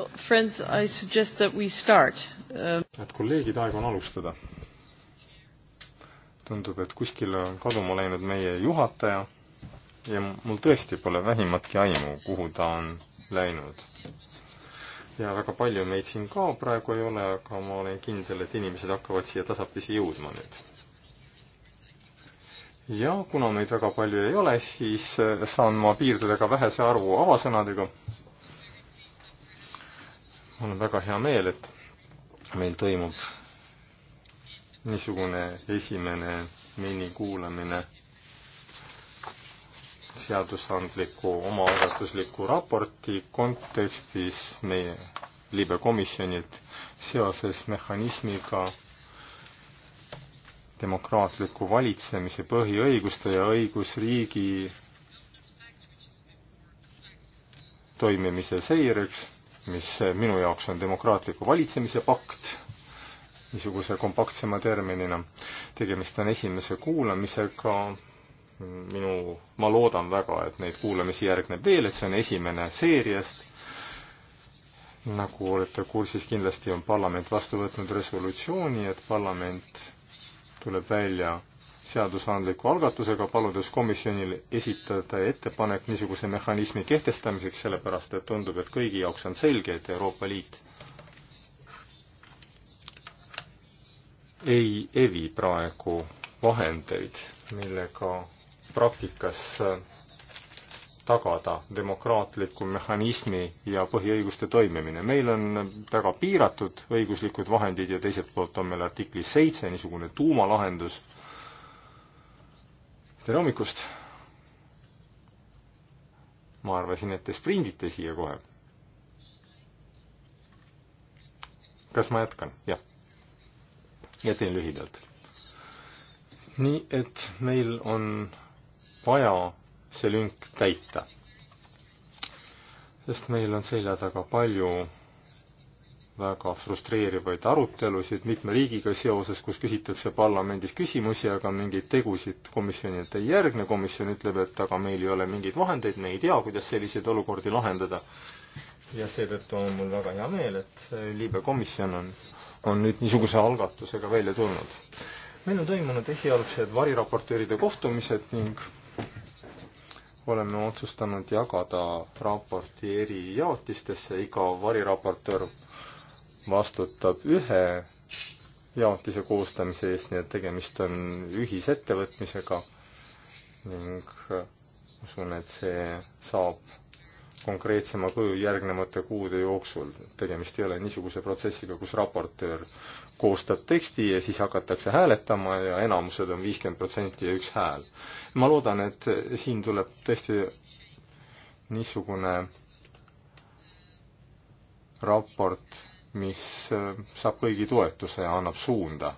well,. Friends, I suggest that we start uh.... Um, head kolleegid, aeg on alustada. tundub, et kuskile on kaduma läinud meie juhataja ja mul tõesti pole vähimatki aimu, kuhu ta on läinud. ja väga palju meid siin ka praegu ei ole, aga ma olen kindel, et inimesed hakkavad siia tasapisi jõudma nüüd. ja kuna meid väga palju ei ole, siis saan ma piirduda ka vähese arvu avasõnadega mul on väga hea meel, et meil toimub niisugune esimene minikuulamine seadusandliku omaalgatusliku raporti kontekstis meie libekomisjonilt seoses mehhanismiga demokraatliku valitsemise põhiõiguste ja õigusriigi toimimise seireks mis minu jaoks on demokraatliku valitsemise pakt, niisuguse kompaktsema terminina. tegemist on esimese kuulamisega, minu, ma loodan väga, et neid kuulamisi järgneb veel, et see on esimene seeriast. nagu olete kursis, kindlasti on parlament vastu võtnud resolutsiooni, et parlament tuleb välja seadusandliku algatusega, paludes komisjonil esitada ettepanek niisuguse mehhanismi kehtestamiseks, sellepärast et tundub, et kõigi jaoks on selge, et Euroopa Liit ei evi praegu vahendeid, millega praktikas tagada demokraatliku mehhanismi ja põhiõiguste toimimine. meil on väga piiratud õiguslikud vahendid ja teiselt poolt on meil artiklis seitse niisugune tuumalahendus tere hommikust! ma arvasin, et te sprindite siia kohe. kas ma jätkan? jah. ja teen lühidalt. nii et meil on vaja see lünk täita. sest meil on selja taga palju väga frustreerivaid arutelusid mitme riigiga seoses, kus küsitakse parlamendis küsimusi, aga mingeid tegusid komisjonilt ei järgne, komisjon ütleb, et aga meil ei ole mingeid vahendeid, me ei tea, kuidas selliseid olukordi lahendada. ja seetõttu on mul väga hea meel, et Liibe komisjon on, on nüüd niisuguse algatusega välja tulnud. meil on toimunud esialgsed variraportööride kohtumised ning oleme otsustanud jagada raporti eri jaotistesse, iga variraportöör vastutab ühe jaotise koostamise eest, nii et tegemist on ühisettevõtmisega ning äh, usun, et see saab konkreetsema kuju järgnevate kuude jooksul. tegemist ei ole niisuguse protsessiga, kus raportöör koostab teksti ja siis hakatakse hääletama ja enamused on viiskümmend protsenti ja üks hääl. ma loodan, et siin tuleb tõesti niisugune raport mis äh, saab kõigi toetuse ja annab suunda,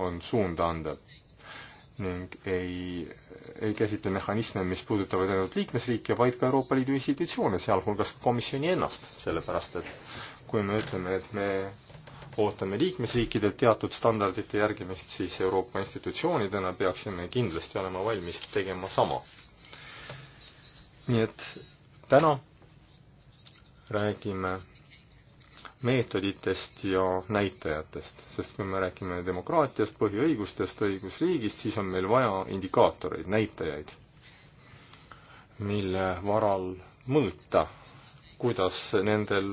on suunda andev ning ei, ei käsitle mehhanisme, mis puudutavad ainult liikmesriike, vaid ka Euroopa Liidu institutsioone, sealhulgas ka komisjoni ennast, sellepärast et kui me ütleme, et me ootame liikmesriikidelt teatud standardite järgimist, siis Euroopa institutsioonidena peaksime kindlasti olema valmis tegema sama. nii et täna räägime meetoditest ja näitajatest, sest kui me räägime demokraatiast, põhiõigustest, õigusriigist, siis on meil vaja indikaatoreid, näitajaid, mille varal mõõta, kuidas nendel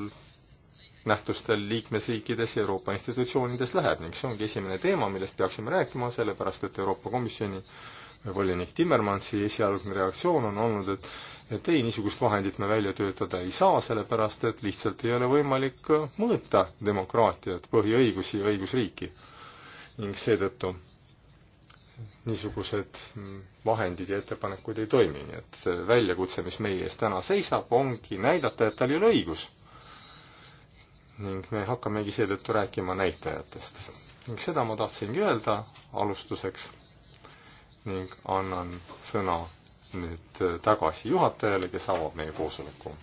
nähtustel liikmesriikides ja Euroopa institutsioonides läheb ning see ongi esimene teema, millest peaksime rääkima, sellepärast et Euroopa Komisjoni volinik Timmermansi esialgne reaktsioon on olnud, et et ei, niisugust vahendit me välja töötada ei saa, sellepärast et lihtsalt ei ole võimalik mõõta demokraatiat, põhiõigusi ja õigusriiki. ning seetõttu niisugused vahendid ja ettepanekud ei toimi, nii et väljakutse, mis meie ees täna seisab, ongi näidata, et tal ei ole õigus. ning me hakkamegi seetõttu rääkima näitajatest. ning seda ma tahtsingi öelda alustuseks ning annan sõna nüüd äh, tagasi juhatajale, kes avab meie koosoleku.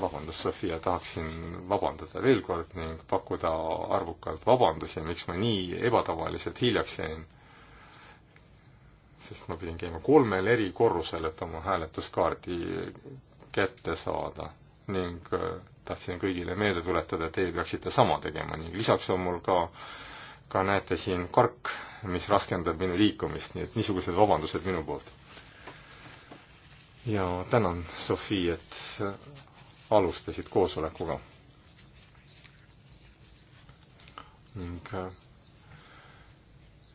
vabandust, Sofia, tahaksin vabandada veel kord ning pakkuda arvukalt vabandusi, miks ma nii ebatavaliselt hiljaks jäin. sest ma pidin käima kolmel eri korrusel, et oma hääletuskaardi kätte saada ning äh, tahtsin kõigile meelde tuletada, et teie peaksite sama tegema ning lisaks on mul ka, ka näete siin kark, mis raskendab minu liikumist, nii et niisugused vabandused minu poolt ja tänan, Sofi, et alustasid koosolekuga. ning äh,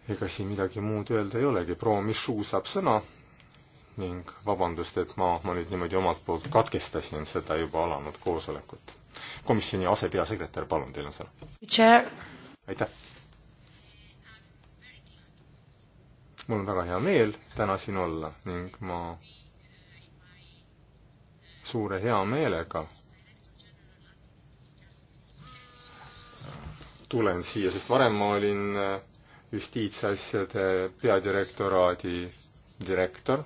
ega siin midagi muud öelda ei olegi, proua Michu saab sõna ning vabandust, et ma, ma nüüd niimoodi omalt poolt katkestasin seda juba alanud koosolekut. komisjoni asepeasekretär, palun, teil on sõna. aitäh. mul on väga hea meel täna siin olla ning ma suure heameelega tulen siia, sest varem ma olin äh, justiitsasjade peadirektoraadi direktor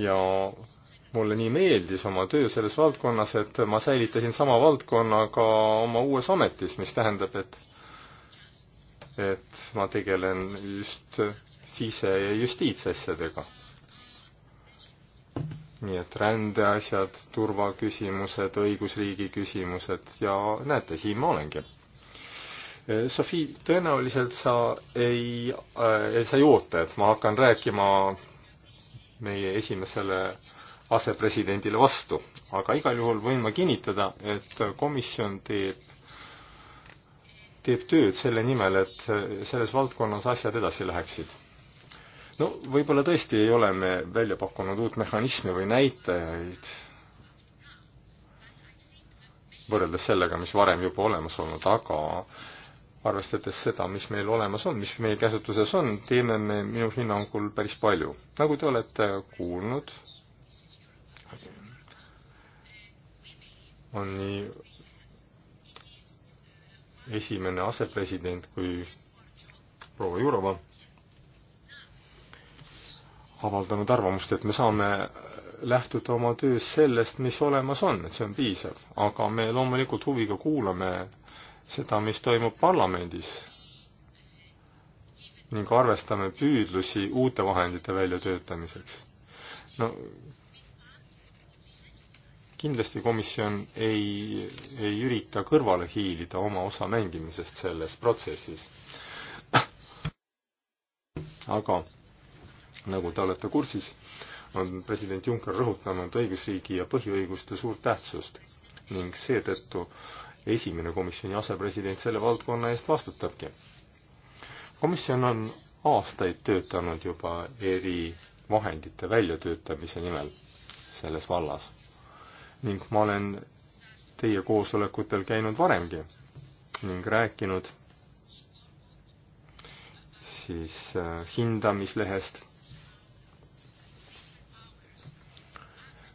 ja mulle nii meeldis oma töö selles valdkonnas, et ma säilitasin sama valdkonna ka oma uues ametis, mis tähendab, et et ma tegelen just sise- ja justiitsasjadega nii et rändeasjad, turvaküsimused, õigusriigi küsimused ja näete, siin ma olengi. E, Sofi, tõenäoliselt sa ei äh,, sa ei oota, et ma hakkan rääkima meie esimesele asepresidendile vastu, aga igal juhul võin ma kinnitada, et komisjon teeb, teeb tööd selle nimel, et selles valdkonnas asjad edasi läheksid no võib-olla tõesti ei ole me välja pakkunud uut mehhanismi või näitajaid võrreldes sellega, mis varem juba olemas olnud, aga arvestades seda, mis meil olemas on, mis meie käsutuses on, teeme me minu hinnangul päris palju. nagu te olete kuulnud, on nii esimene asepresident kui proua Jurova avaldanud arvamust, et me saame lähtuda oma töös sellest, mis olemas on, et see on piisav. aga me loomulikult huviga kuulame seda, mis toimub parlamendis ning arvestame püüdlusi uute vahendite väljatöötamiseks. no kindlasti komisjon ei, ei ürita kõrvale hiilida oma osa mängimisest selles protsessis. aga nagu te olete kursis, on president Juncker rõhutanud õigusriigi ja põhiõiguste suurt tähtsust ning seetõttu esimene komisjoni asepresident selle valdkonna eest vastutabki. komisjon on aastaid töötanud juba eri vahendite väljatöötamise nimel selles vallas ning ma olen teie koosolekutel käinud varemgi ning rääkinud siis äh, hindamislehest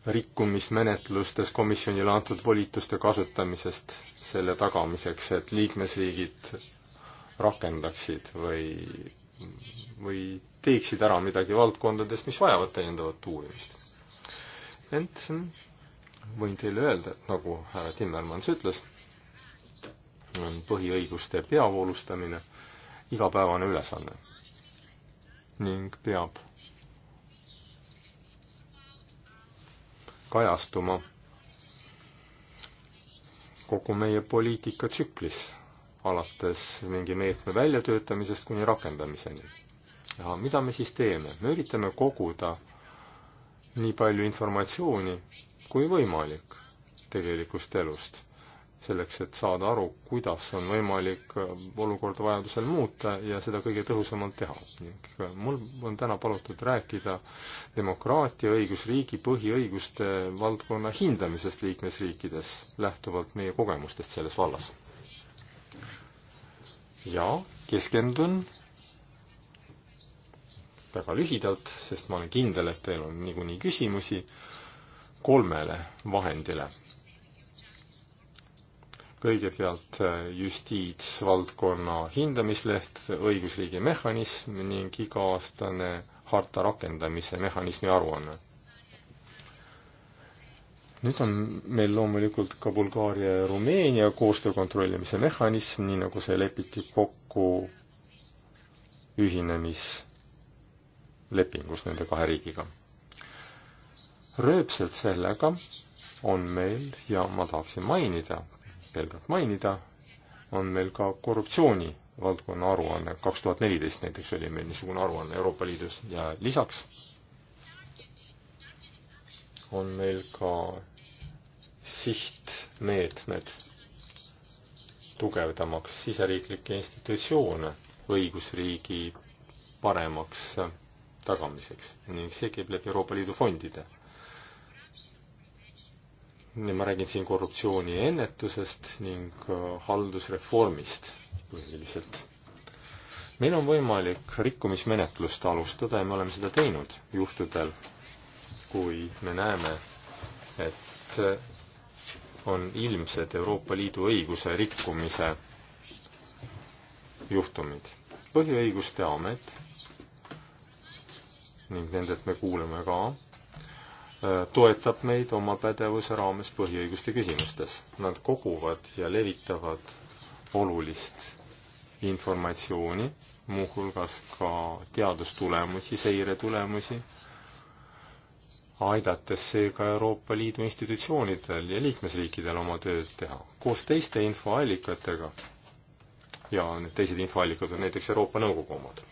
rikkumismenetlustes komisjonile antud volituste kasutamisest selle tagamiseks, et liikmesriigid rakendaksid või, või teeksid ära midagi valdkondades, mis vajavad täiendavat uurimist. ent võin teile öelda, et nagu härra Timmermans ütles, on põhiõiguste peavoolustamine igapäevane ülesanne ning peab kajastuma kogu meie poliitikatsüklis, alates mingi meetme väljatöötamisest kuni rakendamiseni. ja mida me siis teeme? me üritame koguda nii palju informatsiooni kui võimalik tegelikust elust selleks, et saada aru, kuidas on võimalik olukorda vajadusel muuta ja seda kõige tõhusamalt teha. ning mul on täna palutud rääkida demokraatia, õigusriigi, põhiõiguste valdkonna hindamisest liikmesriikides, lähtuvalt meie kogemustest selles vallas. ja keskendun väga lühidalt, sest ma olen kindel, et teil on niikuinii küsimusi, kolmele vahendile kõigepealt äh, justiitsvaldkonna hindamisleht, õigusriigi mehhanism ning iga-aastane harta rakendamise mehhanismi aruanne. nüüd on meil loomulikult ka Bulgaaria ja Rumeenia koostöö kontrollimise mehhanism, nii nagu see lepiti kokku ühinemislepingus nende kahe riigiga. rööpselt sellega on meil ja ma tahaksin mainida pelgalt mainida, on meil ka korruptsiooni valdkonna aruanne, kaks tuhat neliteist näiteks oli meil niisugune aruanne Euroopa Liidus ja lisaks on meil ka sihtmeetmed tugevdamaks siseriiklikke institutsioone õigusriigi paremaks tagamiseks ning see käib läbi Euroopa Liidu fondide ma räägin siin korruptsiooni ennetusest ning äh, haldusreformist põhiliselt. meil on võimalik rikkumismenetlust alustada ja me oleme seda teinud juhtudel, kui me näeme, et äh, on ilmsed Euroopa Liidu õiguse rikkumise juhtumid. põhiõiguste amet ning nendelt me kuuleme ka Äh, toetab meid oma pädevuse raames põhiõiguste küsimustes. Nad koguvad ja levitavad olulist informatsiooni, muuhulgas ka teadustulemusi, seiretulemusi, aidates seega Euroopa Liidu institutsioonidel ja liikmesriikidel oma tööd teha. koos teiste infoallikatega ja need teised infoallikad on näiteks Euroopa Nõukogu omad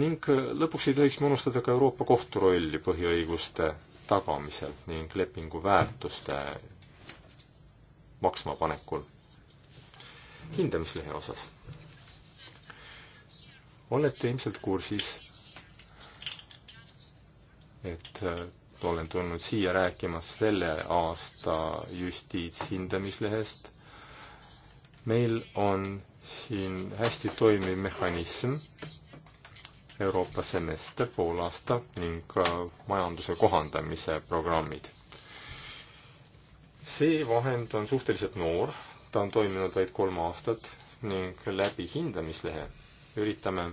ning äh, lõpuks ei tohiks me unustada ka Euroopa Kohtu rolli põhiõiguste tagamisel ning lepingu väärtuste maksmapanekul hindamislehe osas. olete ilmselt kursis, et äh, olen tulnud siia rääkima selle aasta justiitshindamislehest. meil on siin hästi toimiv mehhanism Euroopa semester, poolaasta ning majanduse kohandamise programmid. see vahend on suhteliselt noor, ta on toiminud vaid kolm aastat ning läbi hindamislehe üritame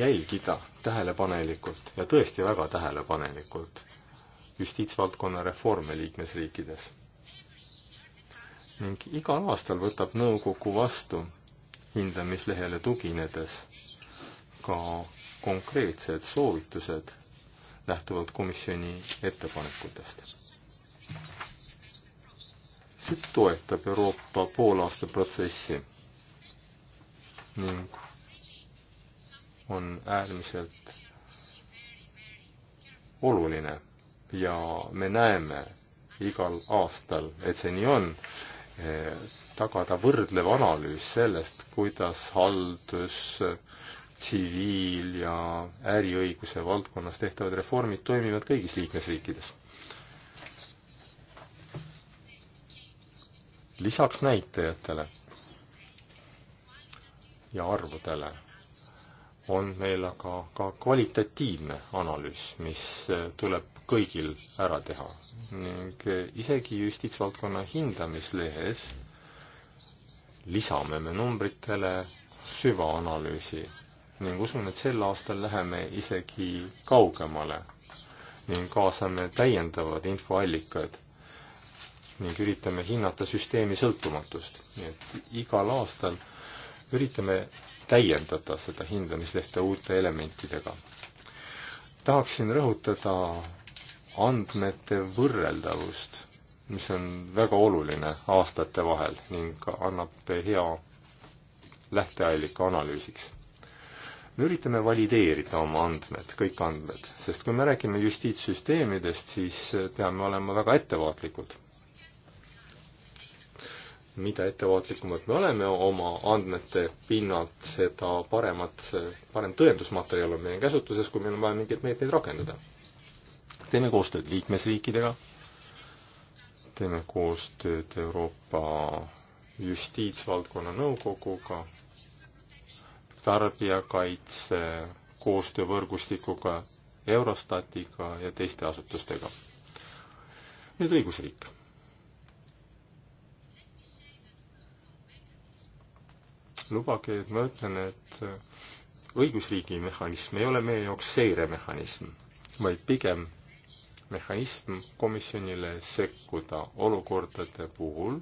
jälgida tähelepanelikult ja tõesti väga tähelepanelikult justiitsvaldkonna reforme liikmesriikides. ning igal aastal võtab nõukogu vastu hindamislehele tuginedes ka konkreetsed soovitused lähtuvalt komisjoni ettepanekutest. see toetab Euroopa poolaasta protsessi ning on äärmiselt oluline ja me näeme igal aastal, et see nii on tagada võrdlev analüüs sellest, kuidas haldus, tsiviil- ja äriõiguse valdkonnas tehtavad reformid toimivad kõigis liikmesriikides. lisaks näitajatele ja arvudele on meil aga ka kvalitatiivne analüüs, mis eh, tuleb kõigil ära teha ning eh, isegi justiitsvaldkonna hindamislehes lisame me numbritele süvaanalüüsi ning usun, et sel aastal läheme isegi kaugemale ning kaasame täiendavad infoallikad ning üritame hinnata süsteemi sõltumatust, nii et igal aastal üritame täiendada seda hindamislehte uute elementidega. tahaksin rõhutada andmete võrreldavust, mis on väga oluline aastate vahel ning annab hea lähteallika analüüsiks. me üritame valideerida oma andmed, kõik andmed, sest kui me räägime justiitssüsteemidest, siis peame olema väga ettevaatlikud mida ettevaatlikumad me oleme oma andmete pinnalt, seda paremat, parem tõendusmaterjal on meie käsutuses, kui meil on vaja mingeid meetmeid rakendada. teeme koostööd liikmesriikidega, teeme koostööd Euroopa justiitsvaldkonna nõukoguga, tarbijakaitse koostöövõrgustikuga, Eurostatiga ja teiste asutustega. nüüd õigusriik sest lubage, et ma ütlen, et õigusriigi mehhanism ei ole meie jaoks seiremehhanism, vaid pigem mehhanism komisjonile sekkuda olukordade puhul,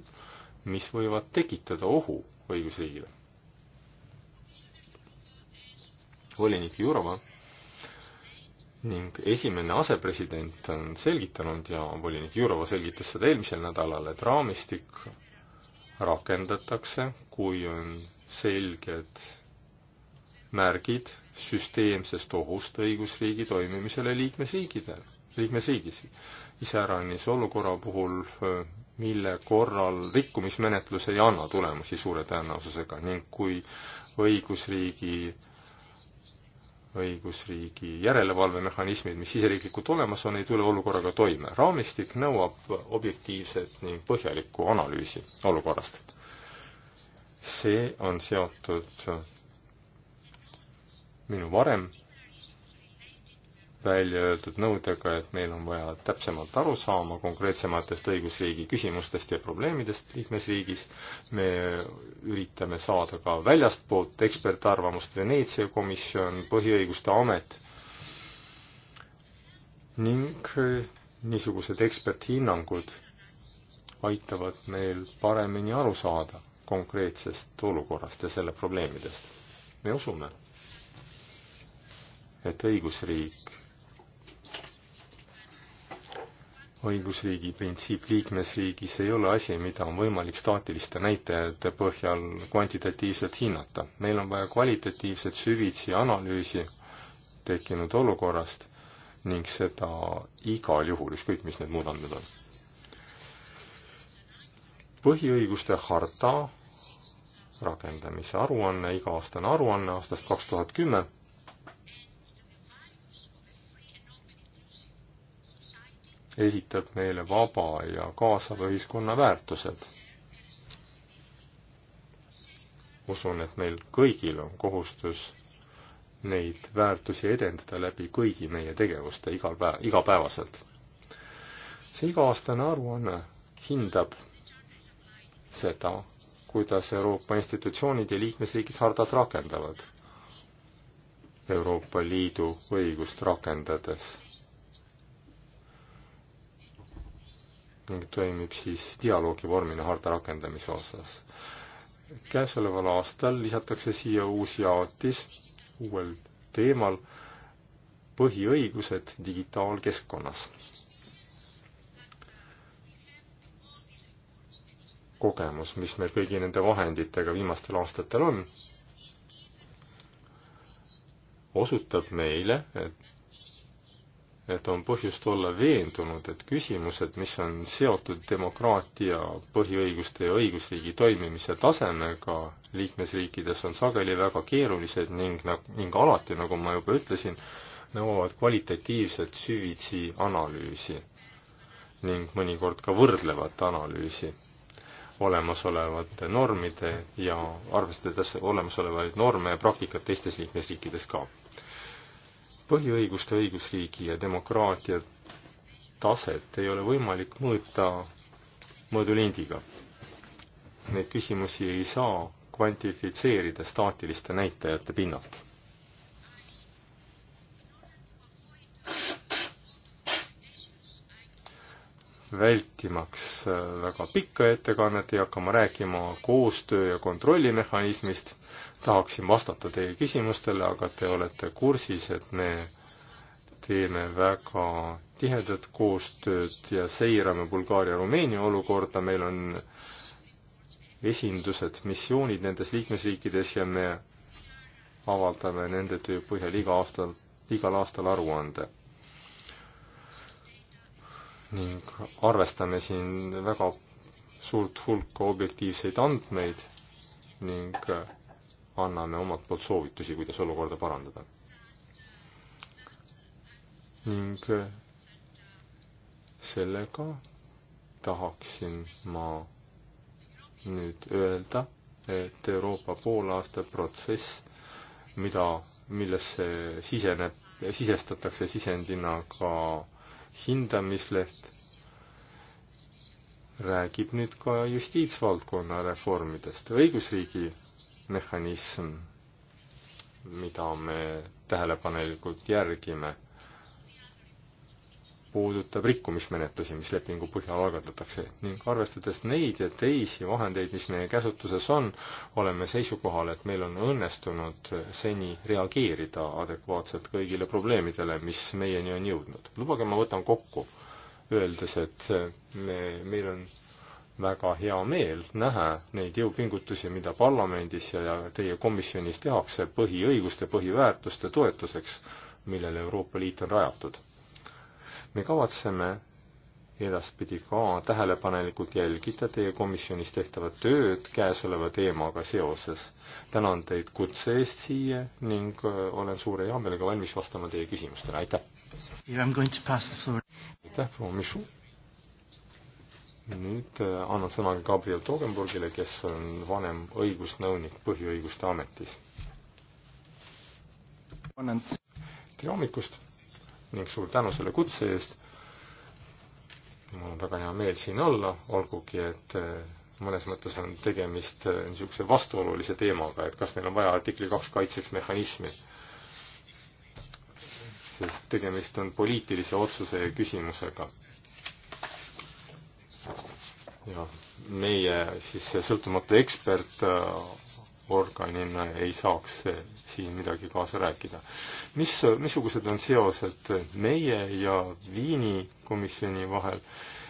mis võivad tekitada ohu õigusriigile. volinik Jurova ning esimene asepresident on selgitanud ja volinik Jurova selgitas seda eelmisel nädalal, et raamistik rakendatakse, kui on selged märgid süsteemsest ohust õigusriigi toimimisele liikmesriikidel, liikmesriigis. iseäranis olukorra puhul, mille korral rikkumismenetlus ei anna tulemusi suure tõenäosusega ning kui õigusriigi, õigusriigi järelevalvemehhanismid, mis siseriiklikult olemas on, ei tule olukorraga toime. raamistik nõuab objektiivset ning põhjalikku analüüsi olukorrast see on seotud minu varem välja öeldud nõudega, et meil on vaja täpsemalt aru saama konkreetsematest õigusriigi küsimustest ja probleemidest liikmesriigis. me üritame saada ka väljastpoolt ekspertarvamust, Veneetsia komisjon, Põhiõiguste Amet ning niisugused eksperthinnangud aitavad meil paremini aru saada konkreetsest olukorrast ja selle probleemidest. me usume, et õigusriik, õigusriigi printsiip liikmesriigis ei ole asi, mida on võimalik staatiliste näitajate põhjal kvantitatiivselt hinnata. meil on vaja kvalitatiivset süvitsi analüüsi tekkinud olukorrast ning seda igal juhul, ükskõik mis need muud andmed on põhiõiguste harta rakendamise aruanne, iga-aastane aruanne aastast kaks tuhat kümme. esitab meile vaba ja kaasava ühiskonna väärtused. usun, et meil kõigil on kohustus neid väärtusi edendada läbi kõigi meie tegevuste igal päev, igapäevaselt. see iga-aastane aruanne hindab seda, kuidas Euroopa institutsioonid ja liikmesriigid hardat rakendavad Euroopa Liidu õigust rakendades ning toimib siis dialoogi vormina harta rakendamise osas. käesoleval aastal lisatakse siia uus jaotis uuel teemal põhiõigused digitaalkeskkonnas kogemus, mis meil kõigi nende vahenditega viimastel aastatel on, osutab meile, et et on põhjust olla veendunud, et küsimused, mis on seotud demokraatia, põhiõiguste ja õigusriigi toimimise tasemega liikmesriikides, on sageli väga keerulised ning, ning alati, nagu ma juba ütlesin, nõuavad kvalitatiivset süvitsi analüüsi ning mõnikord ka võrdlevat analüüsi olemasolevate normide ja arvestades olemasolevaid norme ja praktikat teistes liikmesriikides ka. põhiõiguste, õigusriigi ja demokraatia taset ei ole võimalik mõõta mõõdulindiga. Neid küsimusi ei saa kvantifitseerida staatiliste näitajate pinnalt vältimaks äh, väga pikka ettekannet ja hakkama rääkima koostöö ja kontrollimehhanismist. tahaksin vastata teie küsimustele, aga te olete kursis, et me teeme väga tihedat koostööd ja seirame Bulgaaria-Rumeenia olukorda, meil on esindused, missioonid nendes liikmesriikides ja me avaldame nende töö põhjal iga aasta, igal aastal aruande ning arvestame siin väga suurt hulka objektiivseid andmeid ning äh, anname omalt poolt soovitusi, kuidas olukorda parandada. ning äh, sellega tahaksin ma nüüd öelda, et Euroopa poolaasta protsess, mida, millesse siseneb, sisestatakse sisendina ka hindamisleht räägib nüüd ka justiitsvaldkonna reformidest. õigusriigi mehhanism, mida me tähelepanelikult järgime puudutab rikkumismenetlusi, mis lepingu põhjal algatatakse ning arvestades neid ja teisi vahendeid, mis meie käsutuses on, oleme seisukohal, et meil on õnnestunud seni reageerida adekvaatselt kõigile probleemidele, mis meieni on jõudnud. lubage, ma võtan kokku, öeldes, et me, meil on väga hea meel näha neid jõupingutusi, mida parlamendis ja, ja teie komisjonis tehakse põhiõiguste, põhiväärtuste toetuseks, millele Euroopa Liit on rajatud me kavatseme edaspidi ka tähelepanelikult jälgida teie komisjonis tehtavat tööd käesoleva teemaga seoses. tänan teid kutse eest siia ning äh, olen suure heameelega valmis vastama teie küsimustele, aitäh! aitäh, proua Mišu! nüüd äh, annan sõna Gabriel Togenburgile, kes on vanem õigusnõunik Põhiõiguste Ametis. tere hommikust! ning suur tänu selle kutse eest. mul on väga hea meel siin olla, olgugi et eh, mõnes mõttes on tegemist eh, niisuguse vastuolulise teemaga, et kas meil on vaja artikli kaks kaitseks mehhanismi. sest tegemist on poliitilise otsuse küsimusega. ja meie siis sõltumatu ekspert eh, organina ei saaks siin midagi kaasa rääkida. mis, missugused on seosed meie ja Viini komisjoni vahel?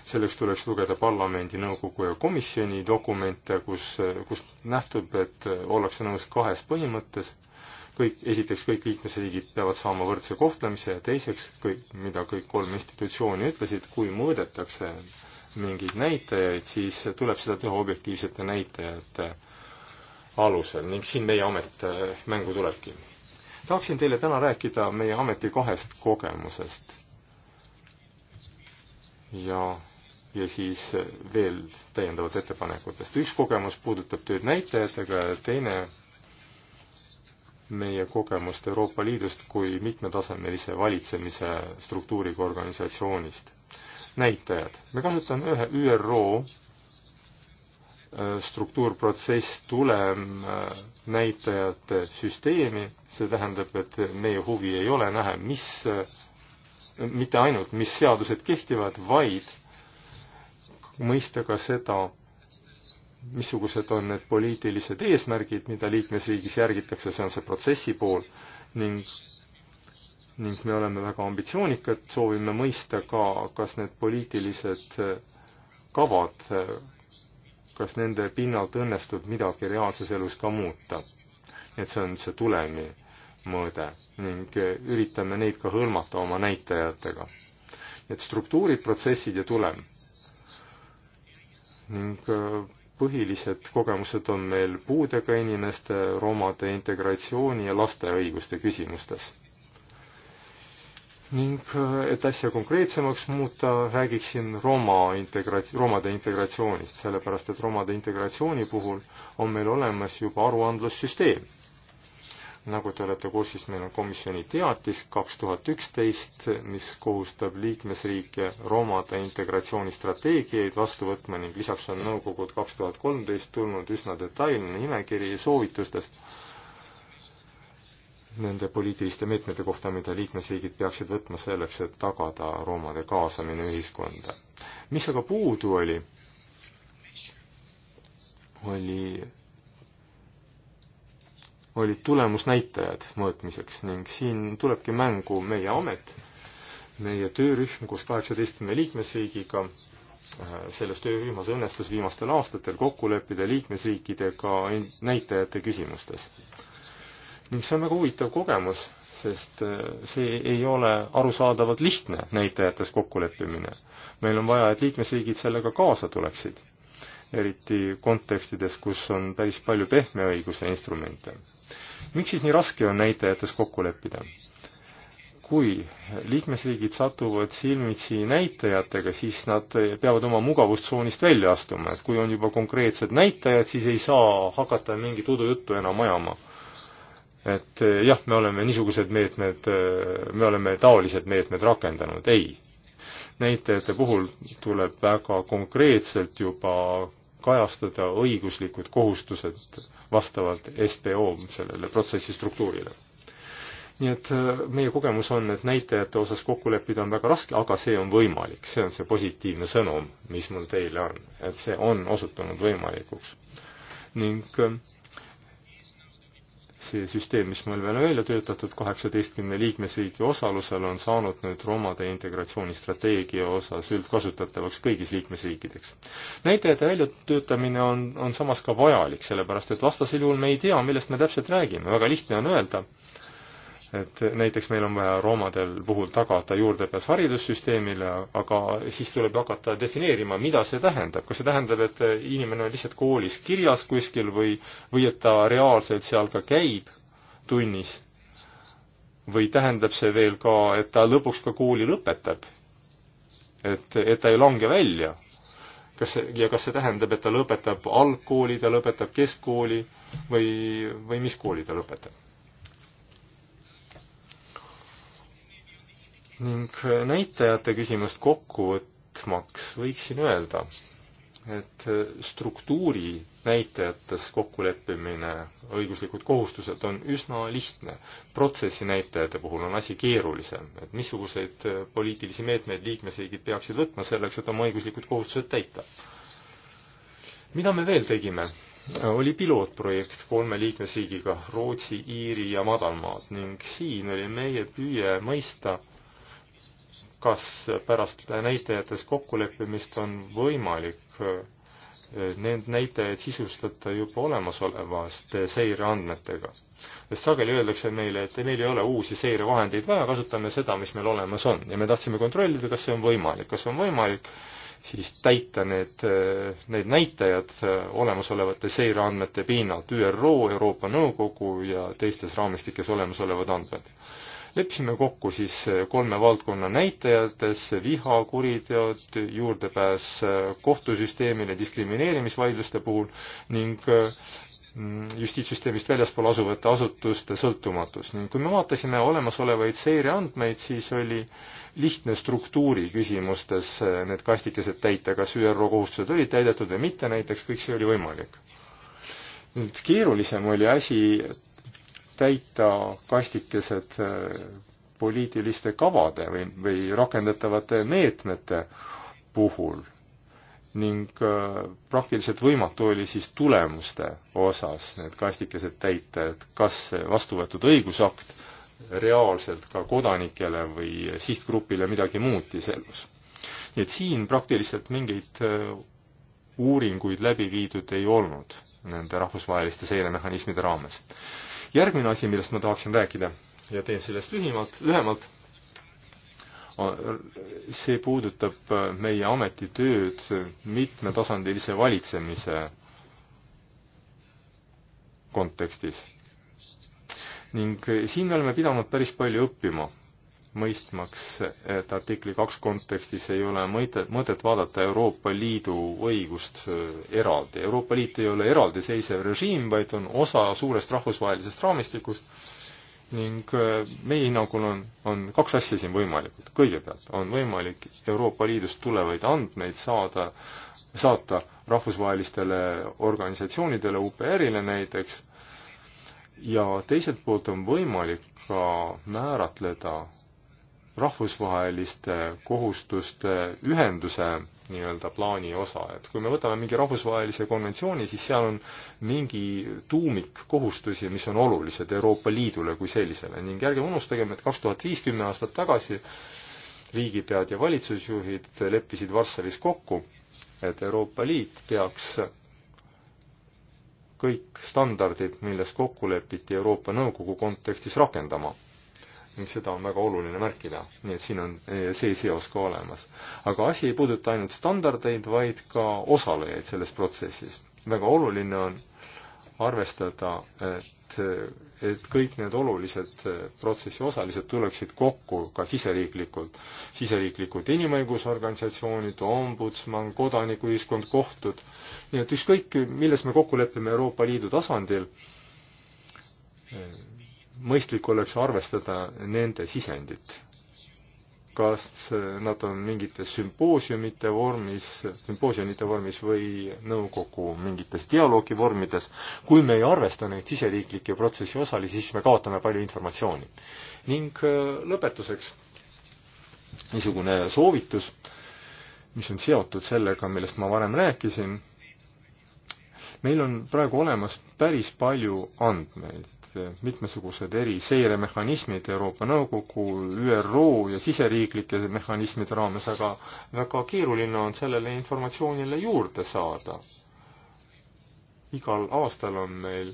selleks tuleks lugeda parlamendi, nõukogu ja komisjoni dokumente, kus, kus nähtub, et ollakse nõus kahes põhimõttes, kõik, esiteks kõik liikmesriigid peavad saama võrdse kohtlemise ja teiseks kõik, mida kõik kolm institutsiooni ütlesid, kui mõõdetakse mingeid näitajaid, siis tuleb seda teha objektiivsete näitajate alusel ning siin meie amet eh, mängu tulebki. tahaksin teile täna rääkida meie ameti kahest kogemusest. ja, ja siis eh, veel täiendavat ettepanekutest. üks kogemus puudutab tööd näitajatega ja teine meie kogemust Euroopa Liidust kui mitmetasemelise valitsemise struktuuriga organisatsioonist. näitajad. me kasutame ühe ÜRO struktuurprotsess tulem äh, näitajate süsteemi, see tähendab, et meie huvi ei ole näha, mis, äh, mitte ainult, mis seadused kehtivad, vaid mõista ka seda, missugused on need poliitilised eesmärgid, mida liikmesriigis järgitakse, see on see protsessi pool ning ning me oleme väga ambitsioonikad, soovime mõista ka, kas need poliitilised äh, kavad kas nende pinnalt õnnestub midagi reaalses elus ka muuta. et see on see tulemi mõõde ning üritame neid ka hõlmata oma näitajatega. et struktuurid, protsessid ja tulem. ning äh, põhilised kogemused on meil puudega inimeste, romade integratsiooni ja laste õiguste küsimustes ning äh, et asja konkreetsemaks muuta, räägiksin Roma integrats-, romade integratsioonist, sellepärast et romade integratsiooni puhul on meil olemas juba aruandlussüsteem. nagu te olete kursis, meil on komisjoni teatis kaks tuhat üksteist, mis kohustab liikmesriike romade integratsioonistrateegiaid vastu võtma ning lisaks on nõukogult kaks tuhat kolmteist tulnud üsna detailne nimekiri soovitustest nende poliitiliste meetmete kohta, mida liikmesriigid peaksid võtma selleks, et tagada roomade kaasamine ühiskonda. mis aga puudu oli, oli, olid tulemusnäitajad mõõtmiseks ning siin tulebki mängu meie amet, meie töörühm koos kaheksateistkümne liikmesriigiga, selles töörühmas õnnestus viimastel aastatel kokku leppida liikmesriikidega näitajate küsimustes ning see on väga huvitav kogemus, sest äh, see ei ole arusaadavalt lihtne näitajates kokkuleppimine. meil on vaja, et liikmesriigid sellega kaasa tuleksid, eriti kontekstides, kus on päris palju pehme õiguse instrumente. miks siis nii raske on näitajates kokku leppida? kui liikmesriigid satuvad silmitsi näitajatega, siis nad peavad oma mugavustsoonist välja astuma, et kui on juba konkreetsed näitajad, siis ei saa hakata mingit udujuttu enam ajama et eh, jah, me oleme niisugused meetmed, eh, me oleme taolised meetmed rakendanud, ei. näitajate puhul tuleb väga konkreetselt juba kajastada õiguslikud kohustused vastavalt SPO sellele protsessi struktuurile. nii et eh, meie kogemus on, et näitajate osas kokku leppida on väga raske, aga see on võimalik, see on see positiivne sõnum, mis mul teile on, et see on osutunud võimalikuks. ning see süsteem, mis meil veel on välja töötatud kaheksateistkümne liikmesriigi osalusel, on saanud nüüd romade integratsioonistrateegia osas üldkasutatavaks kõigis liikmesriikideks. näitajate väljatöötamine on, on samas ka vajalik, sellepärast et vastasel juhul me ei tea, millest me täpselt räägime, väga lihtne on öelda, et näiteks meil on vaja roomadel puhul tagada juurdepääs haridussüsteemile, aga siis tuleb hakata defineerima, mida see tähendab. kas see tähendab, et inimene on lihtsalt koolis kirjas kuskil või, või et ta reaalselt seal ka käib tunnis? või tähendab see veel ka, et ta lõpuks ka kooli lõpetab? et, et ta ei lange välja? kas see, ja kas see tähendab, et ta lõpetab algkooli, ta lõpetab keskkooli või, või mis kooli ta lõpetab? ning näitajate küsimust kokku võtmaks võiksin öelda, et struktuuri näitajates kokkuleppimine, õiguslikud kohustused on üsna lihtne. protsessi näitajate puhul on asi keerulisem, et missuguseid äh, poliitilisi meetmeid liikmesriigid peaksid võtma selleks, et oma õiguslikud kohustused täita. mida me veel tegime? oli pilootprojekt kolme liikmesriigiga, Rootsi, Iiri ja Madalmaad ning siin oli meie püüe mõista, kas pärast näitajates kokkuleppimist on võimalik eh, need näitajaid sisustada juba olemasolevaste seireandmetega. sest sageli öeldakse meile, et meil ei ole uusi seirevahendeid vaja, kasutame seda, mis meil olemas on ja me tahtsime kontrollida, kas see on võimalik, kas on võimalik siis täita need, eh, need näitajad eh, olemasolevate seireandmete pinnalt, ÜRO, Euroopa Nõukogu ja teistes raamistikes olemasolevad andmed leppisime kokku siis kolme valdkonna näitajates, vihakuriteod, juurdepääs kohtusüsteemile diskrimineerimisvaidluste puhul ning mm, justiitssüsteemist väljaspool asuvate asutuste sõltumatus ning kui me vaatasime olemasolevaid seireandmeid, siis oli lihtne struktuuri küsimustes need kastikesed täita, kas ÜRO kohustused olid täidetud või mitte näiteks, kõik see oli võimalik. nüüd keerulisem oli asi täita kastikesed äh, poliitiliste kavade või, või rakendatavate meetmete puhul ning äh, praktiliselt võimatu oli siis tulemuste osas need kastikesed täita, et kas vastu võetud õigusakt reaalselt ka kodanikele või sihtgrupile midagi muutis elus. nii et siin praktiliselt mingeid äh, uuringuid läbi viidud ei olnud nende rahvusvaheliste seiremehhanismide raames järgmine asi, millest ma tahaksin rääkida ja teen sellest lühimalt, lühemalt, see puudutab äh, meie ametitööd mitmetasandilise valitsemise kontekstis. ning äh, siin me oleme pidanud päris palju õppima mõistmaks, et artikli kaks kontekstis ei ole mõtet, mõtet vaadata Euroopa Liidu õigust äh, eraldi. Euroopa Liit ei ole eraldiseisev režiim, vaid on osa suurest rahvusvahelisest raamistikust ning äh, meie hinnangul on, on kaks asja siin võimalikud. kõigepealt on võimalik Euroopa Liidust tulevaid andmeid saada, saata rahvusvahelistele organisatsioonidele, UPR-ile näiteks, ja teiselt poolt on võimalik ka määratleda rahvusvaheliste kohustuste ühenduse nii-öelda plaani osa, et kui me võtame mingi rahvusvahelise konventsiooni, siis seal on mingi tuumik kohustusi, mis on olulised Euroopa Liidule kui sellisele ning ärgem unustagem, et kaks tuhat viis, kümme aastat tagasi riigipead ja valitsusjuhid leppisid Varssavis kokku, et Euroopa Liit peaks kõik standardid, milles kokku lepiti Euroopa Nõukogu kontekstis rakendama ning seda on väga oluline märkida, nii et siin on eh, see seos ka olemas. aga asi ei puuduta ainult standardeid, vaid ka osalejaid selles protsessis. väga oluline on arvestada, et, et kõik need olulised eh, protsessi osalised tuleksid kokku ka siseriiklikult. siseriiklikud inimõigusorganisatsioonid, ombudsman, kodanikuühiskond, kohtud, nii et ükskõik, milles me kokku lepime Euroopa Liidu tasandil, eh, mõistlik oleks arvestada nende sisendit. kas nad on mingites sümpoosiumite vormis, sümpoosiumite vormis või nõukogu mingites dialoogivormides. kui me ei arvesta neid siseriiklikke protsessi osalisi, siis me kaotame palju informatsiooni. ning äh, lõpetuseks niisugune soovitus, mis on seotud sellega, millest ma varem rääkisin meil on praegu olemas päris palju andmeid mitmesugused eri seiremehhanismid Euroopa Nõukogu, ÜRO ja siseriiklike mehhanismide raames, aga väga keeruline on sellele informatsioonile juurde saada. igal aastal on meil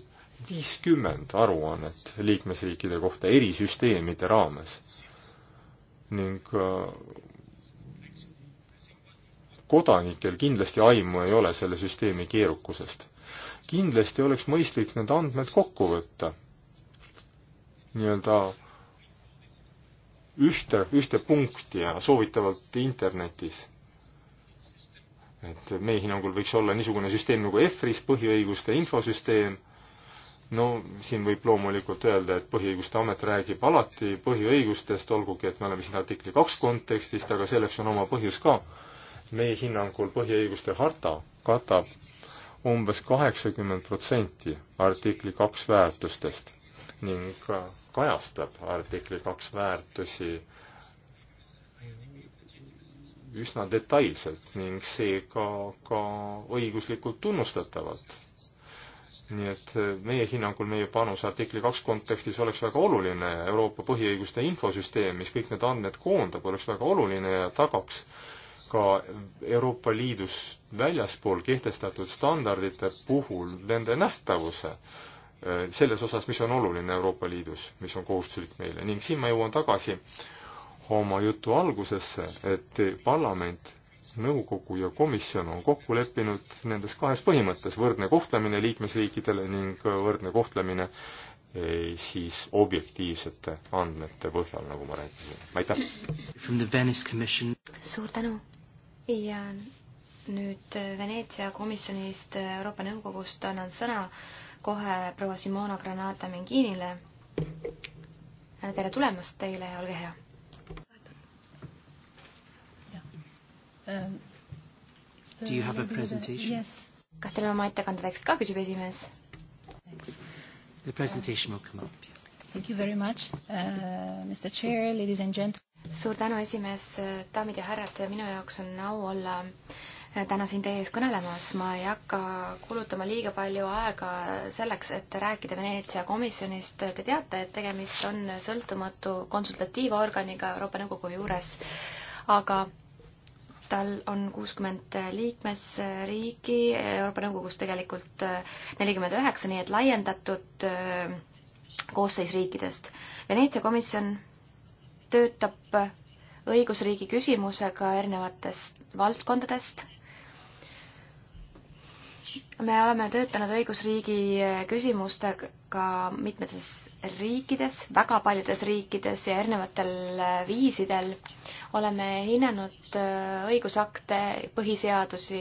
viiskümmend aruannet liikmesriikide kohta eri süsteemide raames ning äh, kodanikel kindlasti aimu ei ole selle süsteemi keerukusest kindlasti oleks mõistlik need andmed kokku võtta nii-öelda ühte, ühte punkti ja soovitavalt internetis. et meie hinnangul võiks olla niisugune süsteem nagu EFRIS, põhiõiguste infosüsteem, no siin võib loomulikult öelda, et Põhiõiguste Amet räägib alati põhiõigustest, olgugi et me oleme siin artikli kaks kontekstist, aga selleks on oma põhjus ka. meie hinnangul põhiõiguste harta katab umbes kaheksakümmend protsenti artikli kaks väärtustest ning kajastab artikli kaks väärtusi üsna detailselt ning seega ka, ka õiguslikult tunnustatavalt. nii et meie hinnangul meie panus artikli kaks kontekstis oleks väga oluline ja Euroopa põhiõiguste infosüsteem, mis kõik need andmed koondab, oleks väga oluline ja tagaks ka Euroopa Liidus väljaspool kehtestatud standardite puhul nende nähtavuse Äh, selles osas, mis on oluline Euroopa Liidus, mis on kohustuslik meile ning siin ma jõuan tagasi oma jutu algusesse, et parlament, nõukogu ja komisjon on kokku leppinud nendes kahes põhimõttes, võrdne kohtlemine liikmesriikidele ning võrdne kohtlemine eh, siis objektiivsete andmete põhjal, nagu ma rääkisin. aitäh! suur tänu ja nüüd Veneetsia komisjonist Euroopa Nõukogust annan sõna äh, kohe proua Simona Granata Menginile. tere tulemast teile ja olge hea. Um, Do you have a presentation? Yes. kas teil on oma ettekande tekst ka, küsib esimees. The presentation will come up. Thank you very much uh,, Mr Chair, ladies and gentlemen. suur tänu, esimees, daamid ja härrad, minu jaoks on au olla uh, täna siin teie ees kõnelemas. ma ei hakka kulutama liiga palju aega selleks, et rääkida Veneetsia komisjonist. Te teate, et tegemist on sõltumatu konsultatiivorganiga Euroopa Nõukogu juures, aga tal on kuuskümmend liikmesriiki, Euroopa Nõukogus tegelikult nelikümmend üheksa, nii et laiendatud äh, koosseis riikidest. Veneetsia komisjon töötab õigusriigi küsimusega erinevatest valdkondadest me oleme töötanud õigusriigi küsimustega mitmetes riikides, väga paljudes riikides ja erinevatel viisidel. oleme hinnanud äh, õigusakte, põhiseadusi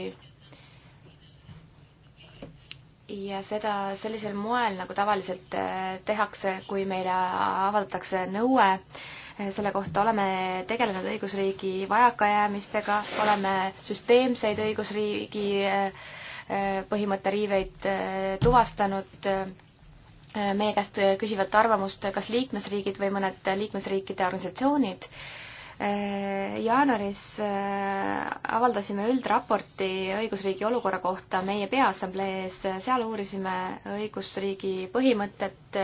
ja seda sellisel moel, nagu tavaliselt äh, tehakse, kui meile avaldatakse nõue äh, selle kohta oleme tegelenud õigusriigi vajakajäämistega, oleme süsteemseid õigusriigi äh, põhimõtte riiveid äh, tuvastanud. Äh, meie käest äh, küsivad arvamust kas liikmesriigid või mõned liikmesriikide organisatsioonid. jaanuaris avaldasime üldraporti õigusriigi olukorra kohta meie peaassamblee ees, seal uurisime õigusriigi põhimõtet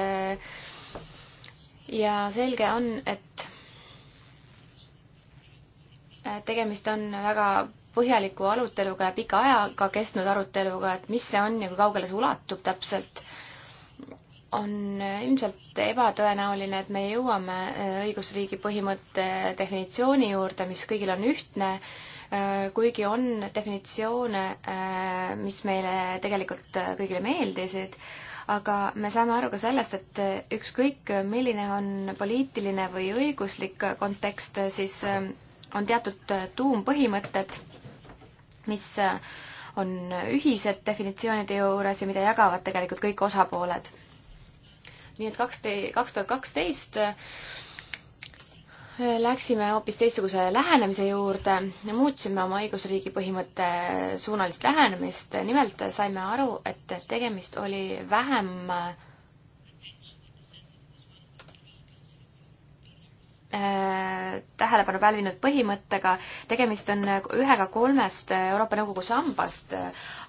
ja selge on, et tegemist on väga põhjaliku aruteluga ja pika ajaga kestnud aruteluga, et mis see on ja kui kaugele see ulatub täpselt, on ilmselt ebatõenäoline, et me jõuame äh, õigusriigi põhimõtte definitsiooni juurde, mis kõigil on ühtne, äh, kuigi on definitsioone, äh, mis meile tegelikult kõigile meeldisid, aga me saame aru ka sellest, et ükskõik, milline on poliitiline või õiguslik kontekst, siis on teatud tuumpõhimõtted mis äh, on ühised definitsioonide juures ja mida jagavad tegelikult kõik osapooled. nii et kaks, kaks tuhat kaksteist äh, läksime hoopis teistsuguse lähenemise juurde, muutsime oma õigusriigi põhimõtte suunalist lähenemist, nimelt saime aru, et tegemist oli vähem äh, Äh, tähelepanu pälvinud põhimõttega, tegemist on ühega kolmest Euroopa Nõukogu sambast,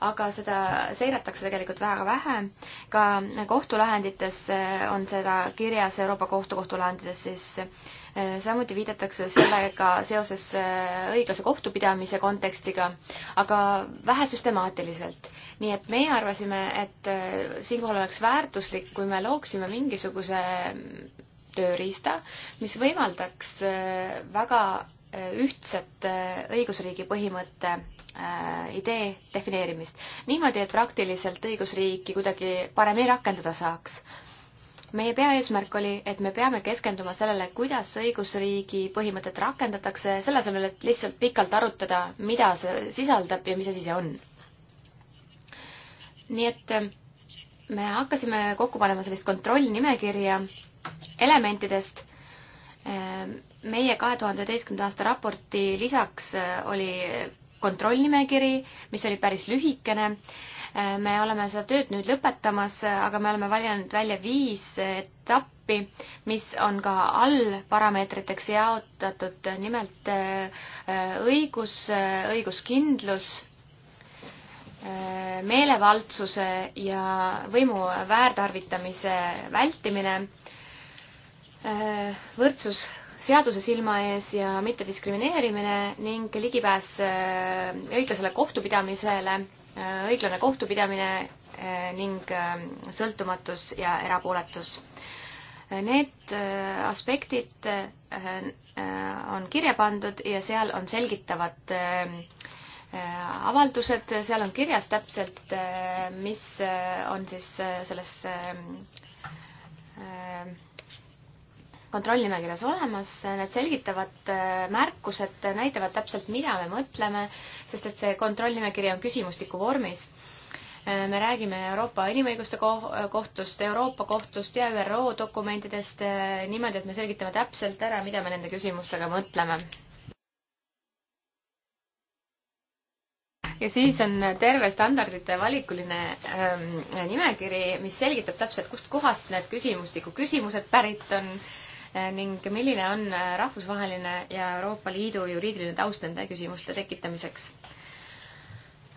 aga seda seiratakse tegelikult väga vähe. ka kohtulahendites äh, on seda kirjas, Euroopa Kohtu kohtulahendites siis äh, samuti viidatakse sellega seoses õiglase kohtupidamise kontekstiga, aga vähe süstemaatiliselt. nii et meie arvasime, et siinkohal oleks väärtuslik, kui me looksime mingisuguse tööriista, mis võimaldaks äh, väga äh, ühtset äh, õigusriigi põhimõtte idee defineerimist. niimoodi, et praktiliselt õigusriiki kuidagi paremini rakendada saaks. meie peaeesmärk oli, et me peame keskenduma sellele, kuidas õigusriigi põhimõtet rakendatakse, selle asemel, et lihtsalt pikalt arutada, mida see sisaldab ja mis asi see on. nii et me hakkasime kokku panema sellist kontrollnimekirja elementidest. Ehm, meie kahe tuhande üheteistkümnenda aasta raporti lisaks eh, oli kontrollnimekiri, mis oli päris lühikene. Ehm, me oleme seda tööd nüüd lõpetamas, aga me oleme valinud välja viis etappi, mis on ka allparameetriteks jaotatud, nimelt eh, õigus, eh, õiguskindlus meelevaldsuse ja võimu väärtarvitamise vältimine võrdsus seaduse silma ees ja mittediskrimineerimine ning ligipääs äh, õiglasele kohtupidamisele, äh, õiglane kohtupidamine äh, ning sõltumatus ja erapooletus. Need aspektid on kirja pandud ja seal on selgitavad avaldused, seal on kirjas täpselt, mis on siis selles kontrollnimekirjas olemas, need selgitavad äh, märkused näitavad täpselt, mida me mõtleme, sest et see kontrollnimekiri on küsimustiku vormis. Äh, me räägime Euroopa Inimõiguste Kohtust, Euroopa Kohtust ja ÜRO dokumentidest äh, niimoodi, et me selgitame täpselt ära, mida me nende küsimustega mõtleme. ja siis on terve standardite valikuline ähm, nimekiri, mis selgitab täpselt, kust kohast need küsimustiku küsimused pärit on äh,, Eh, ning milline on eh, rahvusvaheline ja Euroopa Liidu juriidiline taust nende küsimuste tekitamiseks?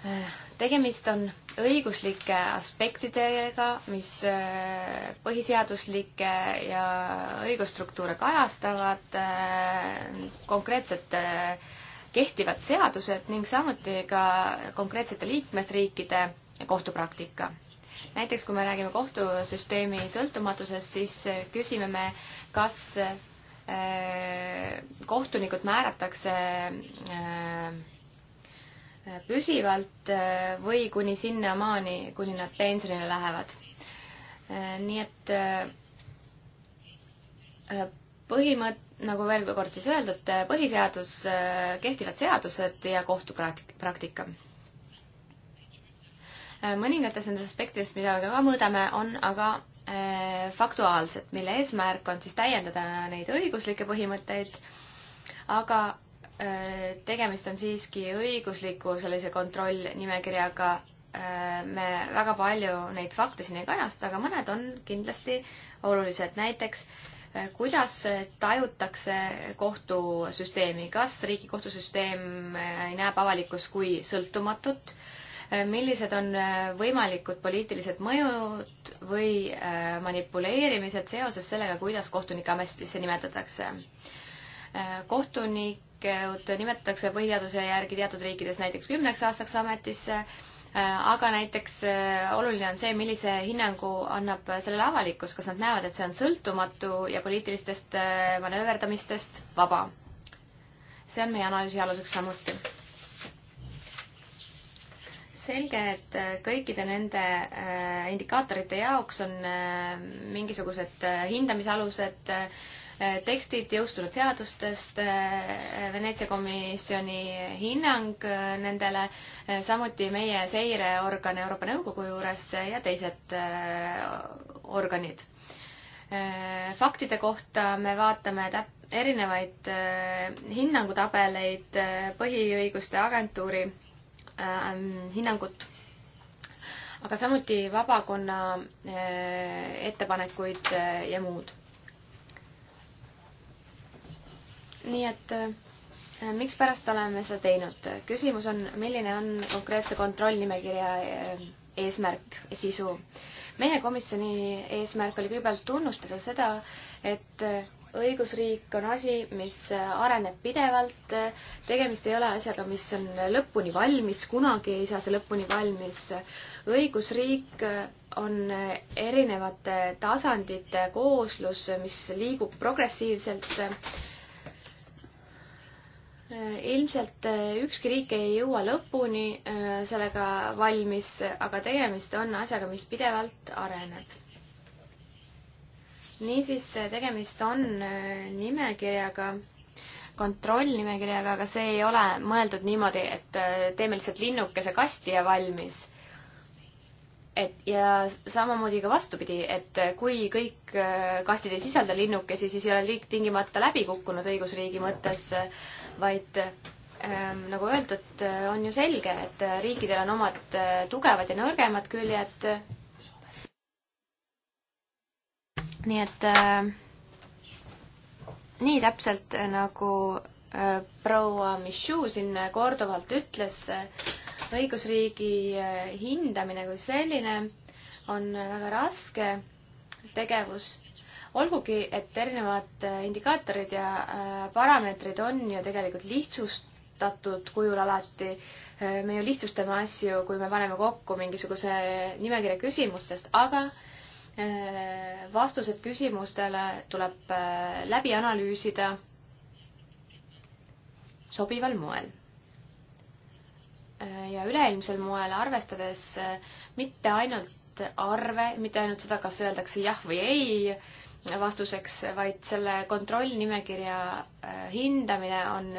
Eh, tegemist on õiguslike aspektidega, mis põhiseaduslikke ja õigusstruktuure kajastavad, konkreetset kehtivad seadused ning samuti ka konkreetsete liikmesriikide kohtupraktika. näiteks kui me räägime kohtusüsteemi sõltumatusest, siis küsime me kas äh, kohtunikud määratakse äh, püsivalt äh, või kuni sinnamaani, kuni nad pensionile lähevad. nii et põhimõt-, nagu veel kord siis öeldud, põhiseadus, kehtivad seadused ja kohtupraktika. mõningates nendes aspektides, mida me ka mõõdame, on aga Äh, faktuaalset, mille eesmärk on siis täiendada neid õiguslikke põhimõtteid, aga äh, tegemist on siiski õigusliku sellise kontrollnimekirjaga. Äh, me väga palju neid fakte siin ei kajasta, aga mõned on kindlasti olulised, näiteks kuidas tajutakse kohtusüsteemi, kas riigi kohtusüsteem näeb avalikkus kui sõltumatut, millised on võimalikud poliitilised mõjud või äh, manipuleerimised seoses sellega, kuidas kohtunike ametisse nimetatakse. Äh, kohtunikud nimetatakse põhiseaduse järgi teatud riikides näiteks kümneks aastaks ametisse, äh, aga näiteks oluline on see, millise hinnangu annab sellele avalikkus, kas nad näevad, et see on sõltumatu ja poliitilistest manööverdamistest vaba. see on meie analüüsi aluseks samuti selge, et äh, kõikide nende äh, indikaatorite jaoks on äh, mingisugused hindamisalused, tekstid jõustunud seadustest, Veneetsia komisjoni hinnang nendele, samuti meie seireorgan Euroopa Nõukogu juures ja teised organid. faktide kohta me vaatame täp-, erinevaid hinnangutabeleid Põhiõiguste Agentuuri Ähm, hinnangut aga samuti vabakonna äh, ettepanekuid äh, ja muud. nii et äh, mikspärast oleme seda teinud? küsimus on, milline on konkreetse kontrollnimekirja eesmärk ja sisu. meie komisjoni eesmärk oli kõigepealt tunnustada seda, et õigusriik on asi, mis areneb pidevalt, tegemist ei ole asjaga, mis on lõpuni valmis, kunagi ei saa see lõpuni valmis. õigusriik on erinevate tasandite kooslus, mis liigub progressiivselt. ilmselt ükski riik ei jõua lõpuni sellega valmis, aga tegemist on asjaga, mis pidevalt areneb niisiis, tegemist on äh, nimekirjaga, kontrollnimekirjaga, aga see ei ole mõeldud niimoodi, et äh, teeme lihtsalt linnukese kasti ja valmis. et ja samamoodi ka vastupidi, et äh, kui kõik kastid ei sisalda linnukesi, siis ei ole riik tingimata läbi kukkunud õigusriigi mõttes, vaid ähm, nagu öeldud, on ju selge, et riikidel on omad tugevad ja nõrgemad küljed nii et äh, nii täpselt nagu äh, proua Michu siin korduvalt ütles äh,, õigusriigi äh, hindamine kui selline on äh, väga raske tegevus, olgugi et erinevad äh, indikaatorid ja äh, parameetrid on ju tegelikult lihtsustatud kujul alati äh,. me ju lihtsustame asju, kui me paneme kokku mingisuguse nimekirja küsimustest, aga äh, Äh, vastused küsimustele tuleb äh, läbi analüüsida sobival moel. Äh, ja üleilmsel moel, arvestades mitte ainult arve, mitte ainult seda, kas öeldakse jah või ei vastuseks, vaid selle kontrollnimekirja hindamine on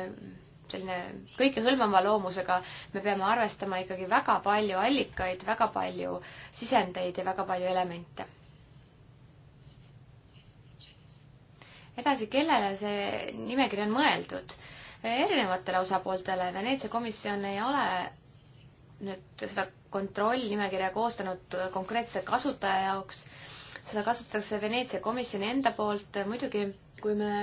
selline kõikehõlmava loomusega, me peame arvestama ikkagi väga palju allikaid, väga palju sisendeid ja väga palju elemente edasi, kellele see nimekiri on mõeldud? erinevatele osapooltele, Veneetsia komisjon ei ole nüüd seda kontrollnimekirja koostanud konkreetse kasutaja jaoks, seda kasutatakse Veneetsia komisjoni enda poolt, muidugi kui me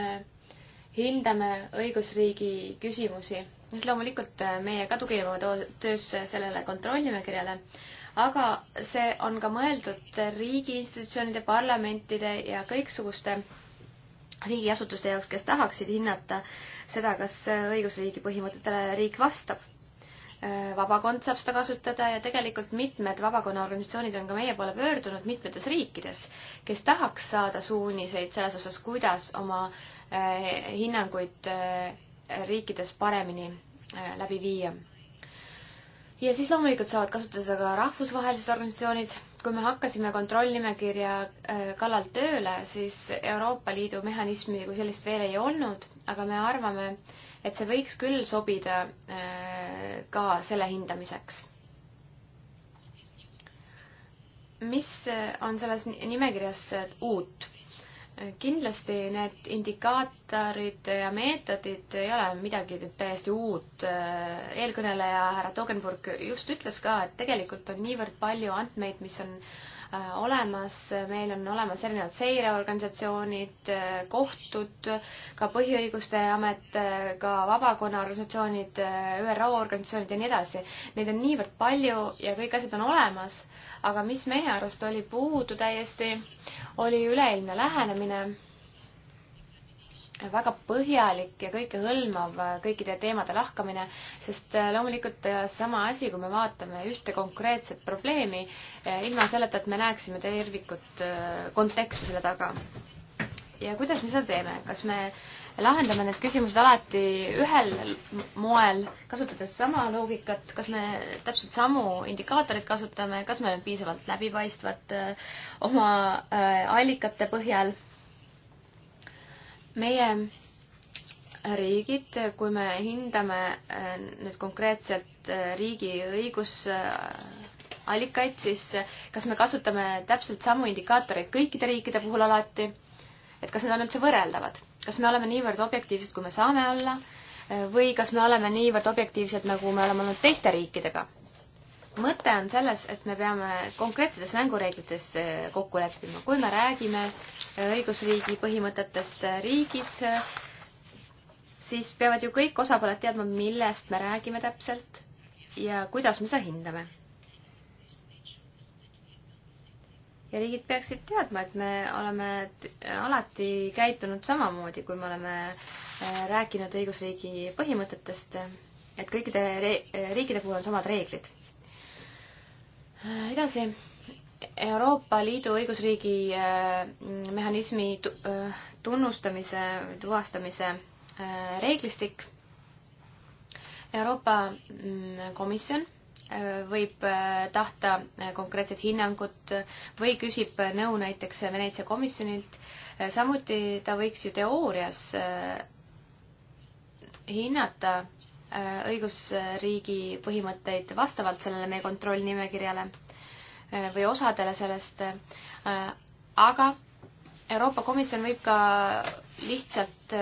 hindame õigusriigi küsimusi, siis loomulikult meie ka tugineme töös sellele kontrollnimekirjale, aga see on ka mõeldud riigi institutsioonide, parlamentide ja kõiksuguste riigiasutuste jaoks, kes tahaksid hinnata seda, kas õigusriigi põhimõtetele riik vastab. Äh, vabakond saab seda kasutada ja tegelikult mitmed vabakonna organisatsioonid on ka meie poole pöördunud mitmetes riikides, kes tahaks saada suuniseid selles osas, kuidas oma äh, hinnanguid äh, riikides paremini läbi viia. ja siis loomulikult saavad kasutada ka rahvusvahelised organisatsioonid kui me hakkasime kontrollnimekirja äh, kallal tööle, siis Euroopa Liidu mehhanismi kui sellist veel ei olnud, aga me arvame, et see võiks küll sobida äh, ka selle hindamiseks. mis äh, on selles nimekirjas uut? kindlasti need indikaatorid ja meetodid ei ole midagi nüüd täiesti uut. eelkõneleja härra Togenburg just ütles ka, et tegelikult on niivõrd palju andmeid, mis on äh, Äh, olemas, meil on olemas erinevad seireorganisatsioonid, äh, kohtud, ka Põhiõiguste Amet, äh, ka vabakonnaorganisatsioonid, ÜRO organisatsioonid ja nii edasi. Neid on niivõrd palju ja kõik asjad on olemas, aga mis meie arust oli puudu täiesti, oli üleilmne lähenemine väga põhjalik ja kõikehõlmav äh, kõikide teemade lahkamine, sest äh, loomulikult äh, sama asi, kui me vaatame ühte konkreetset probleemi, ilma selleta, et me näeksime tervikut, konteksti selle taga. ja kuidas me seda teeme, kas me lahendame need küsimused alati ühel moel, kasutades sama loogikat, kas me täpselt samu indikaatoreid kasutame, kas me oleme piisavalt läbipaistvad oma allikate põhjal meie riigid, kui me hindame äh, nüüd konkreetselt äh, riigi õigusallikaid, siis äh, kas me kasutame täpselt samu indikaatoreid kõikide riikide puhul alati? et kas need on üldse võrreldavad? kas me oleme niivõrd objektiivsed, kui me saame olla või kas me oleme niivõrd objektiivsed, nagu me oleme olnud teiste riikidega? mõte on selles, et me peame konkreetsetes mängureeglites eh, kokku leppima. kui me räägime eh, õigusriigi põhimõtetest eh, riigis, siis peavad ju kõik osapooled teadma, millest me räägime täpselt ja kuidas me seda hindame. ja riigid peaksid teadma, et me oleme alati käitunud samamoodi, kui me oleme rääkinud õigusriigi põhimõtetest, et kõikide riikide puhul on samad reeglid edasi. Euroopa Liidu õigusriigi äh, mehhanismi äh, tunnustamise, tuvastamise äh, reeglistik. Euroopa mm, Komisjon võib tahta konkreetset hinnangut või küsib nõu näiteks Veneetsia komisjonilt. samuti ta võiks ju teoorias hinnata Äh, õigusriigi põhimõtteid vastavalt sellele meie kontrollnimekirjale äh, või osadele sellest, äh, aga Euroopa Komisjon võib ka lihtsalt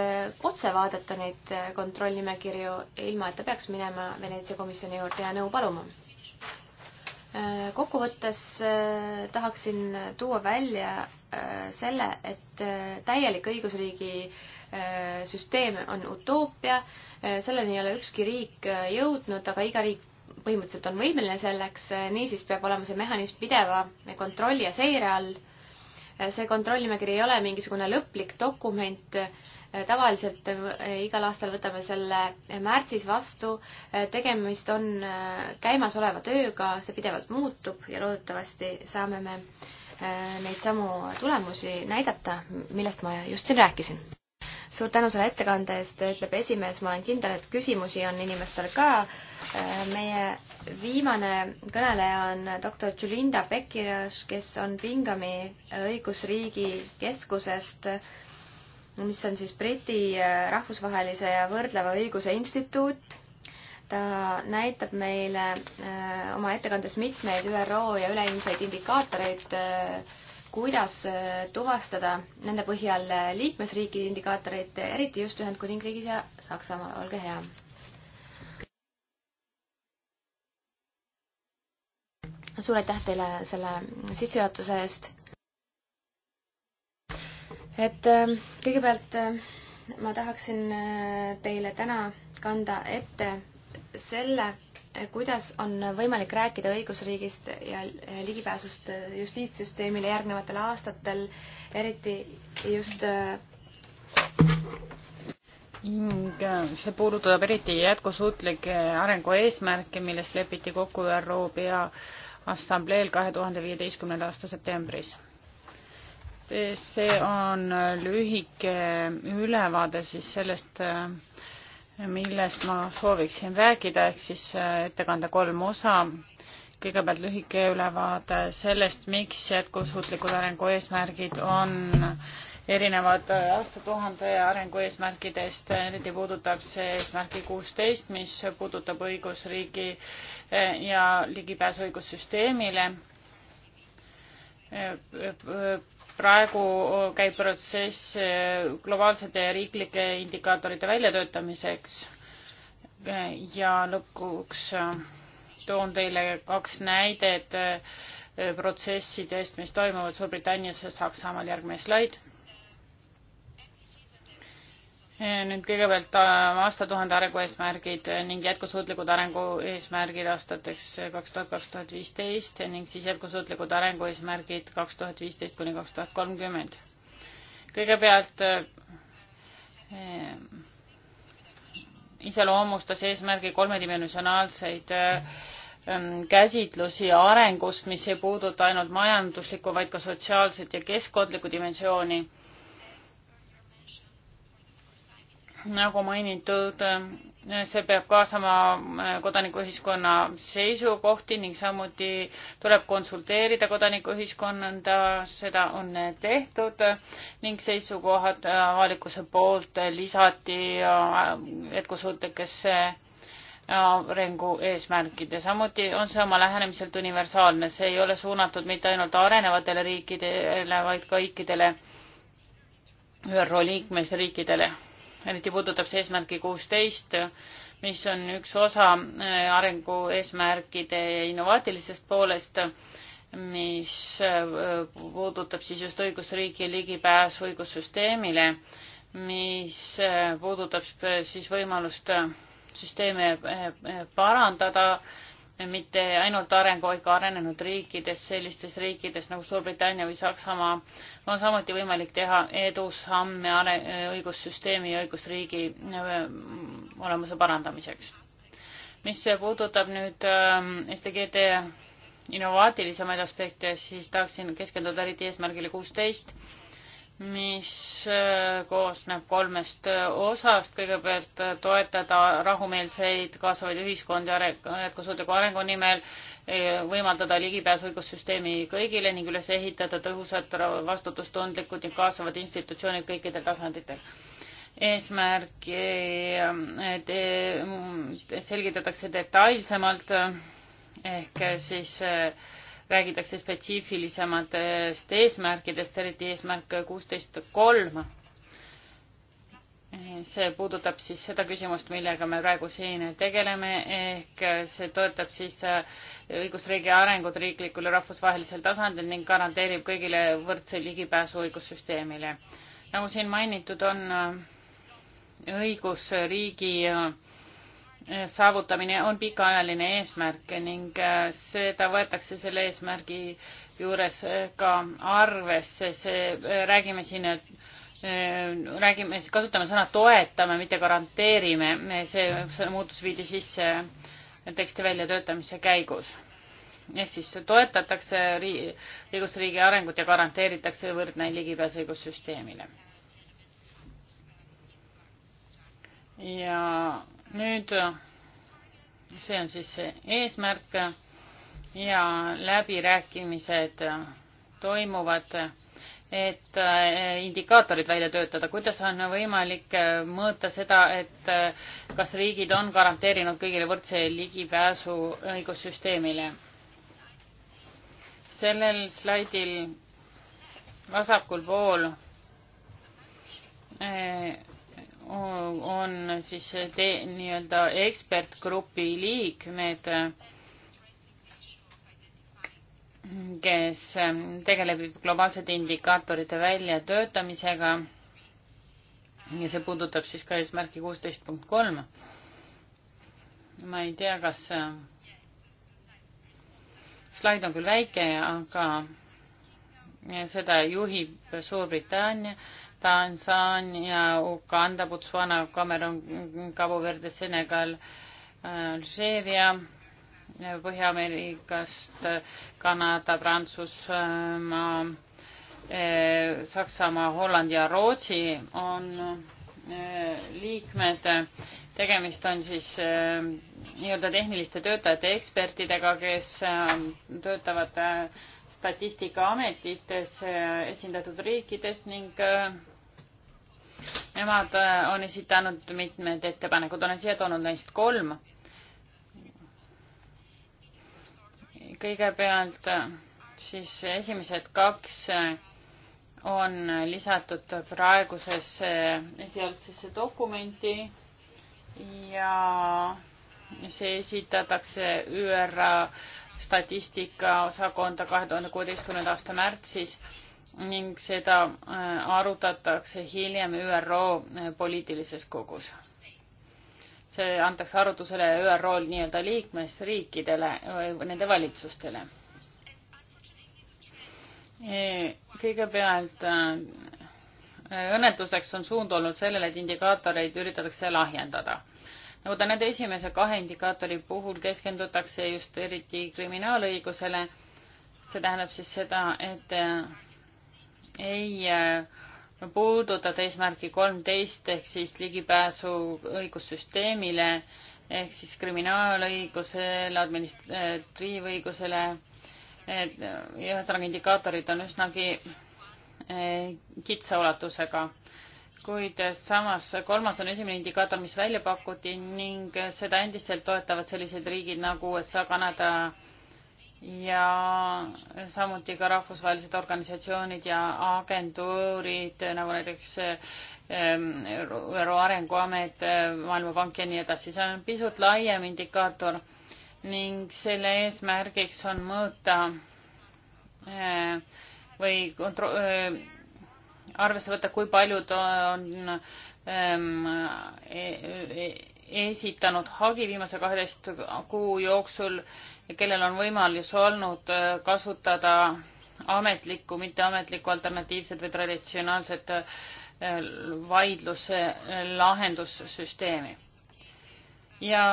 otse vaadata neid kontrollnimekirju, ilma et ta peaks minema Veneetsia komisjoni juurde ja nõu paluma. kokkuvõttes tahaksin tuua välja selle, et täielik õigusriigi Äh, süsteem on utoopia, äh, selleni ei ole ükski riik äh, jõudnud, aga iga riik põhimõtteliselt on võimeline selleks, niisiis peab olema see mehhanism pideva kontrolli ja seire all. see kontrollnimekiri ei ole mingisugune lõplik dokument, tavaliselt igal aastal võtame selle märtsis vastu, tegemist on käimasoleva tööga, see pidevalt muutub ja loodetavasti saame me neid samu tulemusi näidata, millest ma just siin rääkisin suur tänu selle ettekande eest, ütleb esimees, ma olen kindel, et küsimusi on inimestel ka. Äh, meie viimane kõneleja on doktor Julinda Pekiras, kes on Bingami õigusriigi keskusest, mis on siis Briti äh, rahvusvahelise ja võrdleva õiguse instituut ta näitab meile öö, äh, oma ettekandes mitmeid ÜRO ja üleilmseid indikaatoreid öö, kuidas äh, tuvastada nende põhjal äh, liikmesriikide indikaatoreid, eriti just Ühendkuningriigis ja Saksamaal, olge hea. suur aitäh teile selle sissejuhatuse eest. et äh, kõigepealt ma tahaksin teile täna kanda ette selle kuidas on võimalik rääkida õigusriigist ja ligipääsust justiitssüsteemile järgnevatel aastatel, eriti just äh, ning äh, see puudutab eriti jätkusuutlikke arengu eesmärke, milles lepiti kokku ÜRO Peaassambleel kahe tuhande viieteistkümnenda aasta septembris. see on lühike ülevaade siis sellest äh, millest ma sooviksin rääkida, ehk siis äh, ettekande kolm osa. kõigepealt lühike ülevaade sellest, miks jätkusuutlikud arengu eesmärgid on erinevad äh, aastatuhande arengu eesmärkidest, eriti puudutab see eesmärki kuusteist, mis puudutab õigusriigi äh, ja ligipääsu õigussüsteemile praegu käib protsess äh, globaalsete ja riiklike indikaatorite väljatöötamiseks ja lõpuks äh, toon teile kaks näidet äh, protsessidest, mis toimuvad Suurbritannias ja Saksamaal, järgmine slaid nüüd kõigepealt äh, aastatuhande arengueesmärgid ning jätkusuutlikud arengueesmärgid aastateks kaks tuhat kaks tuhat viisteist ning siis jätkusuutlikud arengueesmärgid kaks tuhat viisteist kuni kaks tuhat kolmkümmend. kõigepealt eh, iseloomustas eesmärgi kolmedimensionaalseid eh, käsitlusi arengust, mis ei puuduta ainult majanduslikku, vaid ka sotsiaalset ja keskkondlikku dimensiooni nagu mainitud, see peab kaasama äh, kodanikuühiskonna seisukohti ning samuti tuleb konsulteerida kodanikuühiskonda, seda on tehtud ning seisukohad äh, avalikkuse poolt lisati äh, jätkusuutlikesse arengu eesmärgid ja samuti on see oma lähenemiselt universaalne, see ei ole suunatud mitte ainult arenevatele riikidele, vaid kõikidele ÜRO liikmesriikidele eriti puudutab see eesmärki kuusteist, mis on üks osa äh, arengu eesmärkide innovaatilisest poolest, mis äh, puudutab siis just õigusriigi ligipääsu õigussüsteemile, mis äh, puudutab siis võimalust süsteeme parandada mitte ainult arenguaega arenenud riikides, sellistes riikides nagu Suurbritannia või Saksamaa, on samuti võimalik teha edusamme õigussüsteemi ja õigusriigi äh, olemuse parandamiseks. mis puudutab nüüd äh, STG-d innovaatilisemaid aspekte, siis tahaksin keskenduda eriti eesmärgile kuusteist mis äh, koosneb kolmest äh, osast. kõigepealt äh, toetada rahumeelseid kaasavaid ühiskondi jätkusuutliku arengu nimel, võimaldada ligipääs õigussüsteemi kõigile ning üles ehitada tõhusad, vastutustundlikud ja kaasavad institutsioonid kõikidel tasanditel eesmärki te, mm, selgitatakse detailsemalt ehk siis eh, räägitakse spetsiifilisematest eesmärkidest, eriti eesmärk kuusteist kolm. see puudutab siis seda küsimust, millega me praegu siin tegeleme, ehk see toetab siis äh, õigusriigi arengut riiklikul ja rahvusvahelisel tasandil ning garanteerib kõigile võrdse ligipääsu õigussüsteemile. nagu siin mainitud on, õigusriigi äh, saavutamine on pikaajaline eesmärk ning äh, seda võetakse selle eesmärgi juures äh, ka arvesse, see, äh, räägime siin, räägime, kasutame sõna toetame, mitte garanteerime, see, see muutus viidi sisse teksti väljatöötamise käigus. ehk siis toetatakse ri-, õigusriigi arengut ja garanteeritakse võrdne ligipääs õigussüsteemile. ja nüüd see on siis see eesmärk ja läbirääkimised toimuvad, et eh, indikaatorid välja töötada, kuidas on võimalik eh, mõõta seda, et eh, kas riigid on garanteerinud kõigile võrdse ligipääsu õigussüsteemile. sellel slaidil vasakul pool on siis nii-öelda ekspertgrupi liikmed, kes ähm, tegeleb globaalsete indikaatorite väljatöötamisega ja see puudutab siis ka eesmärki kuusteist punkt kolm. ma ei tea, kas äh, slaid on küll väike, aga seda juhib Suurbritannia Tansaania, Uganda, Botswana, Cameron, Cabo Verde, Senegal, Alžeeria, Põhja-Ameerikast Kanada, Prantsusmaa, eh, Saksamaa, Holland ja Rootsi on eh, liikmed. tegemist on siis eh, nii-öelda tehniliste töötajate ekspertidega, kes töötavad Statistikaametis esindatud riikides ning Nemad äh, on esitanud mitmed ettepanekud, olen siia toonud neist kolm. kõigepealt äh, siis esimesed kaks äh, on lisatud praegusesse esialgsesse dokumenti ja see esitatakse ÜRO statistikaosakonda kahe tuhande kuueteistkümnenda aasta märtsis ning seda äh, arutatakse hiljem ÜRO äh, poliitilises kogus. see antakse arutusele ÜRO-l nii-öelda liikmesriikidele, äh, nende valitsustele. E, kõigepealt õnnetuseks on suund olnud sellele, et indikaatoreid üritatakse lahjendada nagu ta nende esimese kahe indikaatori puhul keskendutakse just eriti kriminaalõigusele. see tähendab siis seda, et ei äh, puuduta eesmärki kolmteist ehk siis ligipääsu õigussüsteemile ehk siis kriminaalõigusele, administratiivõigusele. Äh, ühesõnaga indikaatorid on üsnagi äh, kitsa ulatusega, kuid samas kolmas on esimene indikaator, mis välja pakuti ning seda endiselt toetavad sellised riigid nagu USA, Kanada, ja samuti ka rahvusvahelised organisatsioonid ja agentuurid nagu näiteks ehm, ÜRO Arenguamet, Maailmapank ja nii edasi, see on pisut laiem indikaator ning selle eesmärgiks on mõõta eh, või kontro-, eh, arvesse võtta, kui paljud on ehm, e-, e-, esitanud hagi viimase kaheteist kuu jooksul kellel on võimalus olnud äh, kasutada ametlikku, mitteametlikku, alternatiivset või traditsionaalset äh, vaidluse äh, lahendussüsteemi. ja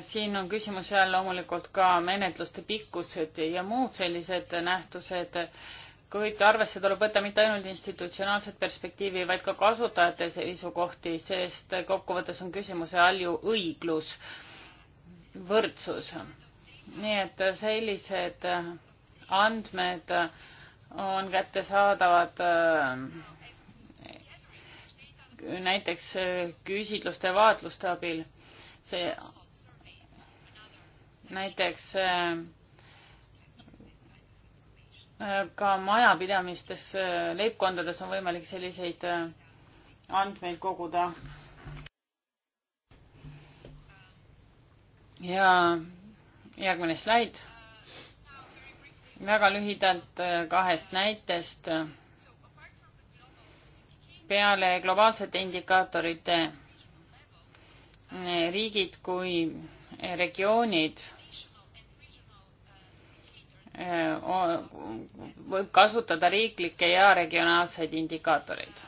siin on küsimuse all loomulikult ka menetluste pikkused ja muud sellised nähtused kuid arvesse tuleb võtta mitte ainult institutsionaalset perspektiivi, vaid ka kasutajate seisukohti, sest kokkuvõttes on küsimuse all ju õiglus, võrdsus. nii et sellised andmed on kättesaadavad äh, näiteks äh, küsitluste vaatluste abil. see näiteks äh, ka majapidamistes, äh, leibkondades on võimalik selliseid äh, andmeid koguda. ja järgmine slaid. väga lühidalt äh, kahest näitest. peale globaalsete indikaatorite riigid kui regioonid Äh, võib kasutada riiklikke ja regionaalseid indikaatoreid.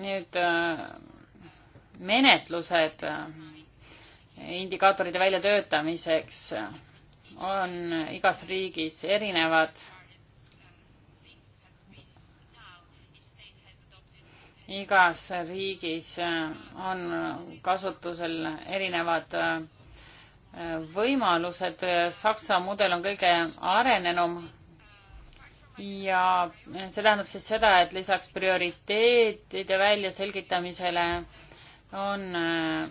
nüüd äh, menetlused äh, indikaatorite väljatöötamiseks on igas riigis erinevad. igas riigis on kasutusel erinevad võimalused. Saksa mudel on kõige arenenum ja see tähendab siis seda, et lisaks prioriteetide väljaselgitamisele on äh,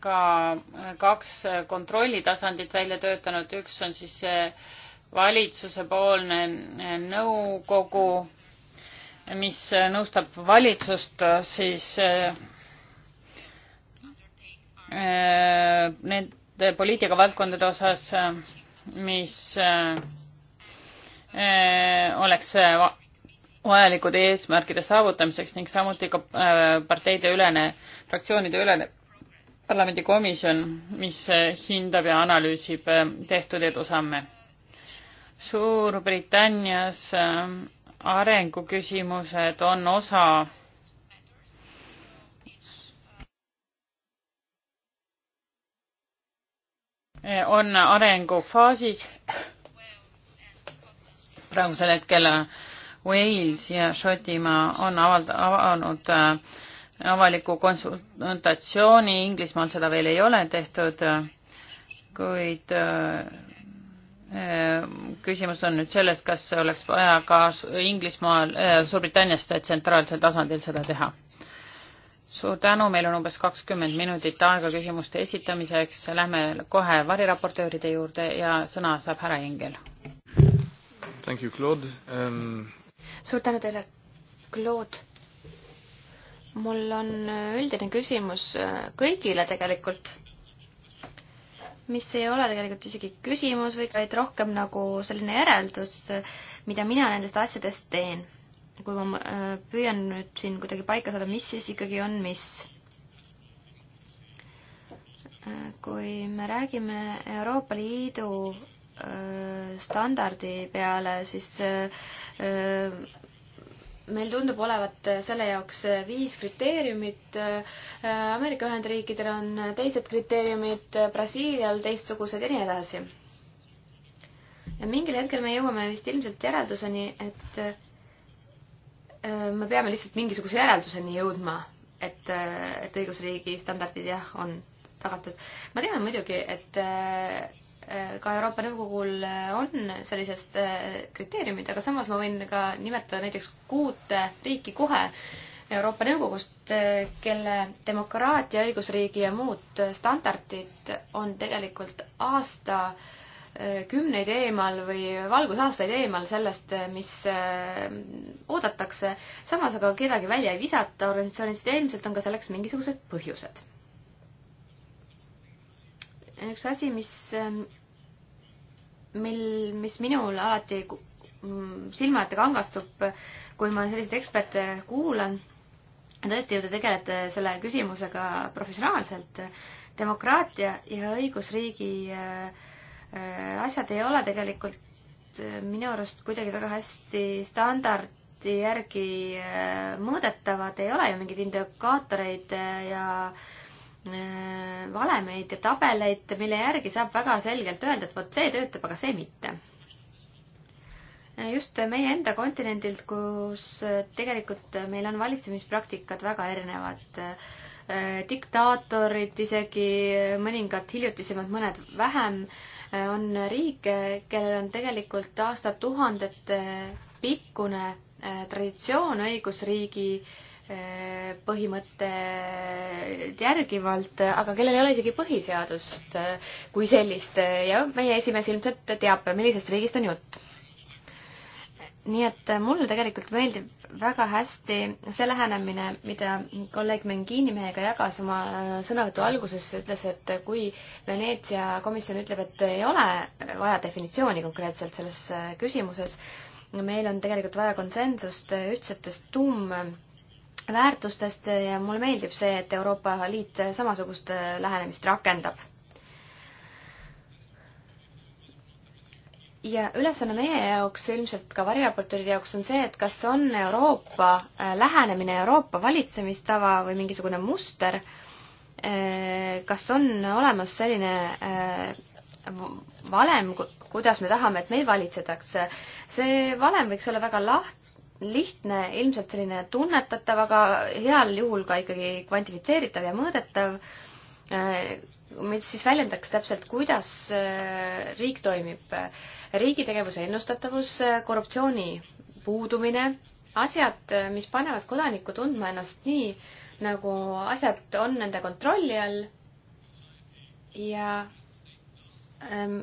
ka kaks kontrollitasandit välja töötanud, üks on siis valitsusepoolne nõukogu, mis nõustab valitsust äh, siis äh, need poliitikavaldkondade osas, mis äh, äh, oleks äh, vajalikud eesmärkide saavutamiseks ning samuti ka parteide ülene, fraktsioonide ülene parlamendikomisjon, mis hindab ja analüüsib tehtud edusamme. Suurbritannias arenguküsimused on osa on arengufaasis. praegusel hetkel Wales ja Šotimaa on avald-, avanud äh, avaliku konsultatsiooni, Inglismaal seda veel ei ole tehtud, kuid äh, äh, küsimus on nüüd selles, kas oleks vaja ka Inglismaal, Suurbritannias tsentraalsel tasandil seda teha suur tänu, meil on umbes kakskümmend minutit aega küsimuste esitamiseks, lähme kohe variraportööride juurde ja sõna saab härra Engel. Um... suur tänu teile, Claude. mul on äh, üldine küsimus äh, kõigile tegelikult, mis ei ole tegelikult isegi küsimus või vaid rohkem nagu selline järeldus, äh, mida mina nendest asjadest teen kui ma äh, püüan nüüd siin kuidagi paika saada, mis siis ikkagi on mis. Äh, kui me räägime Euroopa Liidu äh, standardi peale, siis meil tundub olevat selle jaoks viis kriteeriumit. Ameerika Ühendriikidel on teised kriteeriumid, Brasiilial teistsugused ja nii edasi. ja mingil hetkel me jõuame vist ilmselt järelduseni, et Äh, me peame lihtsalt mingisuguse järelduseni jõudma, et, äh, et õigusriigi standardid jah, on tagatud. ma tean muidugi, et äh, ka Euroopa Nõukogul on sellised kriteeriumid, aga samas ma võin ka nimetada näiteks kuut riiki kohe Euroopa Nõukogust, kelle demokraatia, õigusriigi ja muud standardid on tegelikult aasta äh, kümneid eemal või valgusaastaid eemal sellest, mis äh, oodatakse, samas aga kedagi välja ei visata organisatsioonist ja ilmselt on ka selleks mingisugused põhjused. üks asi, mis, äh, mil, mis minul alati mm, silma ette kangastub, kui ma selliseid eksperte kuulan, tõesti ju te tegelete selle küsimusega professionaalselt, demokraatia ja õigusriigi äh, Äh, asjad ei ole tegelikult äh, minu arust kuidagi väga hästi standardi järgi äh, mõõdetavad, ei ole ju mingeid indikaatoreid ja valemeid ja tabeleid, mille järgi saab väga selgelt öelda, et vot see töötab, aga see mitte. just meie enda kontinendilt, kus tegelikult meil on valitsemispraktikad väga erinevad. diktaatorid isegi, mõningad hiljutisemad, mõned vähem on riike, kellel on tegelikult aastatuhandete eh, pikkune eh, traditsioon õigusriigi eh, põhimõtte järgivalt, aga kellel ei ole isegi põhiseadust kui sellist ja meie esimees ilmselt teab, millisest riigist on jutt nii et mulle tegelikult meeldib väga hästi see lähenemine, mida kolleeg Mengini mehega jagas oma äh, sõnavõtu alguses, ütles, et kui Veneetsia komisjon ütleb, et ei ole vaja definitsiooni konkreetselt selles äh, küsimuses, meil on tegelikult vaja konsensust äh, ühtsetest tuumväärtustest ja mulle meeldib see, et Euroopa Liit samasugust lähenemist rakendab ja ülesanne meie jaoks, ilmselt ka variraportööride jaoks on see, et kas on Euroopa äh, lähenemine, Euroopa valitsemistava või mingisugune muster, äh, kas on olemas selline äh, valem, kuidas me tahame, et meid valitsetakse. see valem võiks olla väga laht-, lihtne, ilmselt selline tunnetatav, aga heal juhul ka ikkagi kvantifitseeritav ja mõõdetav mis siis väljendaks täpselt, kuidas äh, riik toimib. riigi tegevuse ennustatavus, äh, korruptsiooni puudumine, asjad, äh, mis panevad kodanikku tundma ennast nii, nagu asjad on nende kontrolli all ja ähm,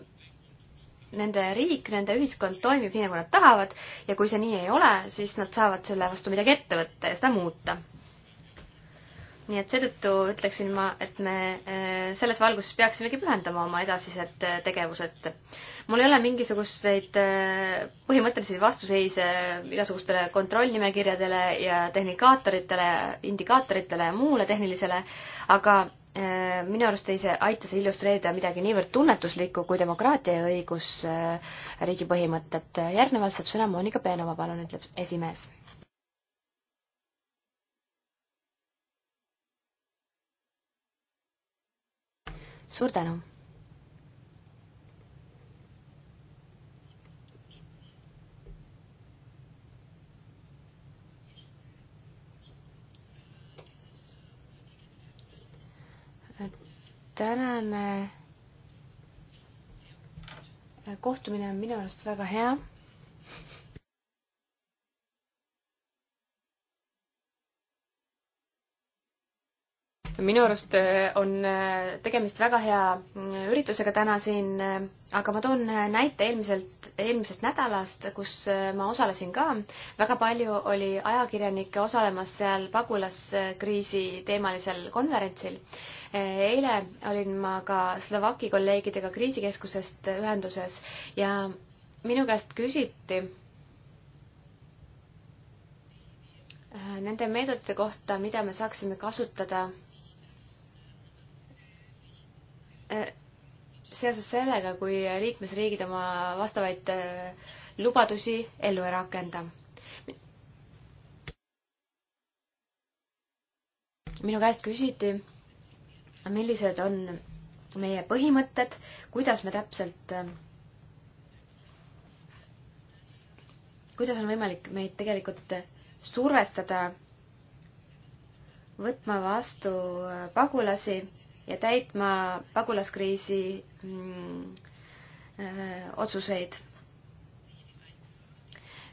nende riik, nende ühiskond toimib nii, nagu nad tahavad ja kui see nii ei ole, siis nad saavad selle vastu midagi ette võtta ja seda muuta nii et seetõttu ütleksin ma, et me äh, selles valguses peaksimegi pühendama oma edasised äh, tegevused. mul ei ole mingisuguseid äh, põhimõttelisi vastuseise igasugustele kontrollnimekirjadele ja tehnikaatoritele, indikaatoritele ja muule tehnilisele, aga minu arust ei see, aita see illustreerida midagi niivõrd tunnetuslikku kui demokraatia ja õigusriigi põhimõtted. järgnevalt saab sõna Monika Peenova, palun, ütleb esimees suur tänu! tänane kohtumine on minu arust väga hea minu arust äh, on äh, tegemist väga hea mm, üritusega täna siin, äh, aga ma toon näite eelmiselt, eelmisest nädalast, kus ma osalesin ka. väga palju oli ajakirjanikke osalemas seal pagulaskriisi teemalisel konverentsil. eile olin ma ka Slovaki kolleegidega kriisikeskusest ühenduses ja minu käest küsiti nende meetodite kohta, mida me saaksime kasutada Äh, seoses sellega, kui liikmesriigid oma vastavaid äh, lubadusi ellu ei rakenda. minu käest küsiti, millised on meie põhimõtted, kuidas me täpselt, äh, kuidas on võimalik meid tegelikult survestada võtma vastu pagulasi ja täitma pagulaskriisi mm, äh, otsuseid.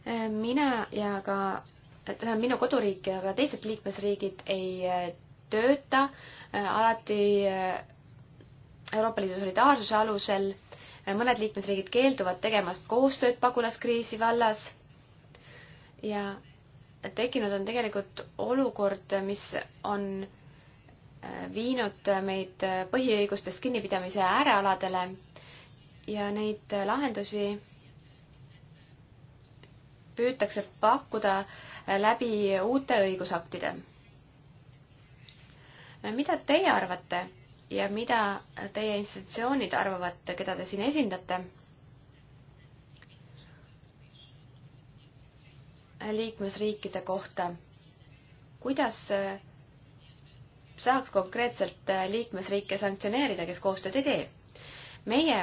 Äh, mina ja ka, tähendab minu koduriik ja ka teised liikmesriigid ei äh, tööta alati Euroopa Liidu solidaarsuse alusel. mõned liikmesriigid keelduvad tegemast koostööd pagulaskriisi vallas ja tekkinud on tegelikult olukord, mis on äh, viinud meid põhiõigustest kinnipidamise äärealadele ja neid lahendusi püütakse pakkuda läbi uute õigusaktide. mida teie arvate ja mida teie institutsioonid arvavad, keda te siin esindate? liikmesriikide kohta, kuidas saaks konkreetselt äh, liikmesriike sanktsioneerida, kes koostööd ei tee. meie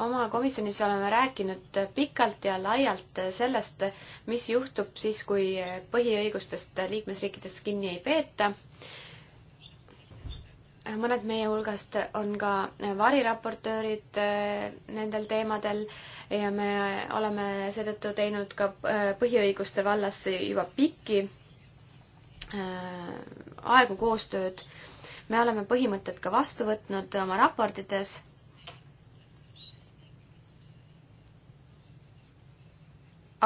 oma komisjonis oleme rääkinud pikalt ja laialt sellest, mis juhtub siis, kui põhiõigustest liikmesriikides kinni ei peeta. mõned meie hulgast on ka variraportöörid äh, nendel teemadel ja me oleme seetõttu teinud ka äh, põhiõiguste vallas juba pikki Äh, aegu koostööd. me oleme põhimõtted ka vastu võtnud oma raportites.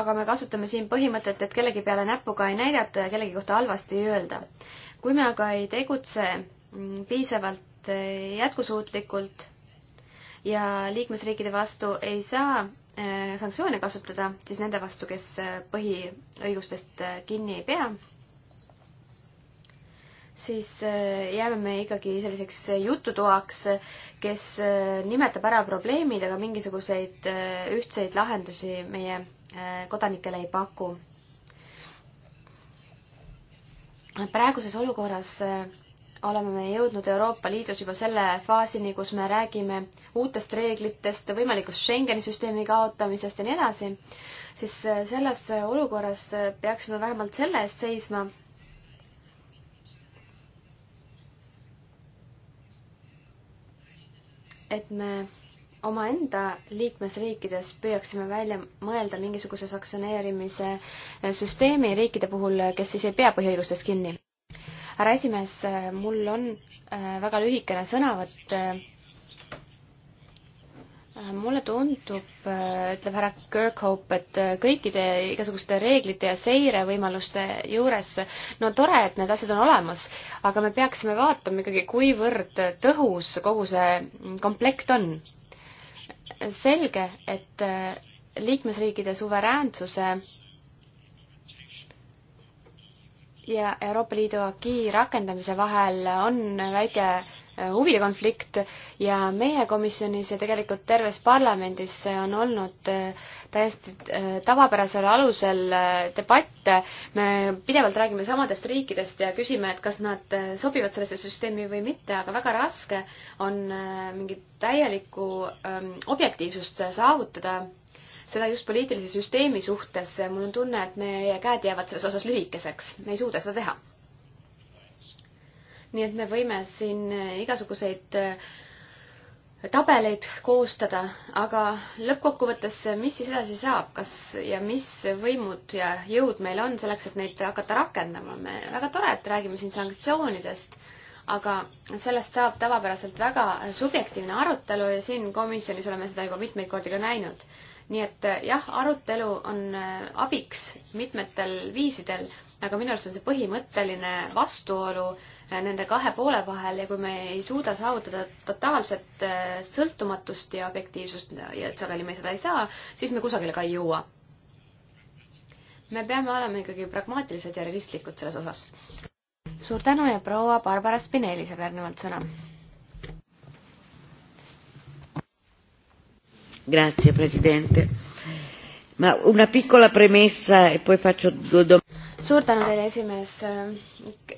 aga me kasutame siin põhimõtet, et kellegi peale näpuga ei näidata ja kellegi kohta halvasti ei öelda. kui me aga ei tegutse mm, piisavalt äh, jätkusuutlikult ja liikmesriikide vastu ei saa äh, sanktsioone kasutada, siis nende vastu, kes põhiõigustest kinni ei pea siis äh, jääme me ikkagi selliseks äh, jututoaks, äh, kes nimetab ära probleemid, aga mingisuguseid ühtseid lahendusi meie kodanikele ei paku. praeguses olukorras oleme me jõudnud Euroopa Liidus juba selle faasini, kus me räägime uutest reeglitest, võimalikust Schengeni süsteemi kaotamisest ja nii edasi, siis selles olukorras peaksime vähemalt selle eest seisma, et me omaenda liikmesriikides püüaksime välja mõelda mingisuguse sanktsioneerimise süsteemi riikide puhul, kes siis ei pea põhiõigustest kinni. härra esimees, mul on äh, väga lühikene sõnavõtt äh, Äh, mulle tundub, äh, ütleb härra Kirkhope, et äh, kõikide igasuguste reeglite ja seirevõimaluste juures, no tore, et need asjad on olemas, aga me peaksime vaatama ikkagi, kuivõrd tõhus kogu see mm, komplekt on. selge, et liikmesriikide suveräänsuse ja Euroopa Liidu akii rakendamise vahel on väike Äh, huvide konflikt ja meie komisjonis ja tegelikult terves parlamendis on olnud äh, täiesti äh, tavapärasel alusel debatt. me pidevalt räägime samadest riikidest ja küsime, et kas nad sobivad sellesse süsteemi või mitte, aga väga raske on mingit täielikku ähm, objektiivsust saavutada seda just poliitilise süsteemi suhtes, mul on tunne, et meie käed jäävad selles osas lühikeseks, me ei suuda seda teha nii et me võime siin äh, igasuguseid äh, tabeleid koostada, aga lõppkokkuvõttes, äh, mis siis edasi saab, kas ja mis võimud ja jõud meil on selleks, et neid hakata rakendama, me, väga tore, et räägime siin sanktsioonidest, aga sellest saab tavapäraselt väga subjektiivne arutelu ja siin komisjonis oleme seda juba mitmeid kordi ka näinud. nii et jah, arutelu on abiks mitmetel viisidel, aga minu arust on see põhimõtteline vastuolu äh, Äh, nende kahe poole vahel ja kui me ei suuda saavutada totaalset äh, sõltumatust ja objektiivsust ja et sageli me seda ei saa, siis me kusagile ka ei jõua. me peame olema ikkagi pragmaatilised ja realistlikud selles osas. suur tänu ja proua Barbara Spinelli saab järgnevalt sõna. Grazie Presidente. Ma una piccola premessa e poi faccio due domande suur tänu teile, esimees.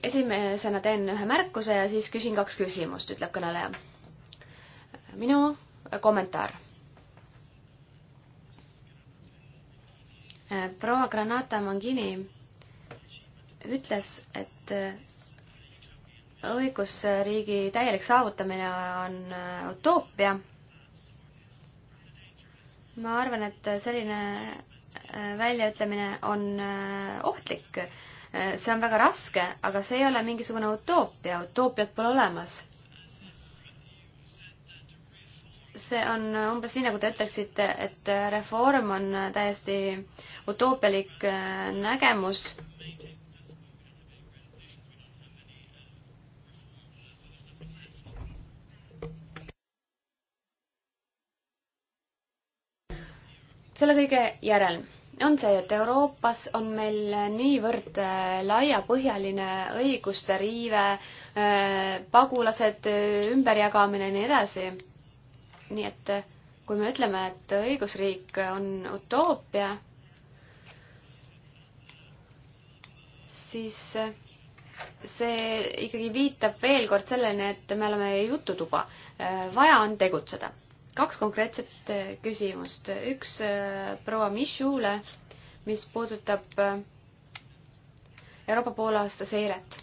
esimesena teen ühe märkuse ja siis küsin kaks küsimust, ütleb kõneleja. minu kommentaar. proua Granata Mangini ütles, et õigusriigi täielik saavutamine on utoopia. ma arvan, et selline Äh, väljaütlemine on äh, ohtlik. Äh, see on väga raske, aga see ei ole mingisugune utoopia, utoopiat pole olemas. see on umbes nii, nagu te ütleksite, et reform on täiesti utoopialik nägemus selle kõige järel on see, et Euroopas on meil niivõrd äh, laiapõhjaline õiguste riive, äh, pagulased, äh, ümberjagamine ja nii edasi. nii et kui me ütleme, et õigusriik on utoopia, siis see ikkagi viitab veel kord selleni, et me oleme jututuba. vaja on tegutseda kaks konkreetset äh, küsimust. üks äh, proua Michule, mis puudutab äh, Euroopa poolaasta seiret.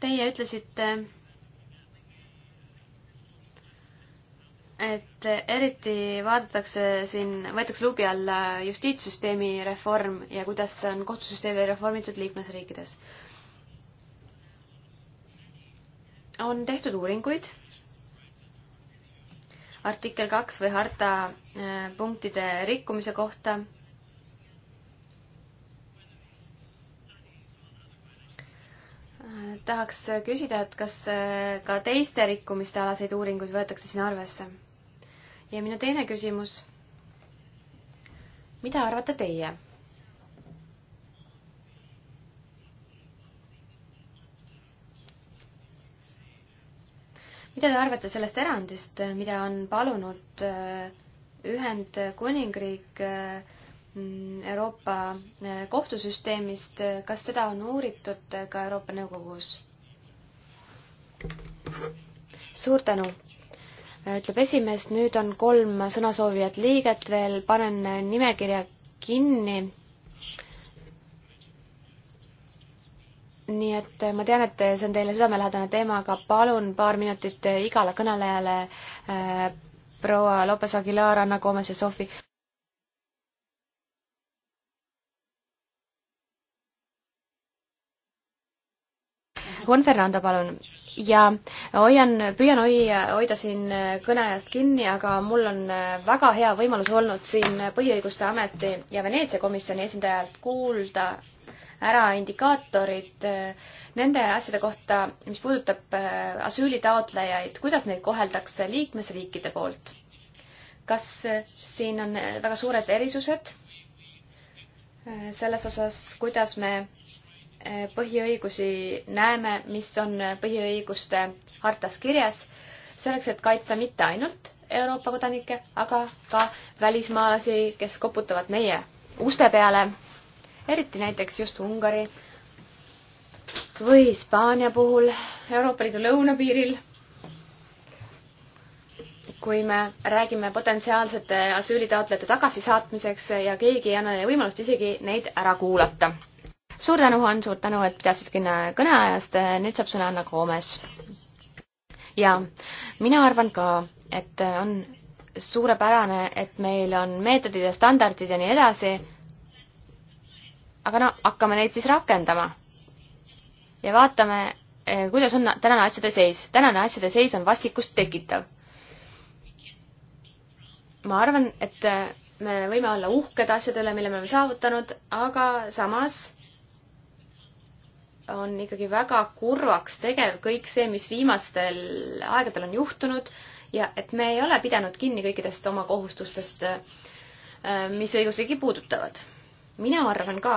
Teie ütlesite, et eriti vaadatakse siin, võetakse luubi alla justiitssüsteemi reform ja kuidas on kohtusüsteemi reformitud liikmesriikides. on tehtud uuringuid artikkel kaks või harta äh, punktide rikkumise kohta. Äh, tahaks küsida, et kas äh, ka teiste rikkumiste alaseid uuringuid võetakse siin arvesse? ja minu teine küsimus. mida arvate teie? mida te arvate sellest erandist, äh, mida on palunud äh, Ühendkuningriik äh, mm, Euroopa kohtusüsteemist, kas seda on uuritud ka Euroopa Nõukogus? suur tänu, ütleb esimees, nüüd on kolm sõnasoovijat liiget veel, panen nimekirja kinni nii et äh, ma tean, et äh, see on teile südamelähedane teema, aga palun paar minutit äh, igale kõnelejale äh,, proua Lopes Aguilar, Anna Koomes ja Sofi. Juan Fernando, palun. ja hoian, püüan hoia, hoida siin kõneajast kinni, aga mul on väga hea võimalus olnud siin Põhiõiguste Ameti ja Veneetsia komisjoni esindajalt kuulda ära indikaatorid äh, nende asjade kohta, mis puudutab äh, asüülitaotlejaid, kuidas neid koheldakse liikmesriikide poolt? kas äh, siin on väga suured erisused selles osas, kuidas me põhiõigusi näeme, mis on põhiõiguste hartas kirjas, selleks, et kaitsta mitte ainult Euroopa kodanikke, aga ka välismaalasi, kes koputavad meie uste peale eriti näiteks just Ungari või Hispaania puhul Euroopa Liidu lõunapiiril. kui me räägime potentsiaalsete asüülitaotlejate tagasisaatmiseks ja keegi ei anna neile võimalust isegi neid ära kuulata. suur tänu, Juhan, suur tänu, et pidasid kinni kõneajast, nüüd saab sõna Anna Koomes. jaa, mina arvan ka, et on suurepärane, et meil on meetodid ja standardid ja nii edasi aga no hakkame neid siis rakendama. ja vaatame, eh, kuidas on tänane asjade seis. tänane asjade seis on vastikust tekitav. ma arvan, et eh, me võime olla uhked asjade üle, mille me oleme saavutanud, aga samas on ikkagi väga kurvaks tegev kõik see, mis viimastel aegadel on juhtunud ja et me ei ole pidanud kinni kõikidest oma kohustustest, eh, mis õigusriigi puudutavad mina arvan ka,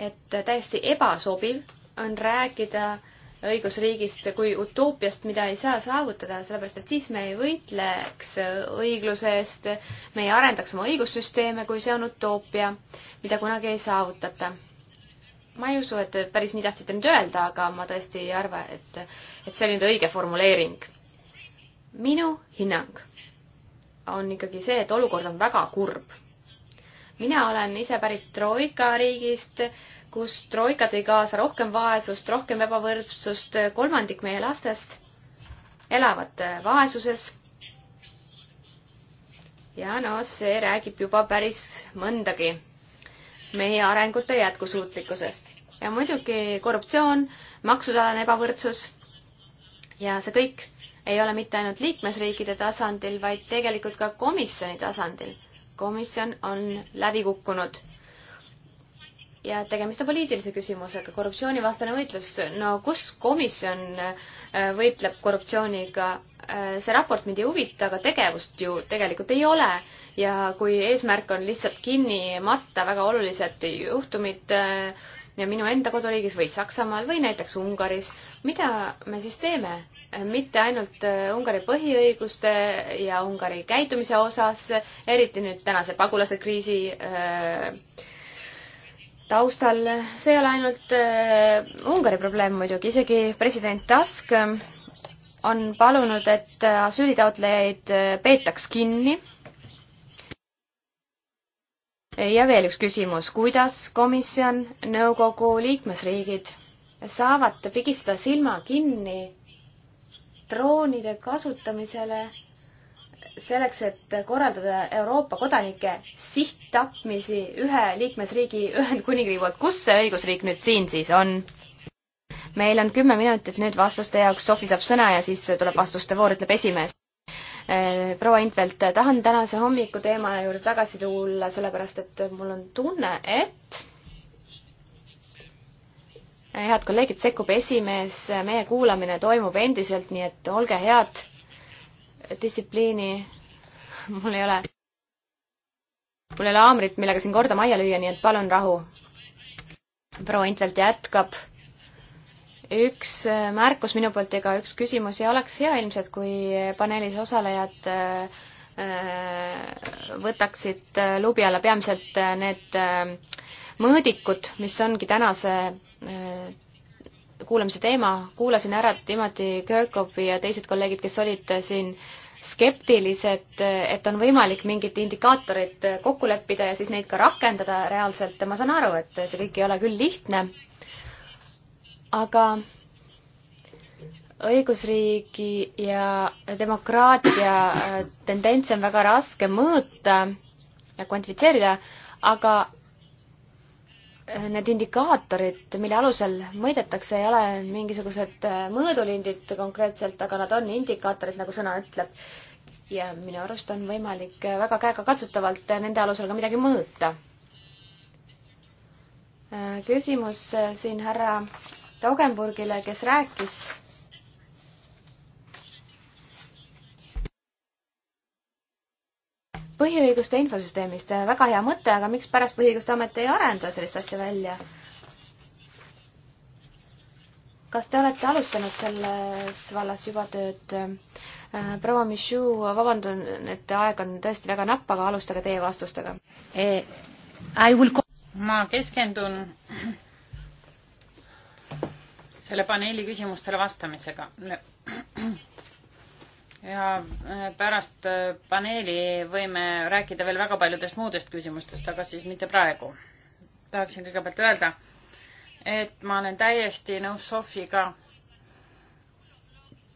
et täiesti ebasobiv on rääkida õigusriigist kui utoopiast, mida ei saa saavutada, sellepärast et siis me ei võitleks õigluse eest, me ei arendaks oma õigussüsteeme, kui see on utoopia, mida kunagi ei saavutata. ma ei usu, et päris nii tahtsite nüüd öelda, aga ma tõesti ei arva, et, et see oli nüüd õige formuleering. minu hinnang on ikkagi see, et olukord on väga kurb mina olen ise pärit Troika riigist, kus Troika tõi kaasa rohkem vaesust, rohkem ebavõrdsust, kolmandik meie lastest elavad vaesuses. ja no see räägib juba päris mõndagi meie arengute jätkusuutlikkusest. ja muidugi korruptsioon, maksusalane ebavõrdsus ja see kõik ei ole mitte ainult liikmesriikide tasandil, vaid tegelikult ka komisjoni tasandil komisjon on läbi kukkunud. ja tegemist on poliitilise küsimusega, korruptsioonivastane võitlus. no kus komisjon äh, võitleb korruptsiooniga? Äh, see raport mind ei huvita, aga tegevust ju tegelikult ei ole ja kui eesmärk on lihtsalt kinni matta väga olulised juhtumid äh,, minu enda koduriigis või Saksamaal või näiteks Ungaris. mida me siis teeme? mitte ainult äh, Ungari põhiõiguste ja Ungari käitumise osas, eriti nüüd tänase pagulase kriisi äh, taustal, see ei ole ainult äh, Ungari probleem muidugi, isegi president Tusk on palunud, et asüülitaotlejaid peetaks kinni ja veel üks küsimus, kuidas komisjon, nõukogu liikmesriigid saavad pigistada silma kinni droonide kasutamisele selleks, et korraldada Euroopa kodanike sihttapmisi ühe liikmesriigi, Ühendkuningriigi poolt, kus see õigusriik nüüd siin siis on? meil on kümme minutit nüüd vastuste jaoks, Sofi saab sõna ja siis tuleb vastuste voor, ütleb esimees. Eh, proua Intvelt, tahan tänase hommiku teema juurde tagasi tulla, sellepärast et mul on tunne, et eh, head kolleegid, sekkub esimees, eh, meie kuulamine toimub endiselt, nii et olge head, distsipliini mul ei ole, mul ei ole haamrit, millega siin korda majja lüüa, nii et palun rahu. proua Intvelt jätkab üks äh, märkus minu poolt ega üks küsimus ja oleks hea ilmselt, kui paneelis osalejad äh, äh, võtaksid lubi alla peamiselt need mõõdikud, mis ongi tänase kuulamise teema, kuulasin ära Timothy Kirkhopi ja teised kolleegid, kes olid siin skeptilised, et on võimalik mingit indikaatorit kokku leppida ja siis neid ka rakendada reaalselt, ma saan aru, et see kõik ei ole küll lihtne aga õigusriigi ja demokraatia äh, tendentse on väga raske mõõta ja kvantifitseerida, aga äh, need indikaatorid, mille alusel mõõdetakse, ei ole mingisugused äh, mõõdulindid konkreetselt, aga nad on indikaatorid, nagu sõna ütleb. ja minu arust on võimalik väga käegakatsutavalt nende alusel ka midagi mõõta. küsimus siin härra Taugenburgile, kes rääkis põhiõiguste infosüsteemist, väga hea mõte, aga mikspärast Põhiõiguste Amet ei arenda sellist asja välja? kas te olete alustanud selles vallas juba tööd? proua Michu, vabandan, et aeg on tõesti väga napp, aga alustage teie vastustega. Eh, ma keskendun selle paneeli küsimustele vastamisega. ja äh, pärast äh, paneeli võime rääkida veel väga paljudest muudest küsimustest, aga siis mitte praegu. tahaksin kõigepealt öelda, et ma olen täiesti nõus Sofiga.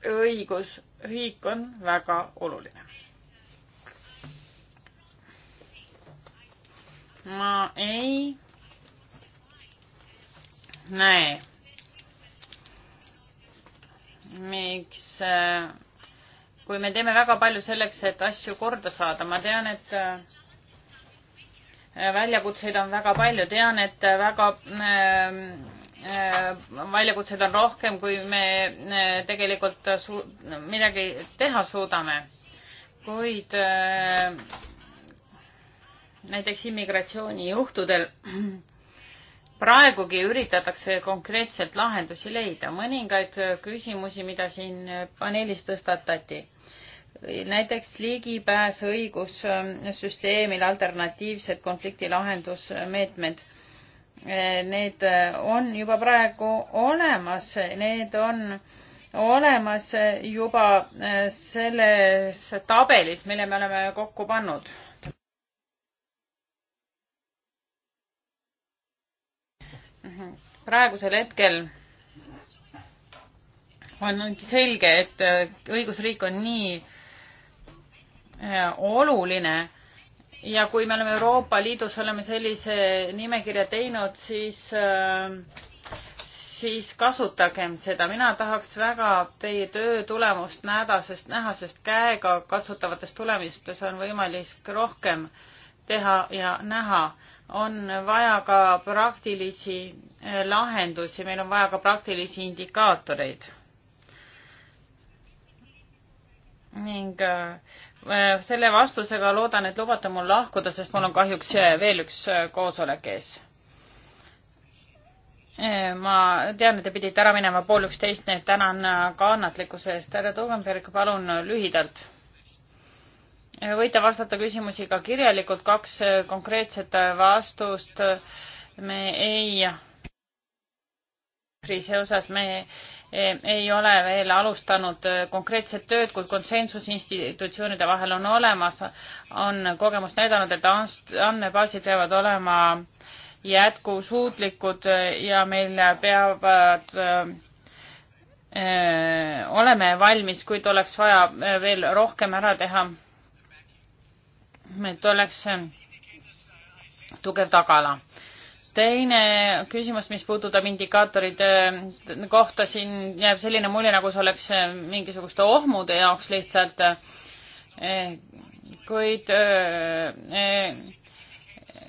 õigusriik on väga oluline. ma ei näe miks, äh, kui me teeme väga palju selleks, et asju korda saada, ma tean, et äh, väljakutseid on väga palju, tean, et väga äh, äh väljakutseid on rohkem, kui me tegelikult su-, midagi teha suudame. kuid äh, näiteks immigratsioonijuhtudel praegugi üritatakse konkreetselt lahendusi leida. mõningaid küsimusi, mida siin paneelis tõstatati. näiteks ligipääs õigussüsteemile, alternatiivsed konflikti lahendusmeetmed. Need on juba praegu olemas, need on olemas juba selles tabelis, mille me oleme kokku pannud praegusel hetkel on selge, et äh, õigusriik on nii äh, oluline ja kui me oleme Euroopa Liidus oleme sellise nimekirja teinud, siis, äh, siis kasutagem seda. mina tahaks väga teie töö tulemust näha, sest näha, sest käega katsutavates tulemistes on võimalik rohkem teha ja näha on vaja ka praktilisi eh, lahendusi, meil on vaja ka praktilisi indikaatoreid. ning eh, selle vastusega loodan, et lubate mul lahkuda, sest mul on kahjuks eh, veel üks koosolek ees. ma tean, et te pidite ära minema pool üksteist, nii et tänan kannatlikkuse eest. härra Tugenberg, palun lühidalt võite vastata küsimusi ka kirjalikult, kaks äh, konkreetset äh, vastust me ei kriisi osas me äh, ei ole veel alustanud konkreetset tööd, kuid konsensus institutsioonide vahel on olemas, on kogemus näidanud, et andmebaasid peavad olema jätkusuutlikud ja meil peavad oleme valmis, kuid oleks vaja veel rohkem ära teha et oleks tugev tagala. teine küsimus, mis puudutab indikaatorite kohta, siin jääb selline mulje, nagu see oleks mingisuguste ohmude jaoks lihtsalt, kuid eh, eh,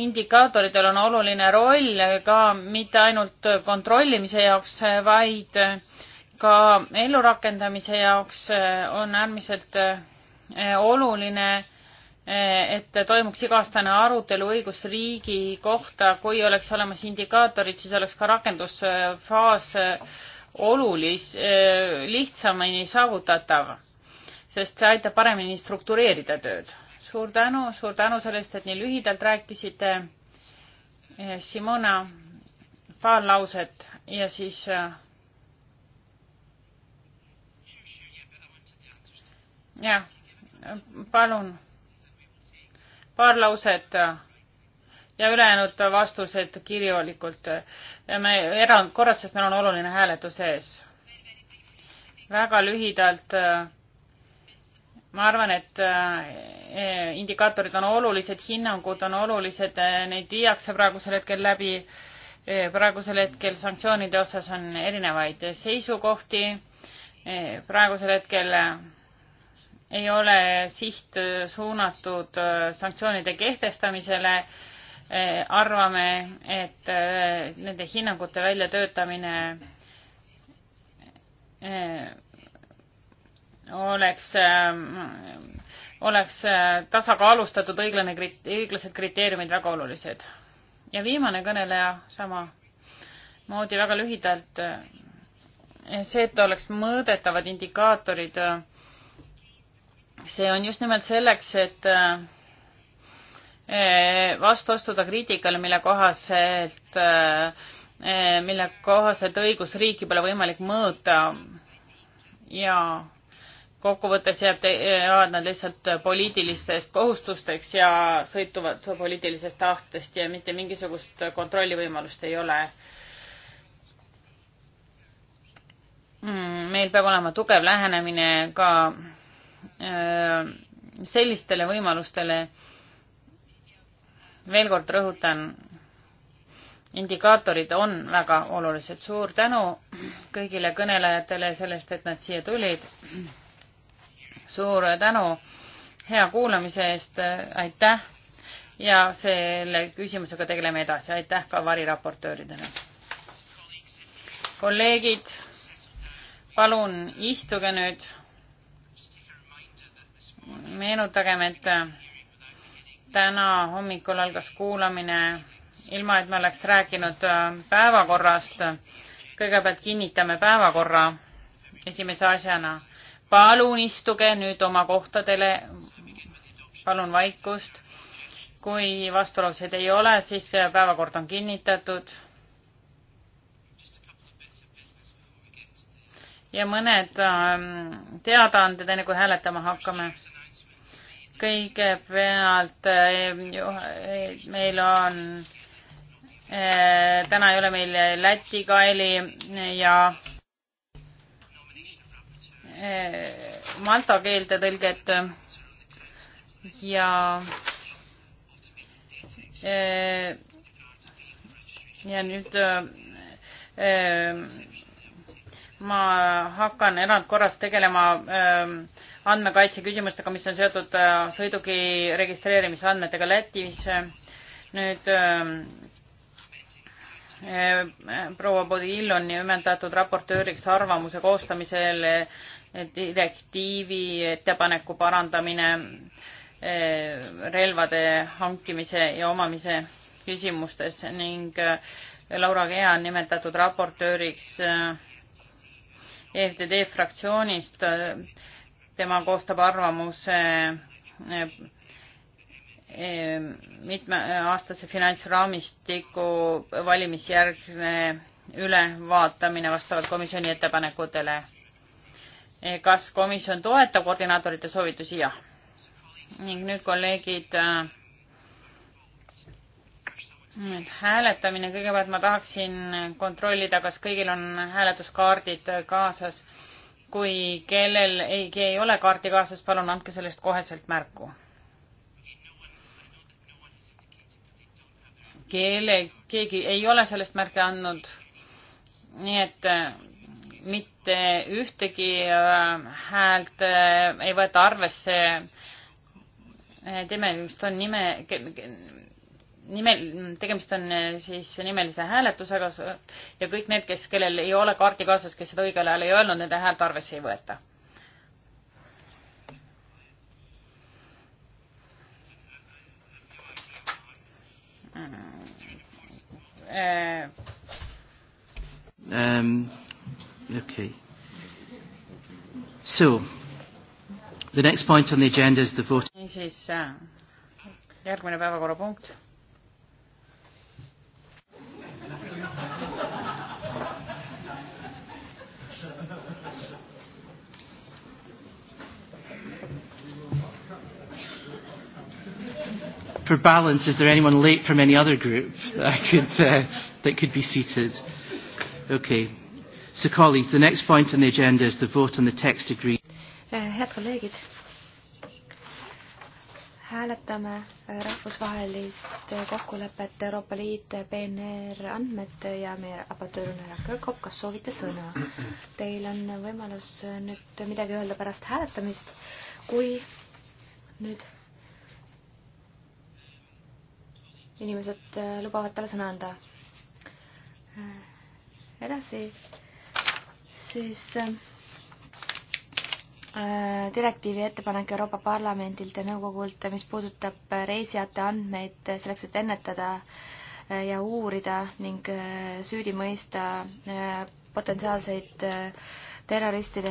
indikaatoritel on oluline roll ka mitte ainult kontrollimise jaoks, vaid ka ellurakendamise jaoks on äärmiselt eh, oluline et toimuks iga-aastane arutelu õigusriigi kohta, kui oleks olemas indikaatorid, siis oleks ka rakendusfaas äh, olulis-, äh, lihtsamini saavutatav, sest see aitab paremini struktureerida tööd. suur tänu, suur tänu sellest, et nii lühidalt rääkisite. Äh, Simona, paar lauset ja siis jah, palun paar lauset ja ülejäänud vastused kirjalikult. me erand, korras, sest meil on oluline hääletus ees. väga lühidalt, ma arvan, et e, indikaatorid on olulised, hinnangud on olulised, neid viiakse praegusel hetkel läbi. E, praegusel hetkel sanktsioonide osas on erinevaid seisukohti. E, praegusel hetkel ei ole siht suunatud äh, sanktsioonide kehtestamisele. Äh, arvame, et äh, nende hinnangute väljatöötamine oleks, oleks tasakaalustatud õiglane, õiglased kriteeriumid väga olulised. ja viimane kõneleja samamoodi väga lühidalt. see, et oleks mõõdetavad indikaatorid see on just nimelt selleks, et eh, vastu astuda kriitikale, mille kohaselt, eh, mille kohaselt õigusriiki pole võimalik mõõta ja kokkuvõttes jääb, jäävad nad lihtsalt poliitilistest kohustusteks ja sõltuvad poliitilisest tahtest ja mitte mingisugust kontrollivõimalust ei ole. Mm, meil peab olema tugev lähenemine ka Äh, sellistele võimalustele. veel kord rõhutan, indikaatorid on väga olulised. suur tänu kõigile kõnelejatele sellest, et nad siia tulid. suur tänu hea kuulamise eest, aitäh ja selle küsimusega tegeleme edasi, aitäh ka variraportööridele. kolleegid, palun istuge nüüd meenutagem, et äh, täna hommikul algas kuulamine ilma, et me oleks rääkinud äh, päevakorrast. kõigepealt kinnitame päevakorra esimese asjana. palun istuge nüüd oma kohtadele. palun vaikust. kui vastulauseid ei ole, siis äh, päevakord on kinnitatud. ja mõned ähm, teadaanded, enne kui hääletama hakkame kõigepealt eh, meil on, eh, täna ei ole meil Läti kaeli ja eh, malta keelde tõlget ja ja nüüd ma hakkan erandkorras tegelema öö, andmekaitse küsimustega, mis on seotud äh, sõiduki registreerimise andmetega Lätis. nüüd äh, äh, proua Bodil on nimetatud raportööriks arvamuse koostamisel direktiivi ettepaneku parandamine relvade hankimise ja omamise küsimustes ning Laura Kea on nimetatud raportööriks EFTD fraktsioonist tema koostab arvamuse eh, eh, mitmeaastase finantsraamistiku valimisjärgne ülevaatamine vastavalt komisjoni ettepanekutele. Eh, kas komisjon toetab koordinaatorite soovitusi? jah. ning nüüd kolleegid, hääletamine, kõigepealt ma tahaksin kontrollida, kas kõigil on hääletuskaardid kaasas kui kellel ei, ei ole kaarti kaasas, palun andke sellest koheselt märku. kelle, keegi ei ole sellest märke andnud. nii et äh, mitte ühtegi äh, häält äh, ei võeta arvesse. teeme, vist on nime, nimel, tegemist on eh, siis nimelise hääletusega ja kõik need, kes, kellel ei ole kaarti kaasas, kes seda õigel ajal ei öelnud, nende häält arvesse ei võeta. Um, okay. So, the next point on the agenda is the vote. niisiis, äh, järgmine päevakorrapunkt For balance, is there anyone late from any other group that I could uh, that could be seated? Okay. So, colleagues, the next point on the agenda is the vote on the text agreement. Uh, head colleagues hääletame rahvusvahelist kokkulepet Euroopa Liit, PNR andmed ja meie raportöör on härra Kõrgop, kas soovite sõna? Teil on võimalus nüüd midagi öelda pärast hääletamist, kui nüüd inimesed lubavad talle sõna anda. edasi, siis äh, Äh, direktiivi ettepanek Euroopa Parlamendilt ja nõukogult, mis puudutab reisijate andmeid selleks, et ennetada äh, ja uurida ning äh, süüdi mõista potentsiaalseid terroristide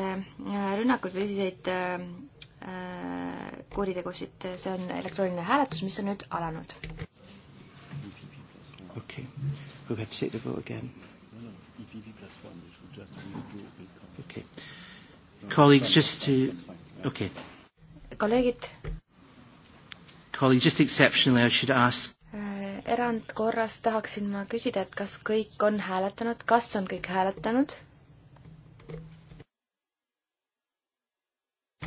rünnakuid või tõsiseid kuritegusid. see on elektrooniline hääletus, mis on nüüd alanud. okei okay., we have to take the vote again. okei okay Colleagues, just to... Okay. kolleegid. Colleagues, just exceptionally I should ask. Äh, erandkorras tahaksin ma küsida, et kas kõik on hääletanud, kas on kõik hääletanud?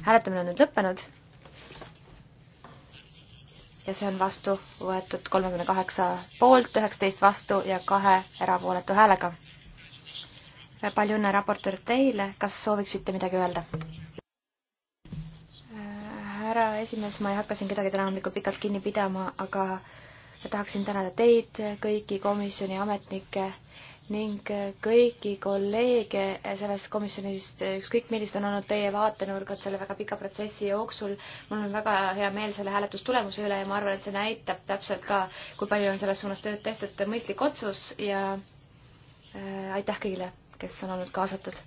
hääletamine on nüüd lõppenud. ja see on vastu võetud kolmekümne kaheksa poolt, üheksateist vastu ja kahe erapooletu häälega Äh, palju õnne, raportöör, teile, kas sooviksite midagi öelda? Äh, härra esimees, ma ei hakka siin kedagi täna hommikul pikalt kinni pidama, aga tahaksin tänada teid, kõiki komisjoni ametnikke ning äh, kõiki kolleege sellest komisjonist, ükskõik millised on olnud teie vaatenurgad selle väga pika protsessi jooksul. mul on väga hea meel selle hääletustulemuse üle ja ma arvan, et see näitab täpselt ka, kui palju on selles suunas tööd tehtud, mõistlik otsus ja äh, aitäh kõigile kes on olnud kaasatud.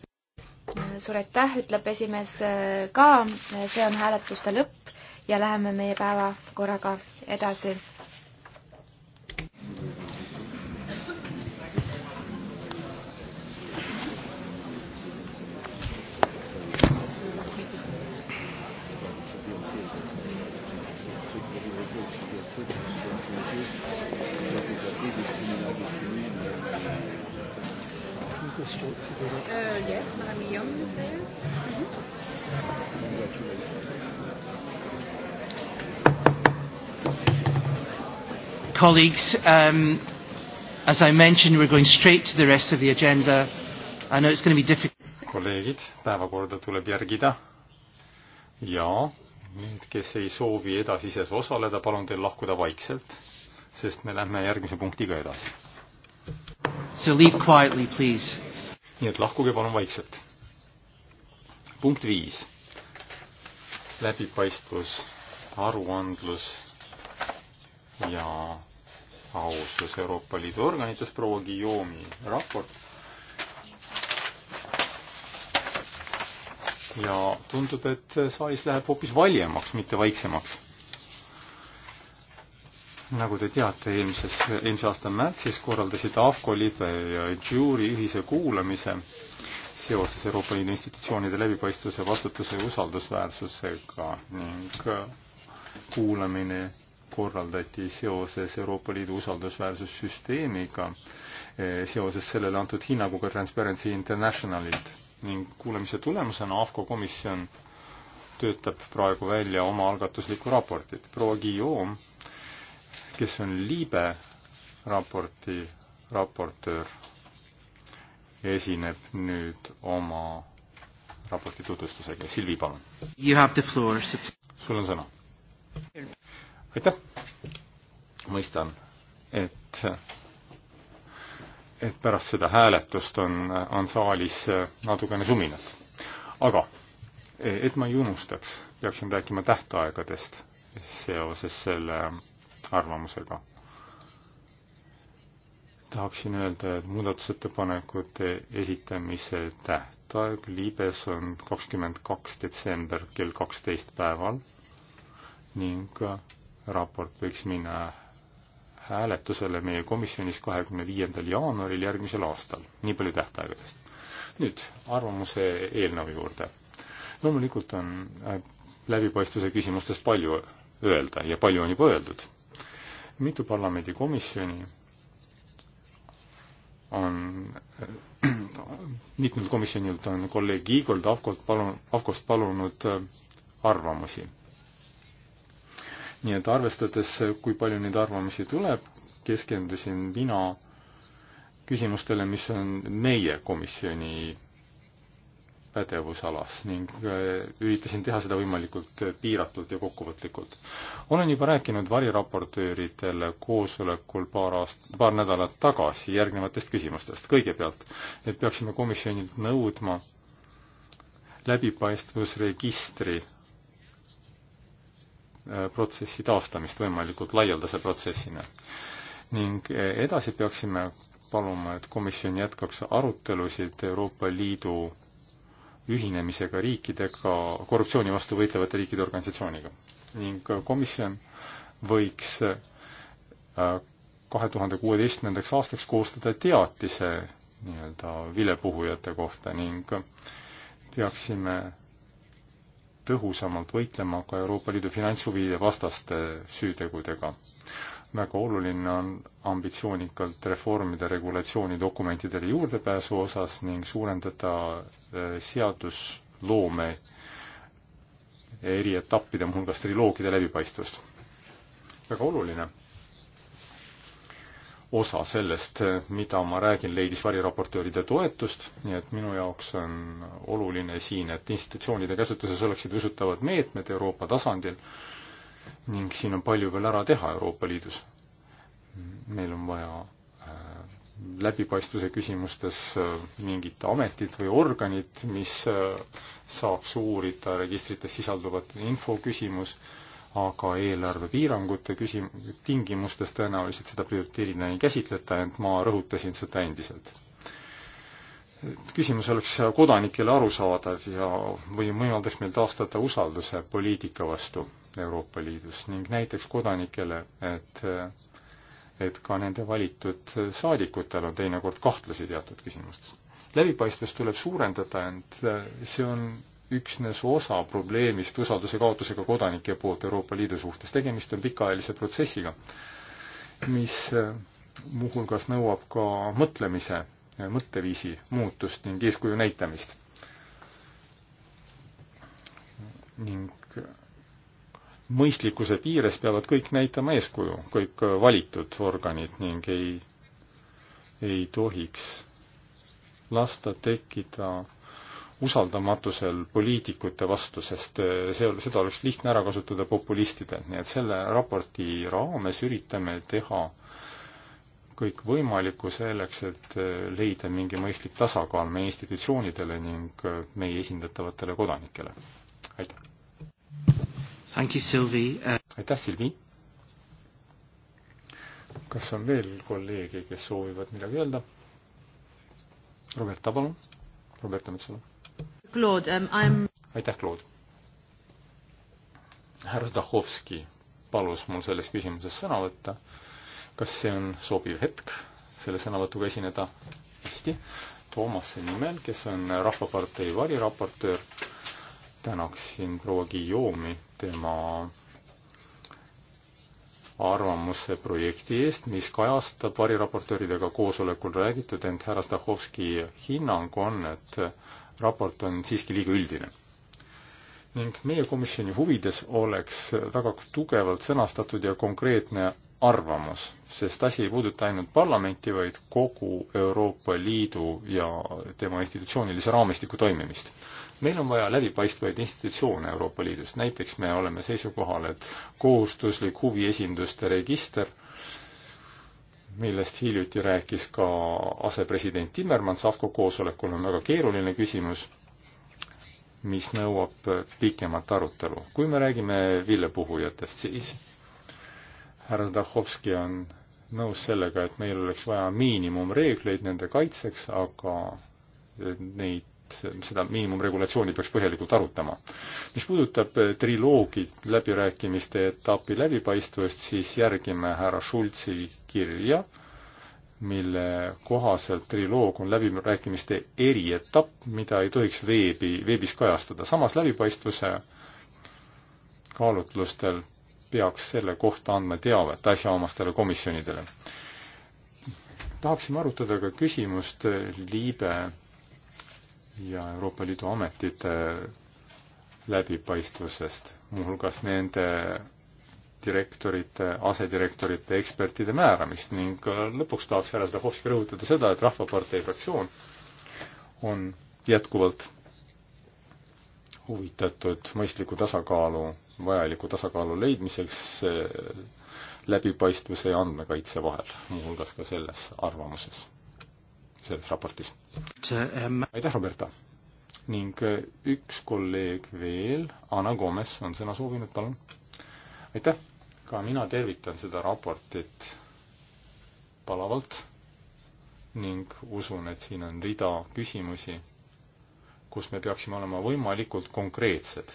suur aitäh, ütleb esimees äh, ka, see on hääletuste lõpp ja läheme meie päevakorraga edasi Uh, yes, Madame Young is there. Mm-hmm. Congratulations. Colleagues, um, as I mentioned, we're going straight to the rest of the agenda. I know it's going to be difficult. kolleegid, päevakorda tuleb järgida ja need, kes ei soovi edasises osaleda, palun teil lahkuda vaikselt, sest me lähme järgmise punktiga edasi. So leave quietly, please nii et lahkuge palun vaikselt. punkt viis. läbipaistvus, aruandlus ja ausus Euroopa Liidu organites, proua Guillaume'i raport. ja tundub, et saalis läheb hoopis valjemaks, mitte vaiksemaks nagu te teate, eelmises, eelmise aasta märtsis korraldasid AFCO libe ja žüüri ühise kuulamise seoses Euroopa Liidu institutsioonide läbipaistvuse, vastutuse ja usaldusväärsusega ning kuulamine korraldati seoses Euroopa Liidu usaldusväärsussüsteemiga, eh, seoses sellele antud hinnanguga Transparency Internationalilt ning kuulamise tulemusena AFCO komisjon töötab praegu välja omaalgatuslikku raportit. proua Guillaume kes on Liibe raporti raportöör ja esineb nüüd oma raporti tutvustusega. Silvi, palun. sul on sõna. aitäh. mõistan, et, et pärast seda hääletust on, on saalis natukene suminat. aga, et ma ei unustaks, peaksin rääkima tähtaegadest seoses selle arvamusega. tahaksin öelda, et muudatusettepanekute esitamise tähtaeg Liibes on kakskümmend kaks detsember kell kaksteist päeval ning raport võiks minna hääletusele meie komisjonis kahekümne viiendal jaanuaril järgmisel aastal. nii palju tähtaegadest. nüüd arvamuse eelnõu juurde. loomulikult on läbipaistvuse küsimustes palju öelda ja palju on juba öeldud mitu parlamendikomisjoni on mitmelt komisjonilt on kolleeg Igor Davkolt palun, Davkost palunud äh, arvamusi. nii et arvestades, kui palju neid arvamusi tuleb, keskendusin mina küsimustele, mis on meie komisjoni pädevusalas ning äh, üritasin teha seda võimalikult äh, piiratud ja kokkuvõtlikult. olen juba rääkinud variraportööridele koosolekul paar aast-, paar nädalat tagasi järgnevatest küsimustest. kõigepealt, et peaksime komisjonilt nõudma läbipaistvusregistri äh, protsessi taastamist võimalikult laialdase protsessina. ning edasi peaksime paluma, et komisjon jätkaks arutelusid Euroopa Liidu ühinemisega riikidega, korruptsiooni vastu võitlevate riikide organisatsiooniga. ning äh, komisjon võiks äh, kahe tuhande kuueteistkümnendaks aastaks koostada teatise nii-öelda vilepuhujate kohta ning äh, peaksime tõhusamalt võitlema ka Euroopa Liidu finantshuvide vastaste süütegudega väga oluline on ambitsioonikalt reformida regulatsiooni dokumentidele juurdepääsu osas ning suurendada eh, seadusloome eri etappide, muuhulgas triloogide läbipaistvust. väga oluline osa sellest, mida ma räägin, leidis variraportööride toetust, nii et minu jaoks on oluline siin, et institutsioonide käsutuses oleksid usutavad meetmed Euroopa tasandil, ning siin on palju veel ära teha Euroopa Liidus. meil on vaja äh, läbipaistvuse küsimustes äh, mingit ametit või organit, mis äh, saaks uurida registrites sisalduvat info küsimus, aga eelarvepiirangute küsim-, tingimustes tõenäoliselt seda prioriteedina ei käsitleta, ent ma rõhutasin seda endiselt et küsimus oleks kodanikele arusaadav ja, või võimaldaks meil taastada usalduse poliitika vastu Euroopa Liidus ning näiteks kodanikele, et et ka nende valitud saadikutel on teinekord kahtlusi teatud küsimustes. läbipaistvust tuleb suurendada, ent eh, see on üksnes osa probleemist usalduse kaotusega kodanike poolt Euroopa Liidu suhtes. tegemist on pikaajalise protsessiga, mis eh, muuhulgas nõuab ka mõtlemise mõtteviisi muutust ning eeskuju näitamist. ning mõistlikkuse piires peavad kõik näitama eeskuju, kõik valitud organid ning ei, ei tohiks lasta tekkida usaldamatusel poliitikute vastu, sest see, seda oleks lihtne ära kasutada populistidel, nii et selle raporti raames üritame teha kõik võimaliku selleks, et äh, leida mingi mõistlik tasakaal meie institutsioonidele ning äh, meie esindatavatele kodanikele. aitäh! Uh, aitäh, Silvi! kas on veel kolleege, kes soovivad midagi öelda? Roberta, palun. Roberta Metsola. Claude um,, I m. aitäh, Claude. härra Zdahovski palus mul selles küsimuses sõna võtta kas see on sobiv hetk selle sõnavõtuga esineda? hästi. Toomase nimel, kes on Rahvapartei variraportöör, tänaksin proua Guillaume'i tema arvamuse projekti eest, mis kajastab variraportööridega koosolekul räägitud, ent härra Stahovski hinnang on, et raport on siiski liiga üldine. ning meie komisjoni huvides oleks väga tugevalt sõnastatud ja konkreetne arvamus, sest asi ei puuduta ainult parlamenti, vaid kogu Euroopa Liidu ja tema institutsioonilise raamistiku toimimist. meil on vaja läbipaistvaid institutsioone Euroopa Liidus, näiteks me oleme seisukohal, et kohustuslik huviesinduste register, millest hiljuti rääkis ka asepresident Timmermans AFCO koosolekul, on väga keeruline küsimus, mis nõuab pikemat arutelu. kui me räägime vilepuhujatest, siis härra Zdachovski on nõus sellega, et meil oleks vaja miinimumreegleid nende kaitseks, aga neid, seda miinimumregulatsiooni peaks põhjalikult arutama. mis puudutab eh, triloogi läbirääkimiste etapi läbipaistvust, siis järgime härra Schultzi kirja, mille kohaselt triloog on läbirääkimiste erietapp, mida ei tohiks veebi, veebis kajastada. samas läbipaistvuse kaalutlustel peaks selle kohta andma teavet asjaomastele komisjonidele. tahaksime arutada ka küsimust liibe ja Euroopa Liidu ametite läbipaistvusest, muuhulgas nende direktorite, asedirektorite, ekspertide määramist ning lõpuks tahaks härra Zdahovski rõhutada seda, et Rahvapartei fraktsioon on jätkuvalt huvitatud mõistliku tasakaalu vajaliku tasakaalu leidmiseks eh, läbipaistvuse ja andmekaitse vahel, muuhulgas ka selles arvamuses, selles raportis. aitäh, Roberta! ning eh, üks kolleeg veel, Anna Gomes on sõna soovinud, palun. aitäh, ka mina tervitan seda raportit palavalt ning usun, et siin on rida küsimusi, kus me peaksime olema võimalikult konkreetsed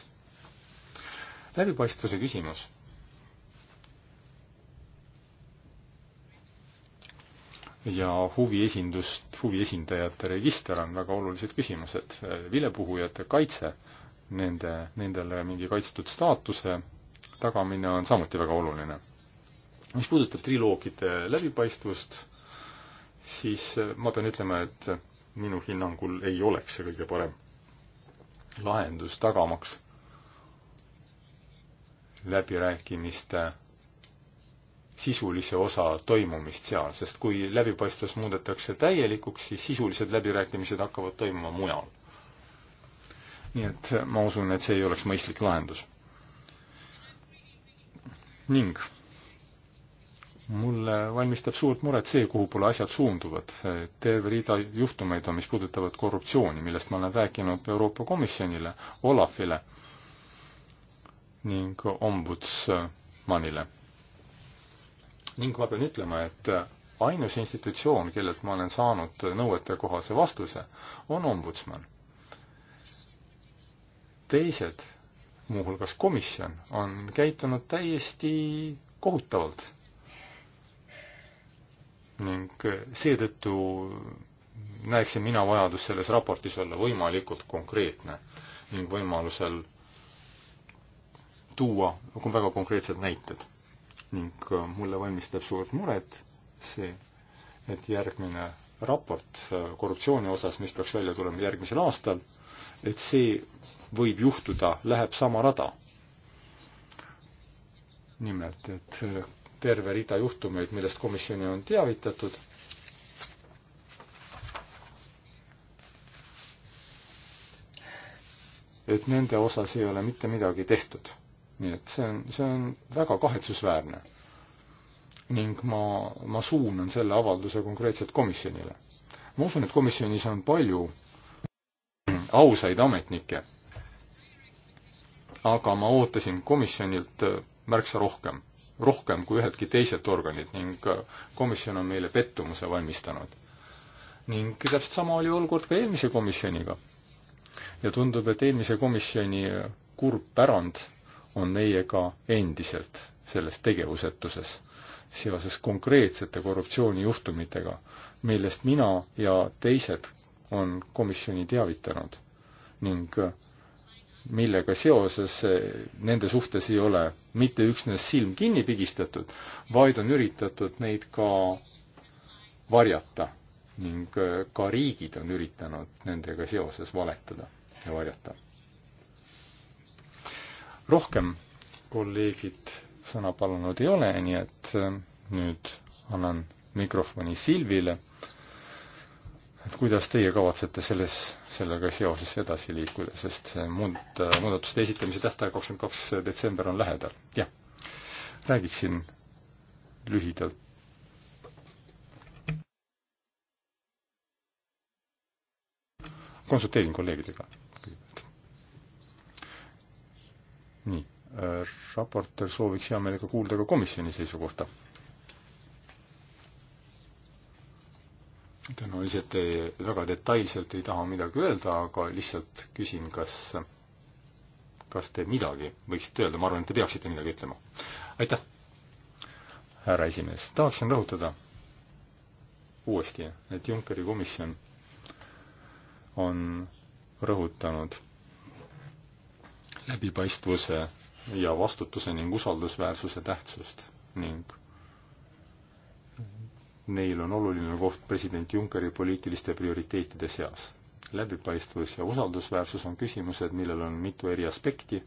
läbipaistvuse küsimus. ja huviesindust, huviesindajate register on väga olulised küsimused. vilepuhujate kaitse, nende, nendele mingi kaitstud staatuse tagamine on samuti väga oluline. mis puudutab triloogide läbipaistvust, siis ma pean ütlema, et minu hinnangul ei oleks see kõige parem lahendus tagamaks läbirääkimiste sisulise osa toimumist seal, sest kui läbipaistvus muudetakse täielikuks, siis sisulised läbirääkimised hakkavad toimuma mujal. nii et ma usun, et see ei oleks mõistlik lahendus. ning mulle valmistab suurt muret see, kuhu poole asjad suunduvad. terve rida juhtumeid on, mis puudutavad korruptsiooni, millest ma olen rääkinud Euroopa Komisjonile, Olafile ning ombudsmanile. ning ma pean ütlema, et ainus institutsioon, kellelt ma olen saanud nõuetekohase vastuse, on ombudsman. teised, muuhulgas komisjon, on käitunud täiesti kohutavalt. ning seetõttu näeksin mina vajadust selles raportis olla võimalikult konkreetne ning võimalusel tuua väga konkreetsed näited ning äh, mulle valmistab suurt muret see, et järgmine raport äh, korruptsiooni osas, mis peaks välja tulema järgmisel aastal, et see võib juhtuda, läheb sama rada. nimelt, et äh, terve rida juhtumeid, millest komisjoni on teavitatud, et nende osas ei ole mitte midagi tehtud nii et see on, see on väga kahetsusväärne. ning ma, ma suunan selle avalduse konkreetselt komisjonile. ma usun, et komisjonis on palju ausaid ametnikke, aga ma ootasin komisjonilt märksa rohkem, rohkem kui üheltki teiselt organilt ning komisjon on meile pettumuse valmistanud. ning täpselt sama oli olukord ka eelmise komisjoniga. ja tundub, et eelmise komisjoni kurb pärand on meiega endiselt selles tegevusetuses seoses konkreetsete korruptsioonijuhtumitega, millest mina ja teised on komisjoni teavitanud ning millega seoses nende suhtes ei ole mitte üksnes silm kinni pigistatud, vaid on üritatud neid ka varjata ning ka riigid on üritanud nendega seoses valetada ja varjata rohkem kolleegid sõna palunud ei ole, nii et äh, nüüd annan mikrofoni Silvile. et kuidas teie kavatsete selles, sellega seoses edasi liikuda, sest muud, äh, muudatuste esitamise tähtaeg kakskümmend kaks detsember on lähedal, jah. räägiksin lühidalt. konsulteerin kolleegidega kõigepealt nii, äh, raportöör sooviks hea meelega kuulda ka komisjoni seisukohta. tõenäoliselt ei, väga detailselt ei taha midagi öelda, aga lihtsalt küsin, kas, kas te midagi võiksite öelda, ma arvan, et te peaksite midagi ütlema. aitäh, härra esimees, tahaksin rõhutada uuesti, et Junckeri komisjon on rõhutanud läbipaistvuse ja vastutuse ning usaldusväärsuse tähtsust ning neil on oluline koht president Junckeri poliitiliste prioriteetide seas. läbipaistvus ja usaldusväärsus on küsimused, millel on mitu eri aspekti.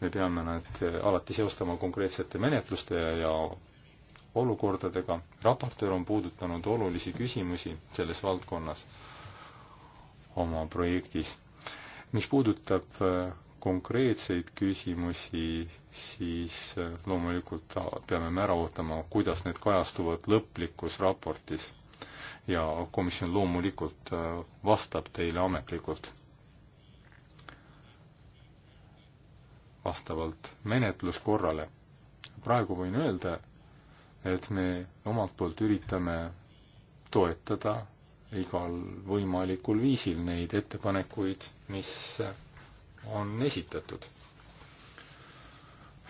me peame nad alati seostama konkreetsete menetluste ja olukordadega. raportöör on puudutanud olulisi küsimusi selles valdkonnas oma projektis. mis puudutab konkreetseid küsimusi, siis äh, loomulikult äh, peame me ära ootama, kuidas need kajastuvad lõplikus raportis. ja komisjon loomulikult äh, vastab teile ametlikult. vastavalt menetluskorrale. praegu võin öelda, et me omalt poolt üritame toetada igal võimalikul viisil neid ettepanekuid, mis on esitatud.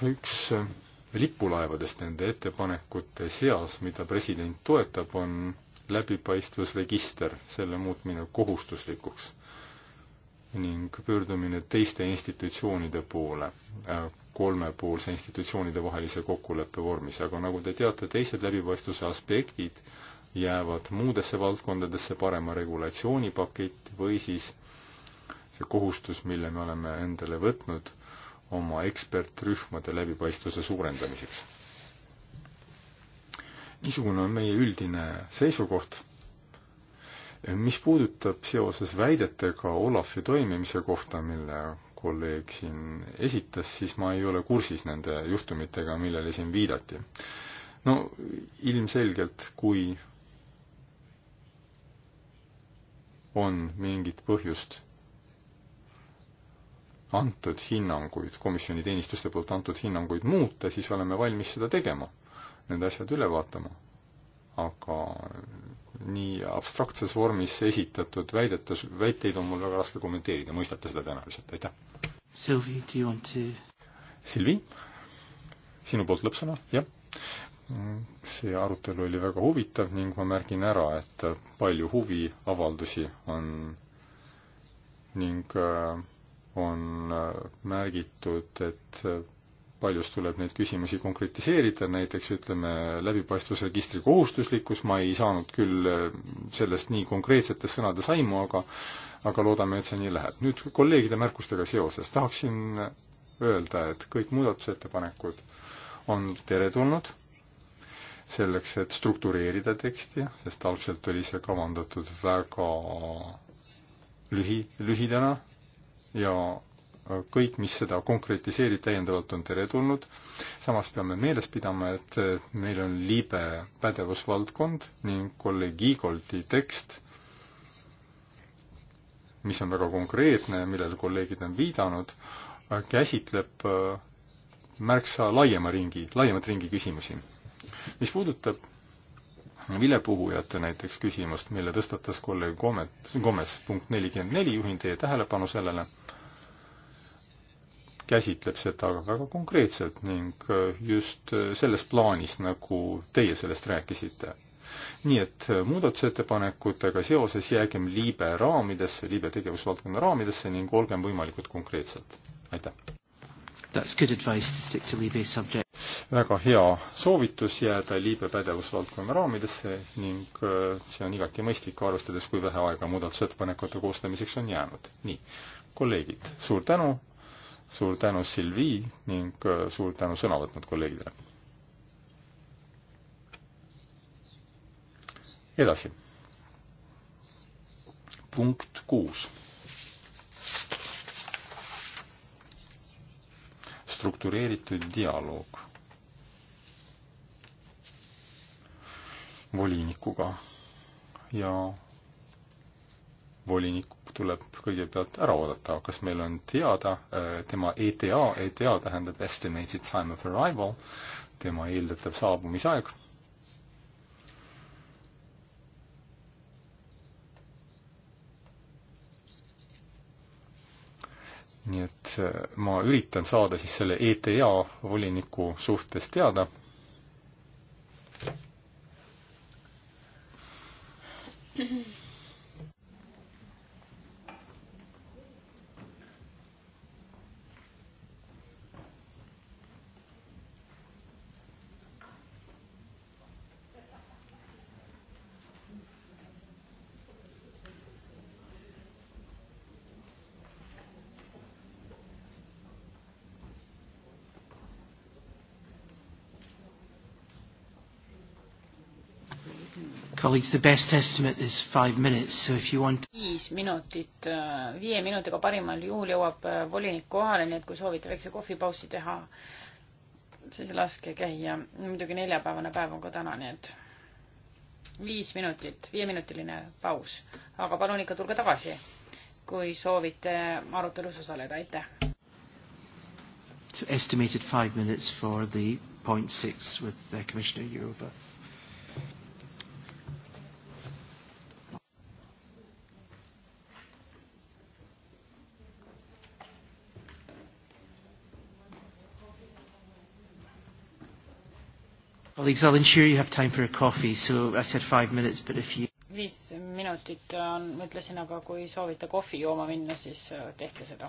üks äh, lipulaevadest nende ettepanekute seas, mida president toetab, on läbipaistvusregister, selle muutmine kohustuslikuks ning pöördumine teiste institutsioonide poole äh, kolmepoolse institutsioonide vahelise kokkuleppe vormis, aga nagu te teate, teised läbipaistvuse aspektid jäävad muudesse valdkondadesse parema regulatsioonipakett või siis see kohustus, mille me oleme endale võtnud oma ekspertrühmade läbipaistvuse suurendamiseks. niisugune on meie üldine seisukoht. mis puudutab seoses väidetega Olafi toimimise kohta, mille kolleeg siin esitas, siis ma ei ole kursis nende juhtumitega, millele siin viidati. no ilmselgelt, kui on mingit põhjust antud hinnanguid, komisjoni teenistuste poolt antud hinnanguid muuta, siis oleme valmis seda tegema, need asjad üle vaatama. aga nii abstraktses vormis esitatud väidetes, väiteid on mul väga raske kommenteerida, mõistate seda tõenäoliselt, aitäh. Silvi, do you want to? Silvi, sinu poolt lõppsõna, jah? see arutelu oli väga huvitav ning ma märgin ära, et palju huviavaldusi on ning äh, on äh, märgitud, et äh, paljus tuleb neid küsimusi konkretiseerida, näiteks ütleme, läbipaistvusregistri kohustuslikkus, ma ei saanud küll äh, sellest nii konkreetsetes sõnades aimu, aga aga loodame, et see nii läheb. nüüd kolleegide märkustega seoses tahaksin öelda, et kõik muudatusettepanekud on teretulnud selleks, et struktureerida teksti, sest algselt oli see kavandatud väga lühi, lühidena ja äh, kõik, mis seda konkretiseerib täiendavalt, on teretulnud. samas peame meeles pidama, et äh, meil on libe pädevusvaldkond ning kolleeg Igoldi tekst, mis on väga konkreetne ja millele kolleegid on viidanud, äh, käsitleb märksa laiema ringi, laiemat ringi küsimusi. mis puudutab vilepuhujate näiteks küsimust, mille tõstatas kolleeg Gomes, Gomes punkt nelikümmend neli, juhin teie tähelepanu sellele käsitleb seda väga konkreetselt ning äh, just äh, selles plaanis, nagu teie sellest rääkisite. nii et äh, muudatusettepanekutega seoses jäägem liibe raamidesse, liibe tegevusvaldkonna raamidesse ning olgem võimalikult konkreetsed. aitäh! That's good advice to stick to liibe subject. väga hea soovitus jääda liibe pädevusvaldkonna raamidesse ning see on igati mõistlik, arvestades, kui vähe aega muudatusettepanekute koostamiseks on jäänud. nii, kolleegid, suur tänu! suur tänu, Silvi, ning äh, suur tänu sõna võtnud kolleegidele. edasi. punkt kuus. struktureeritud dialoog volinikuga ja volinik tuleb kõigepealt ära oodata, kas meil on teada äh, tema ETA, ETA tähendab Estimated Time of Arrival, tema eeldatav saabumisaeg. nii et äh, ma üritan saada siis selle ETA voliniku suhtes teada mm. -hmm Colleagues, the best estimate is five minutes, so if you want viis minutit, äh, viie minutiga parimal juhul jõuab äh, volinik kohale, nii et kui soovite väikse kohvipausi teha, siis laske käia. muidugi neljapäevane päev on ka täna, nii et viis minutit, viieminutiline paus, aga palun ikka tulge tagasi, kui soovite arutelus osaleda, aitäh. Estimated five minutes for the point six with the uh, commissioner Eurova. Colleagues, I'll ensure you have time for a coffee, so I said five minutes, but if you viis minutit on, ma ütlesin, aga kui soovite kohvi jooma minna, siis äh, tehke seda.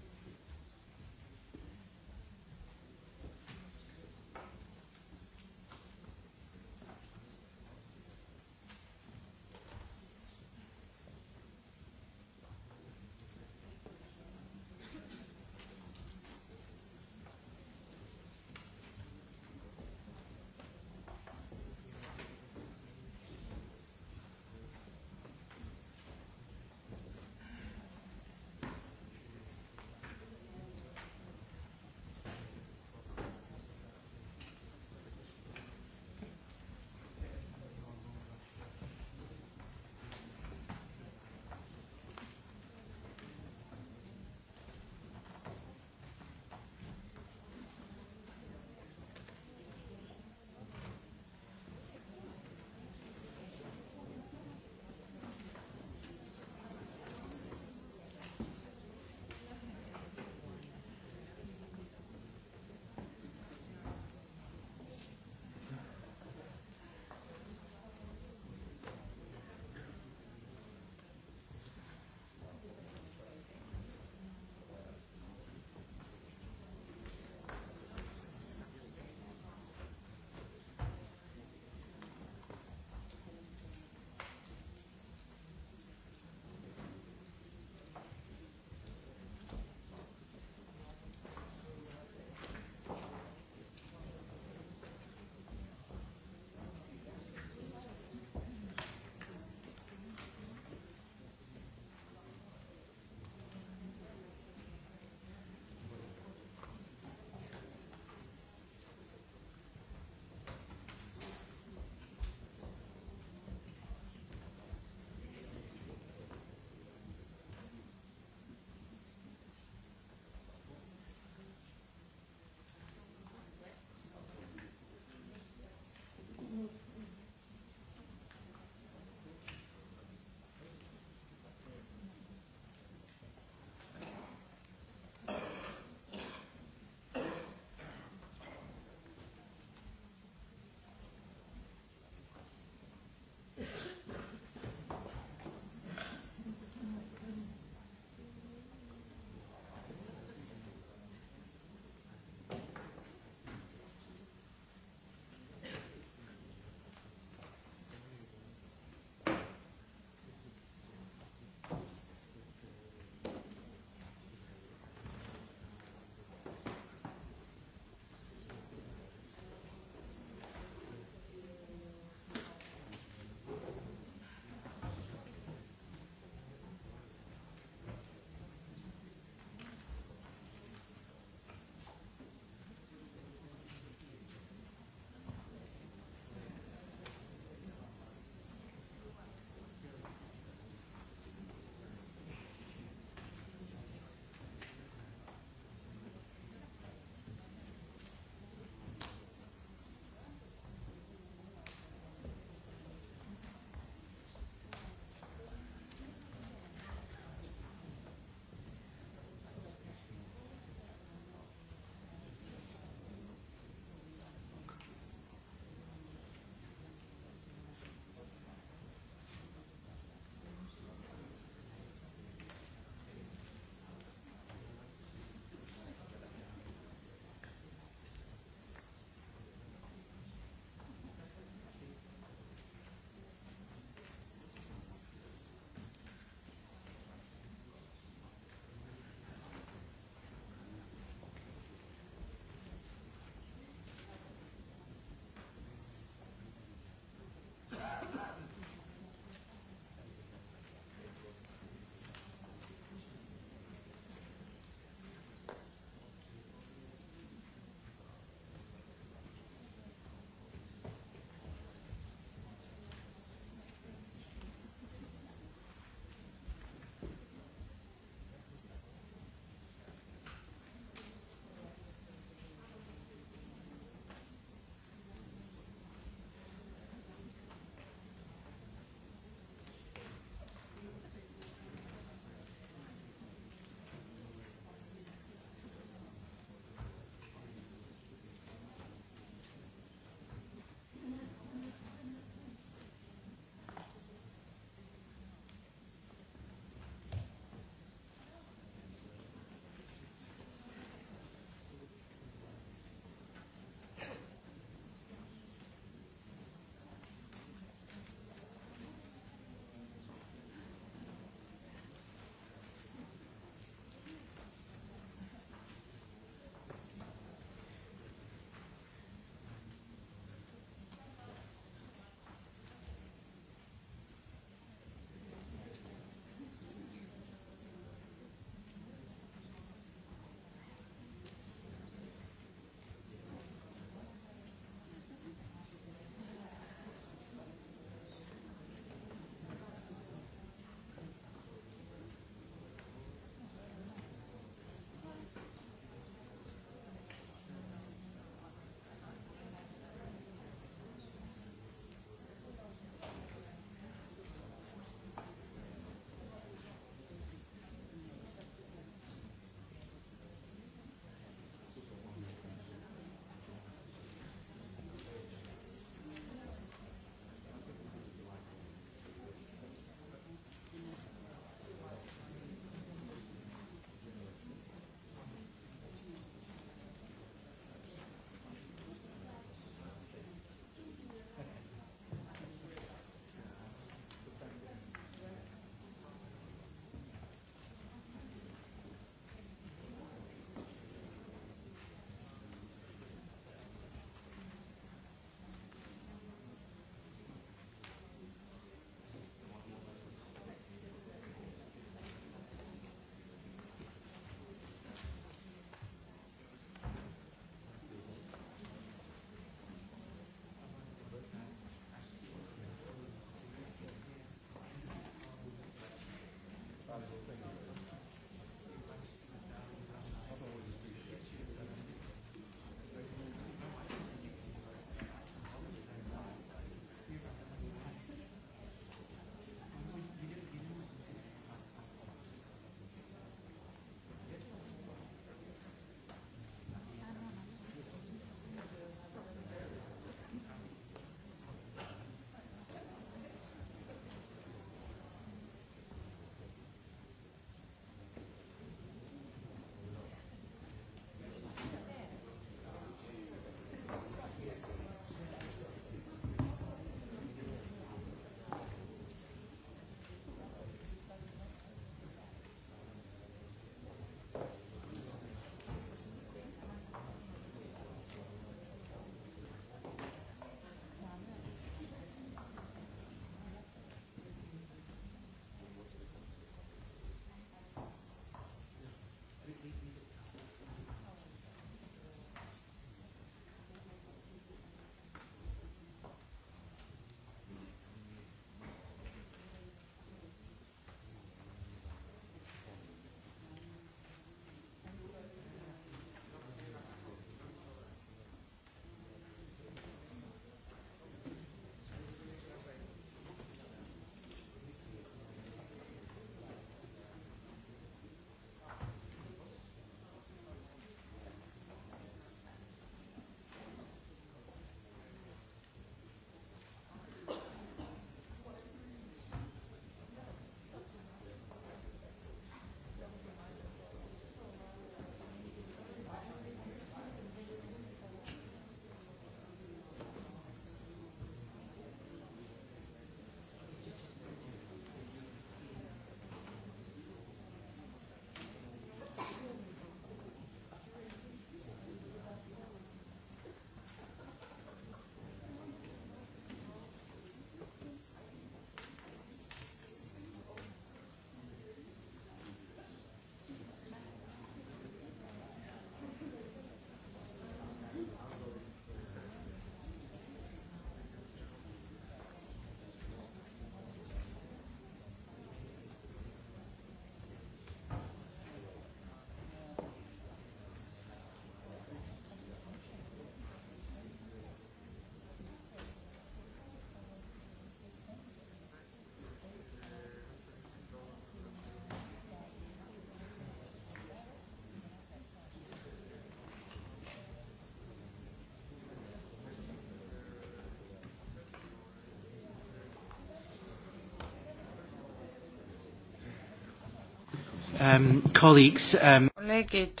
um, colleagues. Um... kolleegid.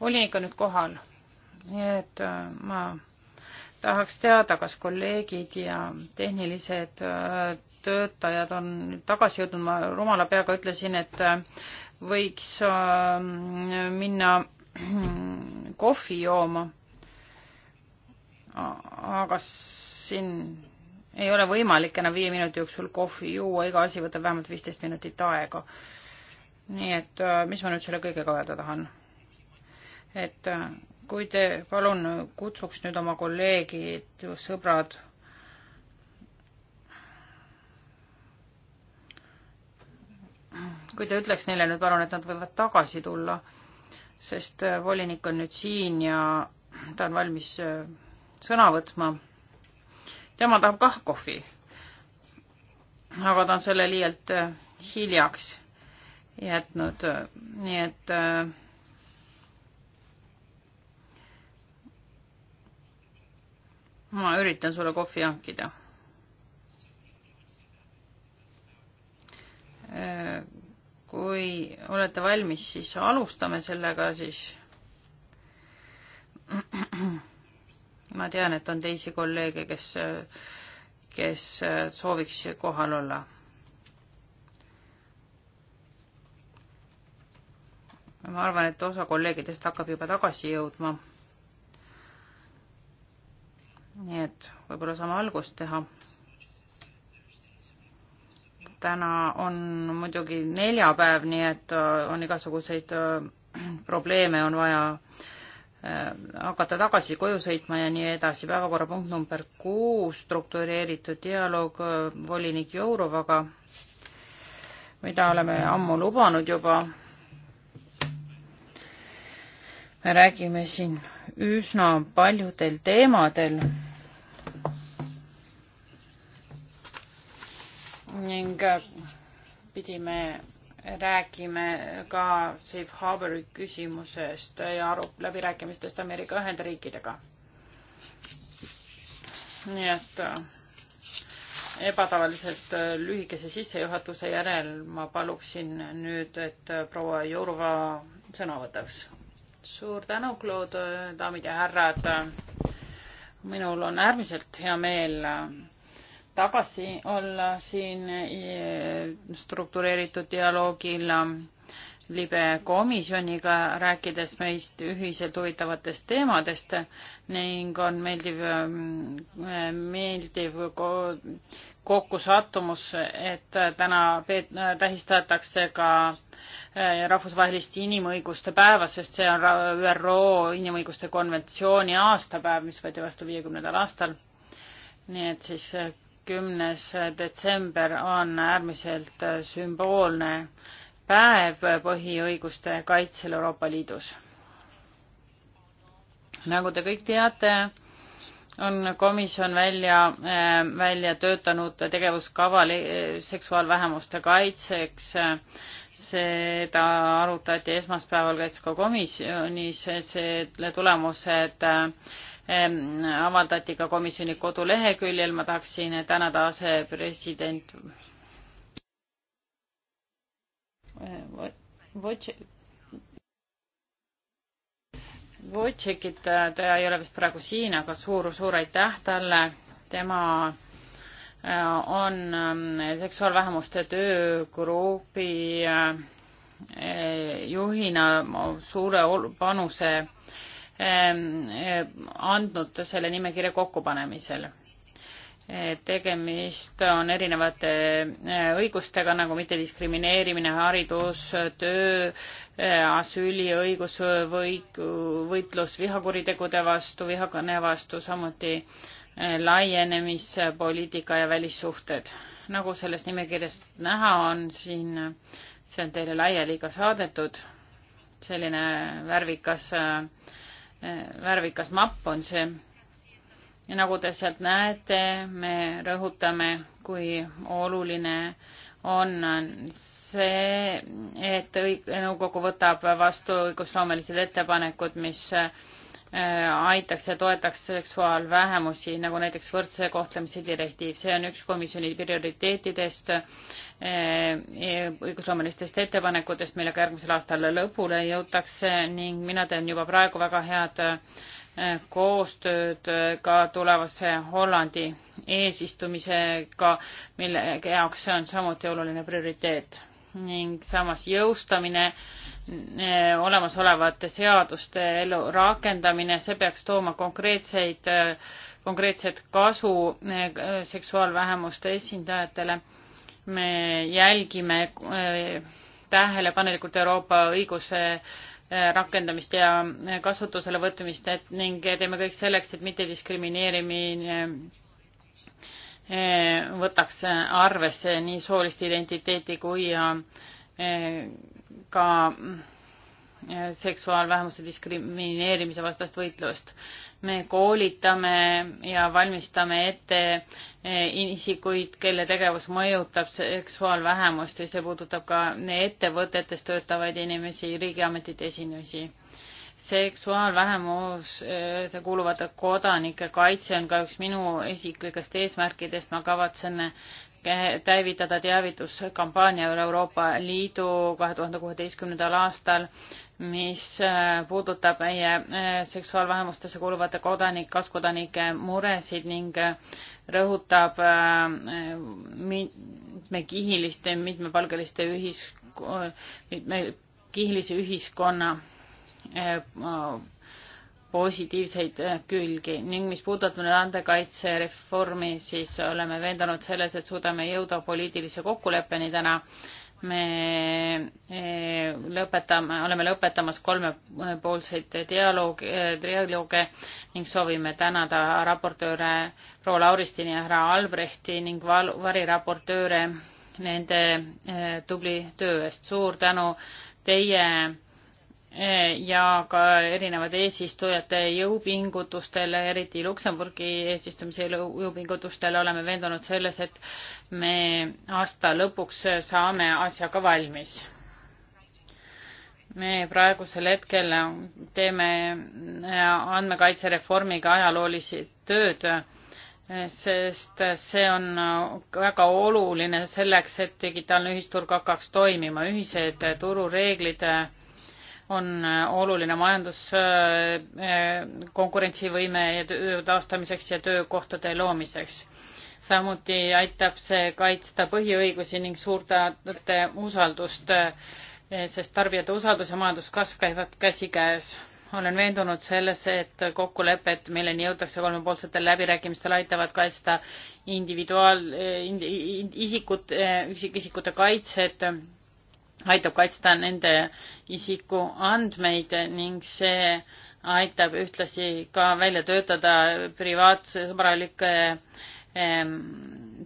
volinik on nüüd kohal, nii et äh, ma tahaks teada, kas kolleegid ja tehnilised äh, töötajad on tagasi jõudnud, ma rumala peaga ütlesin, et äh, võiks minna kohvi jooma. aga siin ei ole võimalik enam viie minuti jooksul kohvi juua, iga asi võtab vähemalt viisteist minutit aega. nii et äh, mis ma nüüd selle kõigega öelda tahan? et äh, kui te palun kutsuks nüüd oma kolleegid, sõbrad, kui te ütleks neile nüüd palun, et nad võivad tagasi tulla, sest äh, volinik on nüüd siin ja ta on valmis sõna võtma tema tahab kah kohvi. aga ta on selle liialt äh, hiljaks jätnud, nii et äh, ma üritan sulle kohvi hankida. Äh, kui olete valmis, siis alustame sellega siis. ma tean, et on teisi kolleege, kes, kes sooviks kohal olla. ma arvan, et osa kolleegidest hakkab juba tagasi jõudma. nii et võib-olla saame algust teha. täna on muidugi neljapäev, nii et on igasuguseid äh, probleeme on vaja äh, Äh, hakata tagasi koju sõitma ja nii edasi. päevakorrapunkt number kuus, struktureeritud dialoog äh, volinik Jourovaga, mida oleme ammu lubanud juba. me räägime siin üsna paljudel teemadel. ning äh, pidime räägime ka safe harbori küsimusest ja aru, läbirääkimistest Ameerika Ühendriikidega. nii et äh, ebatavaliselt äh, lühikese sissejuhatuse järel ma paluksin nüüd, et äh, proua Jurva sõna võtaks. suur tänu, Claude, daamid ja härrad. minul on äärmiselt hea meel tagasi olla siin eh, struktureeritud dialoogil ähm, libe komisjoniga, rääkides meist ühiselt huvitavatest teemadest ning on meeldiv, ähm, meeldiv kokkusattumus, et täna tähistatakse ka äh, rahvusvahelist inimõiguste päeva, sest see on ÜRO inimõiguste konventsiooni aastapäev, mis võeti vastu viiekümnendal aastal. nii et siis äh, kümnes detsember on äärmiselt sümboolne päev põhiõiguste kaitsel Euroopa Liidus. nagu te kõik teate, on komisjon välja, äh, välja töötanud tegevuskava seksuaalvähemuste kaitseks. seda arutati esmaspäeval ka komisjonis, selle tulemused äh, avaldati ka komisjoni koduleheküljel, ma tahaksin tänada asepresident eh, Votšekit, ta ei ole vist praegu siin, aga suur-suur aitäh talle, tema eh, on seksuaalvähemuste töögrupi eh, juhina suure panuse Ähm, äh, andnud selle nimekirja kokkupanemisel. Äh, tegemist on erinevate äh, õigustega nagu mittediskrimineerimine, haridus, töö, asüüliõigus, võit-, võitlus vihakuritegude vastu, vihakõne vastu, samuti laienemispoliitika ja välissuhted. nagu sellest nimekirjast näha on, siin, see on teile laiali ka saadetud, selline värvikas äh, värvikas mapp on see. ja nagu te sealt näete, me rõhutame, kui oluline on see, et õig-, nõukogu võtab vastu õigusloomelised ettepanekud, mis äh, Äh, aitaks ja toetaks seksuaalvähemusi, nagu näiteks võrdse kohtlemise direktiiv, see on üks komisjoni prioriteetidest, äh, e, õigusloomelistest ettepanekutest, millega järgmisel aastal lõpule jõutakse ning mina teen juba praegu väga head äh, koostööd ka tulevase Hollandi eesistumisega, mille jaoks see on samuti oluline prioriteet ning samas jõustamine, eh, olemasolevate seaduste elu rakendamine, see peaks tooma konkreetseid, eh, konkreetset kasu eh, seksuaalvähemuste esindajatele. me jälgime tähelepanelikult Euroopa õiguse rakendamist ja kasutusele võtmist, et ning teeme kõik selleks, et mitte diskrimineerimine Eh, võtaks arvesse nii soolist identiteeti kui eh, ka eh, seksuaalvähemuse diskrimineerimise vastast võitlust. me koolitame ja valmistame ette isikuid, kelle tegevus mõjutab seksuaalvähemust ja see puudutab ka ettevõtetes töötavaid inimesi, riigiametite esindusi seksuaalvähemuste kuuluvate kodanike kaitse on ka üks minu isiklikest eesmärkidest, ma kavatsen käivitada eh, teavituskampaania üle Euroopa Liidu kahe tuhande kuueteistkümnendal aastal, mis eh, puudutab meie eh, seksuaalvähemustesse kuuluvate kodanik, kaaskodanike muresid ning rõhutab mitmekihiliste, mitmepalgeliste ühis-, mitmekihilise ühiskonna Äh, positiivseid äh, külgi ning mis puudutab nüüd andekaitsereformi, siis oleme veendunud selles, et suudame jõuda poliitilise kokkuleppeni täna. me äh, lõpetame, oleme lõpetamas kolmepoolseid dialoog, dialoog ning soovime tänada raportööre proua Lauristini ja härra Albrechti ning val-, variraportööre nende tubli töö eest. suur tänu teie ja ka erinevate eesistujate jõupingutustele, eriti Luksemburgi eesistumise jõupingutustele oleme veendunud selles, et me aasta lõpuks saame asjaga valmis. me praegusel hetkel teeme äh, andmekaitsereformiga ajaloolisi tööd, äh, sest see on väga oluline selleks, et digitaalne ühisturg hakkaks toimima, ühised turureeglid äh, on äh, oluline majanduskonkurentsivõime äh, äh, taastamiseks ja töökohtade loomiseks. samuti aitab see kaitsta põhiõigusi ning suurtajate usaldust, sest tarbijate usaldus ja majanduskasv käivad käsikäes. olen veendunud selles, et kokkulepped, milleni jõutakse kolmepoolsetel läbirääkimistel, aitavad kaitsta individuaal, isikut, üksikisikute kaitset aitab kaitsta nende isikuandmeid ning see aitab ühtlasi ka välja töötada privaatsõbralikke ehm,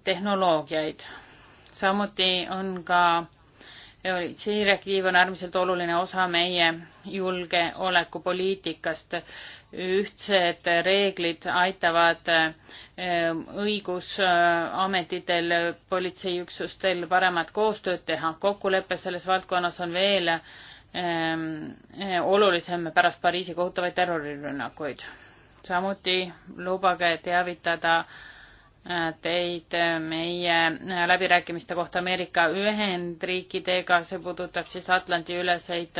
tehnoloogiaid. samuti on ka direktiiv on äärmiselt oluline osa meie julgeolekupoliitikast ühtsed reeglid aitavad eh, õigusametitel, politseiüksustel paremat koostööd teha. kokkulepe selles valdkonnas on veel eh, eh, olulisem pärast Pariisi kohutavaid terrorirünnakuid. samuti lubage teavitada teid meie läbirääkimiste kohta Ameerika Ühendriikidega, see puudutab siis Atlandi üleseid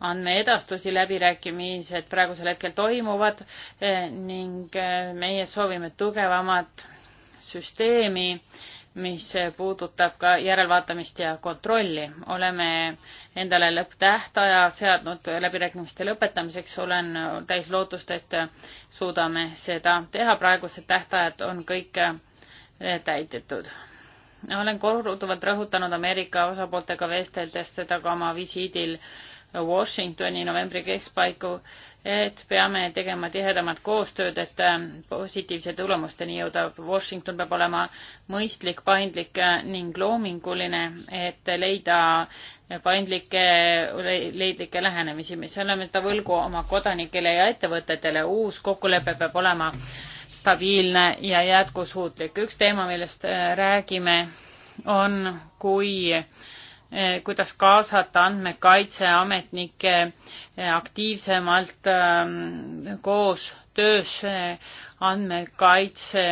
andmeedastusi, läbirääkimised praegusel hetkel toimuvad eh, ning eh, meie soovime tugevamat süsteemi, mis puudutab ka järelvaatamist ja kontrolli. oleme endale lõpptähtaja seadnud läbirääkimiste lõpetamiseks, olen täis lootust, et suudame seda teha, praegused tähtajad on kõik eh, täidetud. olen korduvalt rõhutanud Ameerika osapooltega vesteldes seda ka oma visiidil äh, Washingtoni novembri keskpaiku, et peame tegema tihedamat koostööd, et äh, positiivse tulemusteni jõuda. Washington peab olema mõistlik, paindlik äh, ning loominguline, et leida paindlikke, leidlikke lähenemisi, mis oleme ta võlgu oma kodanikele ja ettevõtetele. uus kokkulepe peab olema stabiilne ja jätkusuutlik. üks teema, millest äh, räägime, on kui äh, Eh, kuidas kaasata andmekaitseametnikke eh, aktiivsemalt eh, koos töös andmekaitse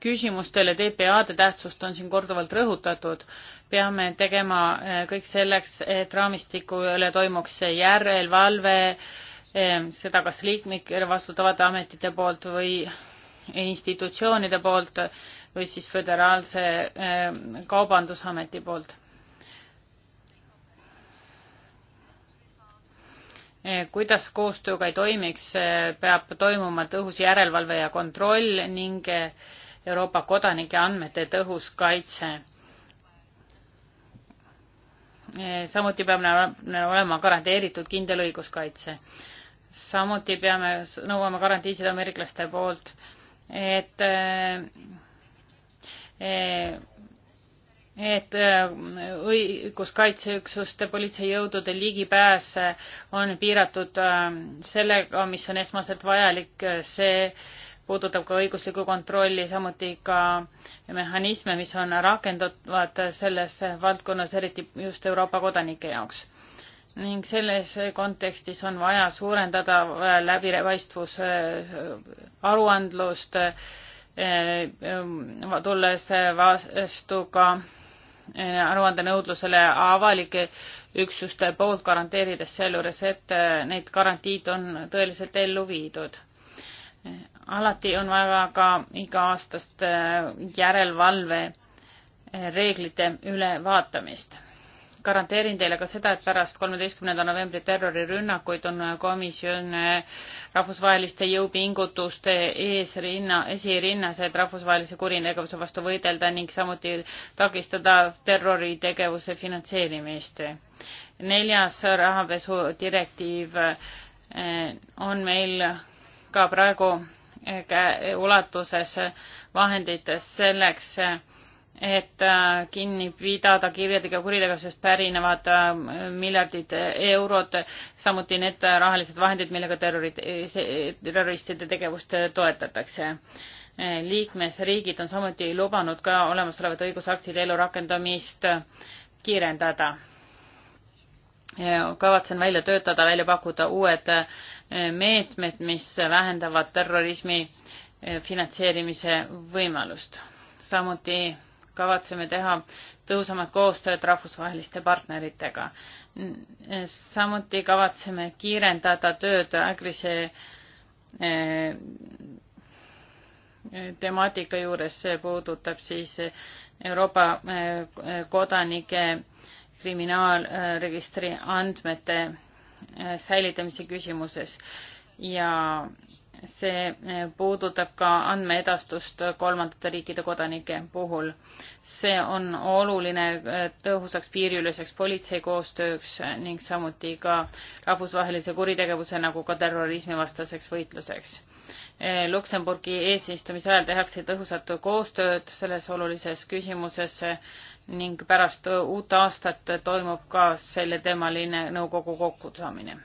küsimustele TPA-de tähtsust on siin korduvalt rõhutatud. peame tegema kõik selleks, et raamistiku üle toimuks järelevalve, seda kas liikmike vastutavate ametite poolt või institutsioonide poolt või siis Föderaalse ähm, Kaubandusameti poolt. Äh, kuidas koostööga ei toimiks, äh, peab toimuma tõhus järelevalve ja kontroll ning äh, Euroopa kodanike andmete tõhus kaitse. samuti peab olema garanteeritud kindel õiguskaitse samuti peame nõuama garantiisid ameeriklaste poolt, et et äh, õiguskaitseüksuste politseijõudude ligipääs äh, on piiratud äh, sellega, mis on esmaselt vajalik, see puudutab ka õiguslikku kontrolli, samuti ka mehhanisme, mis on rakendatavad selles valdkonnas, eriti just Euroopa kodanike jaoks. ning selles kontekstis on vaja suurendada läbipaistvus aruandlust äh, Äh, ähm, tulles äh, vastu ka äh, aruandenõudlusele avalike üksuste poolt, garanteerides sealjuures, et need garantiid on tõeliselt ellu viidud. alati on vaja ka iga-aastast järelevalve reeglite ülevaatamist garanteerin teile ka seda, et pärast kolmeteistkümnenda novembri terrorirünnakuid on komisjon eh, rahvusvaheliste jõupingutuste eesrinna, esirinnas, et rahvusvahelise kuritegevuse vastu võidelda ning samuti takistada terroritegevuse finantseerimist. neljas rahapesu direktiiv eh, on meil ka praegu eh, ulatuses vahendites selleks, et äh, kinni pidada kirjadega kuritegevusest pärinevad äh, miljardid eurod, samuti need rahalised vahendid, millega terrorid, terroristide tegevust toetatakse. liikmesriigid on samuti lubanud ka olemasolevate õigusaktide elurakendamist kiirendada. kavatsen välja töötada, välja pakkuda uued äh, meetmed, mis vähendavad terrorismi finantseerimise võimalust. samuti kavatseme teha tõhusamat koostööd rahvusvaheliste partneritega. samuti kavatseme kiirendada tööd Agrise eh, temaatika juures, see puudutab siis Euroopa eh, kodanike kriminaalregistri andmete eh, säilitamise küsimuses ja see eh, puudutab ka andmeedastust kolmandate riikide kodanike puhul. see on oluline eh, tõhusaks piiriüleseks politseikoostööks eh, ning samuti ka rahvusvahelise kuritegevuse nagu ka terrorismivastaseks võitluseks. Luksemburgi eesistumise ajal tehakse tõhusat koostööd selles olulises küsimuses ning pärast uut aastat toimub ka selleteemaline nõukogu kokkusaamine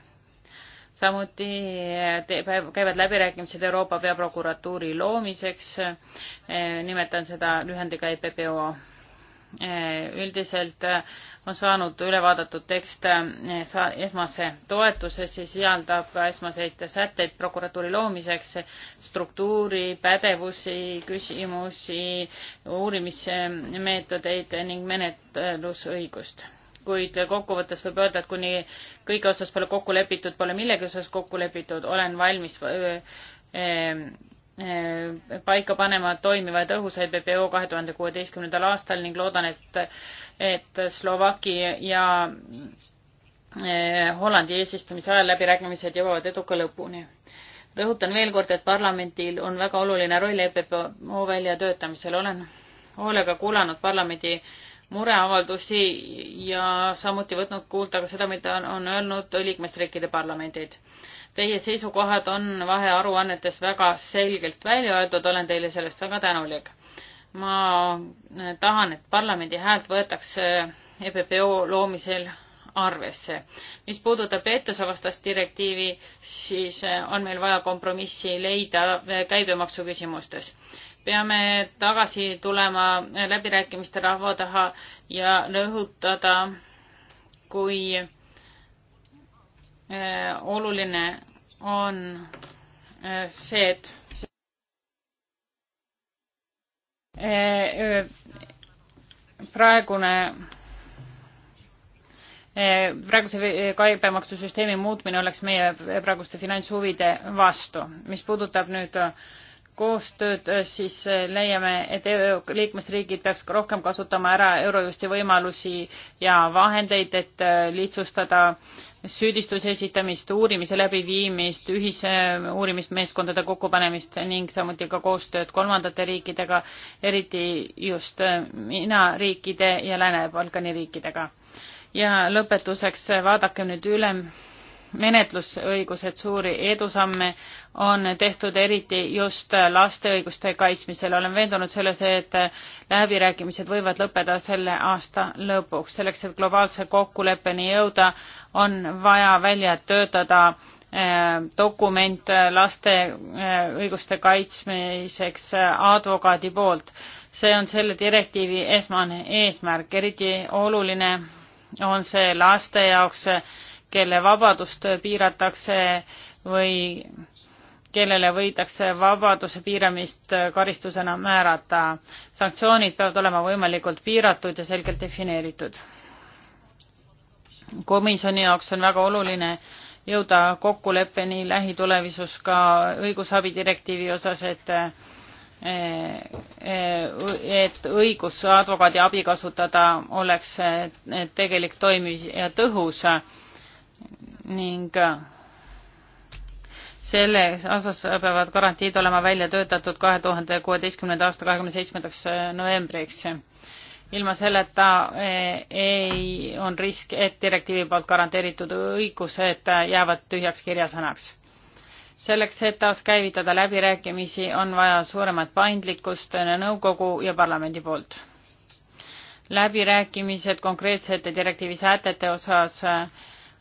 samuti eh, käivad läbirääkimised Euroopa peaprokuratuuri loomiseks, eh, nimetan seda lühendiga EPPO. Eh, üldiselt on saanud üle vaadatud tekst esmase toetuse, see sisaldab ka esmaseid sätteid prokuratuuri loomiseks, struktuuri, pädevusi, küsimusi, uurimismeetodeid ning menetlusõigust kuid kokkuvõttes võib öelda, et kuni kõige osas pole kokku lepitud, pole millegi osas kokku lepitud, olen valmis öö, öö, paika panema toimivaid õhusaid BPO kahe tuhande kuueteistkümnendal aastal ning loodan, et, et Slovaki ja Hollandi eesistumise ajal läbirääkimised jõuavad eduka lõpuni. rõhutan veel kord, et parlamendil on väga oluline roll EPPO väljatöötamisel. olen hoolega kuulanud parlamendi äh, mureavaldusi ja samuti võtnud kuulda ka seda, mida on, on öelnud liikmesriikide parlamendid. Teie seisukohad on vahearuannetes väga selgelt välja öeldud, olen teile sellest väga tänulik. ma tahan, et parlamendi häält võetakse EPPO loomisel arvesse. mis puudutab peetusevastast direktiivi, siis on meil vaja kompromissi leida käibemaksu küsimustes peame tagasi tulema läbirääkimiste rahva taha ja rõhutada, kui äh, oluline on äh, see, et äh, praegune praeguse käibemaksusüsteemi muutmine oleks meie praeguste finantshuvide vastu. mis puudutab nüüd koostööd, äh, siis äh, leiame, et e liikmesriigid peaks rohkem kasutama ära Eurojusti võimalusi ja vahendeid, et äh, lihtsustada süüdistuse esitamist, uurimise läbiviimist, ühise uurimismeeskondade kokkupanemist ning samuti ka koostööd kolmandate riikidega, eriti just mina riikide ja Lääne-Balkani riikidega. ja lõpetuseks vaadakem nüüd üle menetlusõigused, suuri edusamme on tehtud eriti just laste õiguste kaitsmisel. olen veendunud selles, et läbirääkimised võivad lõppeda selle aasta lõpuks. selleks, et globaalse kokkuleppeni jõuda, on vaja välja töötada eh, dokument laste eh, õiguste kaitsmiseks advokaadi poolt. see on selle direktiivi esmane eesmärk, eriti oluline on see laste jaoks kelle vabadust piiratakse või kellele võidakse vabaduse piiramist karistusena määrata. sanktsioonid peavad olema võimalikult piiratud ja selgelt defineeritud. komisjoni jaoks on väga oluline jõuda kokkuleppeni lähitulevisus ka õigusabi direktiivi osas, et et õigus advokaadi abi kasutada oleks tegelik, toimiv ja tõhus ning äh, selles osas peavad garantiid olema välja töötatud kahe tuhande kuueteistkümnenda aasta kahekümne seitsmendaks äh, novembriks. ilma selleta äh, ei, on risk, et direktiivi poolt garanteeritud õigused jäävad tühjaks kirjasõnaks. selleks, et taaskäivitada läbirääkimisi, on vaja suuremat paindlikkust nõukogu ja parlamendi poolt. läbirääkimised konkreetsete direktiivi sätete osas äh,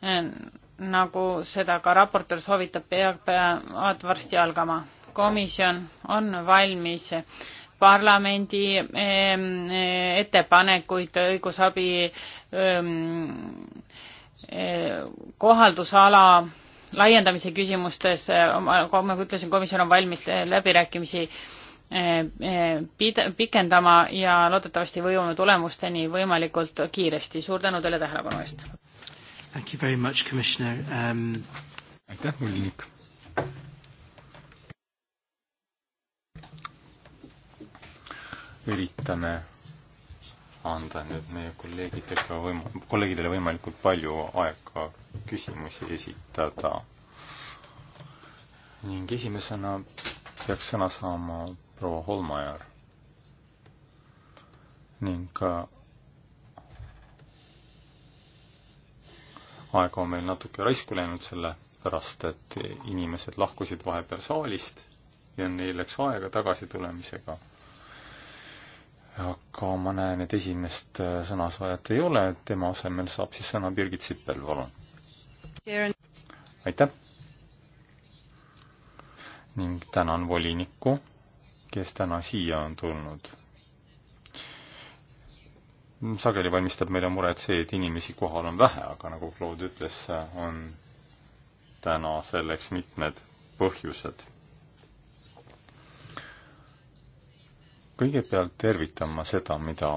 nagu seda ka raportöör soovitab, peavad varsti algama. komisjon on valmis parlamendi ehm, eh, ettepanekuid õigusabi ehm, eh, kohaldusala laiendamise küsimustes, nagu ma ütlesin, komisjon on valmis läbirääkimisi eh, pid-, pikendama ja loodetavasti võime tulemusteni võimalikult kiiresti. suur tänu teile tähelepanu eest! Thank you very much, Commissioner um.... aitäh, volinik. üritame anda nüüd meie kolleegidega võim-, kolleegidele võimalikult palju aega küsimusi esitada. ning esimesena peaks sõna saama proua Holmajärv ning aega on meil natuke raisku läinud selle pärast, et inimesed lahkusid vahepeal saalist ja neil läks aega tagasitulemisega. aga ma näen, et esimest äh, sõnasaajat ei ole, tema asemel saab siis sõna Birgit Sippel, palun. aitäh! ning tänan volinikku, kes täna siia on tulnud sageli valmistab meile muret see, et inimesi kohal on vähe, aga nagu Claude ütles, on täna selleks mitmed põhjused. kõigepealt tervitan ma seda, mida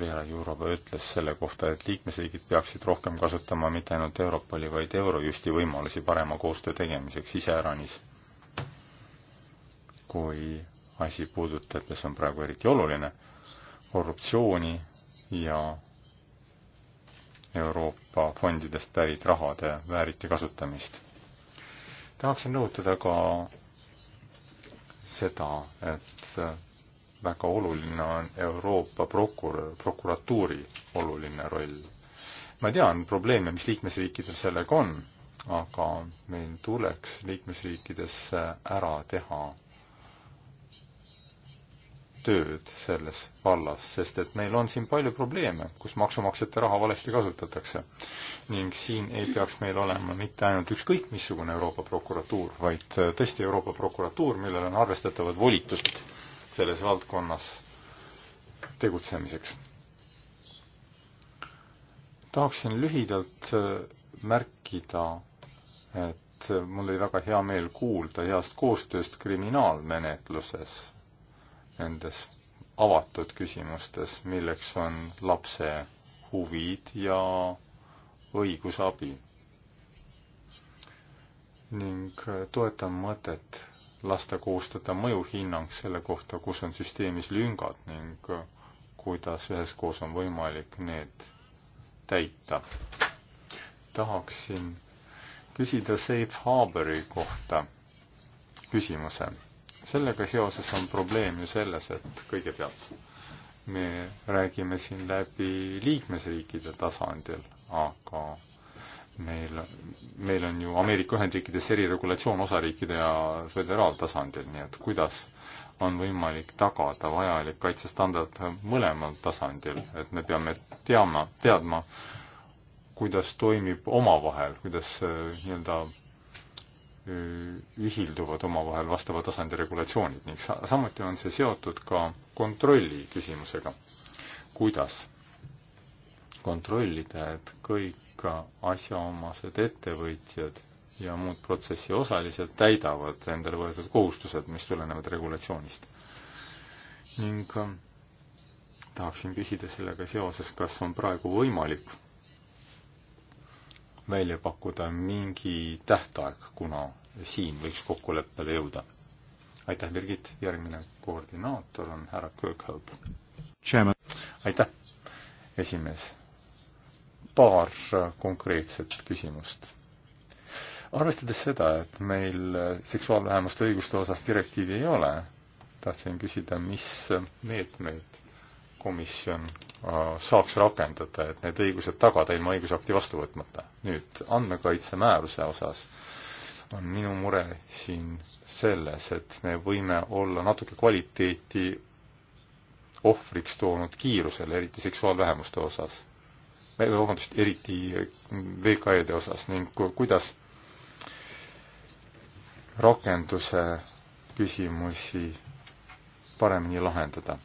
Vera Jurova ütles selle kohta, et liikmesriigid peaksid rohkem kasutama mitte ainult Europoli, vaid Eurojusti võimalusi parema koostöö tegemiseks iseäranis. kui asi puudutab, ja see on praegu eriti oluline, korruptsiooni ja Euroopa fondidest pärit rahade vääriti kasutamist. tahaksin rõhutada ka seda, et väga oluline on Euroopa prokurör, prokuratuuri oluline roll. ma tean probleeme, mis liikmesriikidel sellega on, aga meil tuleks liikmesriikides ära teha tööd selles vallas, sest et meil on siin palju probleeme, kus maksumaksjate raha valesti kasutatakse. ning siin ei peaks meil olema mitte ainult ükskõik missugune Euroopa prokuratuur, vaid tõesti Euroopa prokuratuur, millel on arvestatavad volitused selles valdkonnas tegutsemiseks. tahaksin lühidalt äh, märkida, et mul oli väga hea meel kuulda heast koostööst kriminaalmenetluses nendes avatud küsimustes, milleks on lapse huvid ja õigusabi. ning toetan mõtet lasta koostada mõjuhinnang selle kohta, kus on süsteemis lüngad ning kuidas üheskoos on võimalik need täita. tahaksin küsida Safe Harbori kohta küsimuse sellega seoses on probleem ju selles, et kõigepealt me räägime siin läbi liikmesriikide tasandil, aga meil, meil on ju Ameerika Ühendriikides eriregulatsioon osariikide ja föderaaltasandil, nii et kuidas on võimalik tagada vajalik kaitsestandard mõlemal tasandil, et me peame teama, teadma, kuidas toimib omavahel, kuidas äh, nii-öelda Äh, ühilduvad omavahel vastava tasandi regulatsioonid ning sa-, samuti on see seotud ka kontrolli küsimusega. kuidas kontrollida, et kõik asjaomased ettevõtjad ja muud protsessi osalised täidavad endale võetud kohustused, mis tulenevad regulatsioonist. ning äh, tahaksin küsida sellega seoses, kas on praegu võimalik välja pakkuda mingi tähtaeg, kuna siin võiks kokkuleppele jõuda. aitäh, Birgit, järgmine koordinaator on härra Kirkhope. aitäh, esimees. paar konkreetset küsimust arvestades seda, et meil seksuaalvähemuste õiguste osas direktiivi ei ole, tahtsin küsida, mis meetmeid komisjon äh, saaks rakendada, et need õigused tagada ilma õigusakti vastu võtmata. nüüd andmekaitse määruse osas on minu mure siin selles, et me võime olla natuke kvaliteeti ohvriks toonud kiirusele, eriti seksuaalvähemuste osas. vabandust, eriti VKE-de osas ning kuidas rakenduse küsimusi paremini lahendada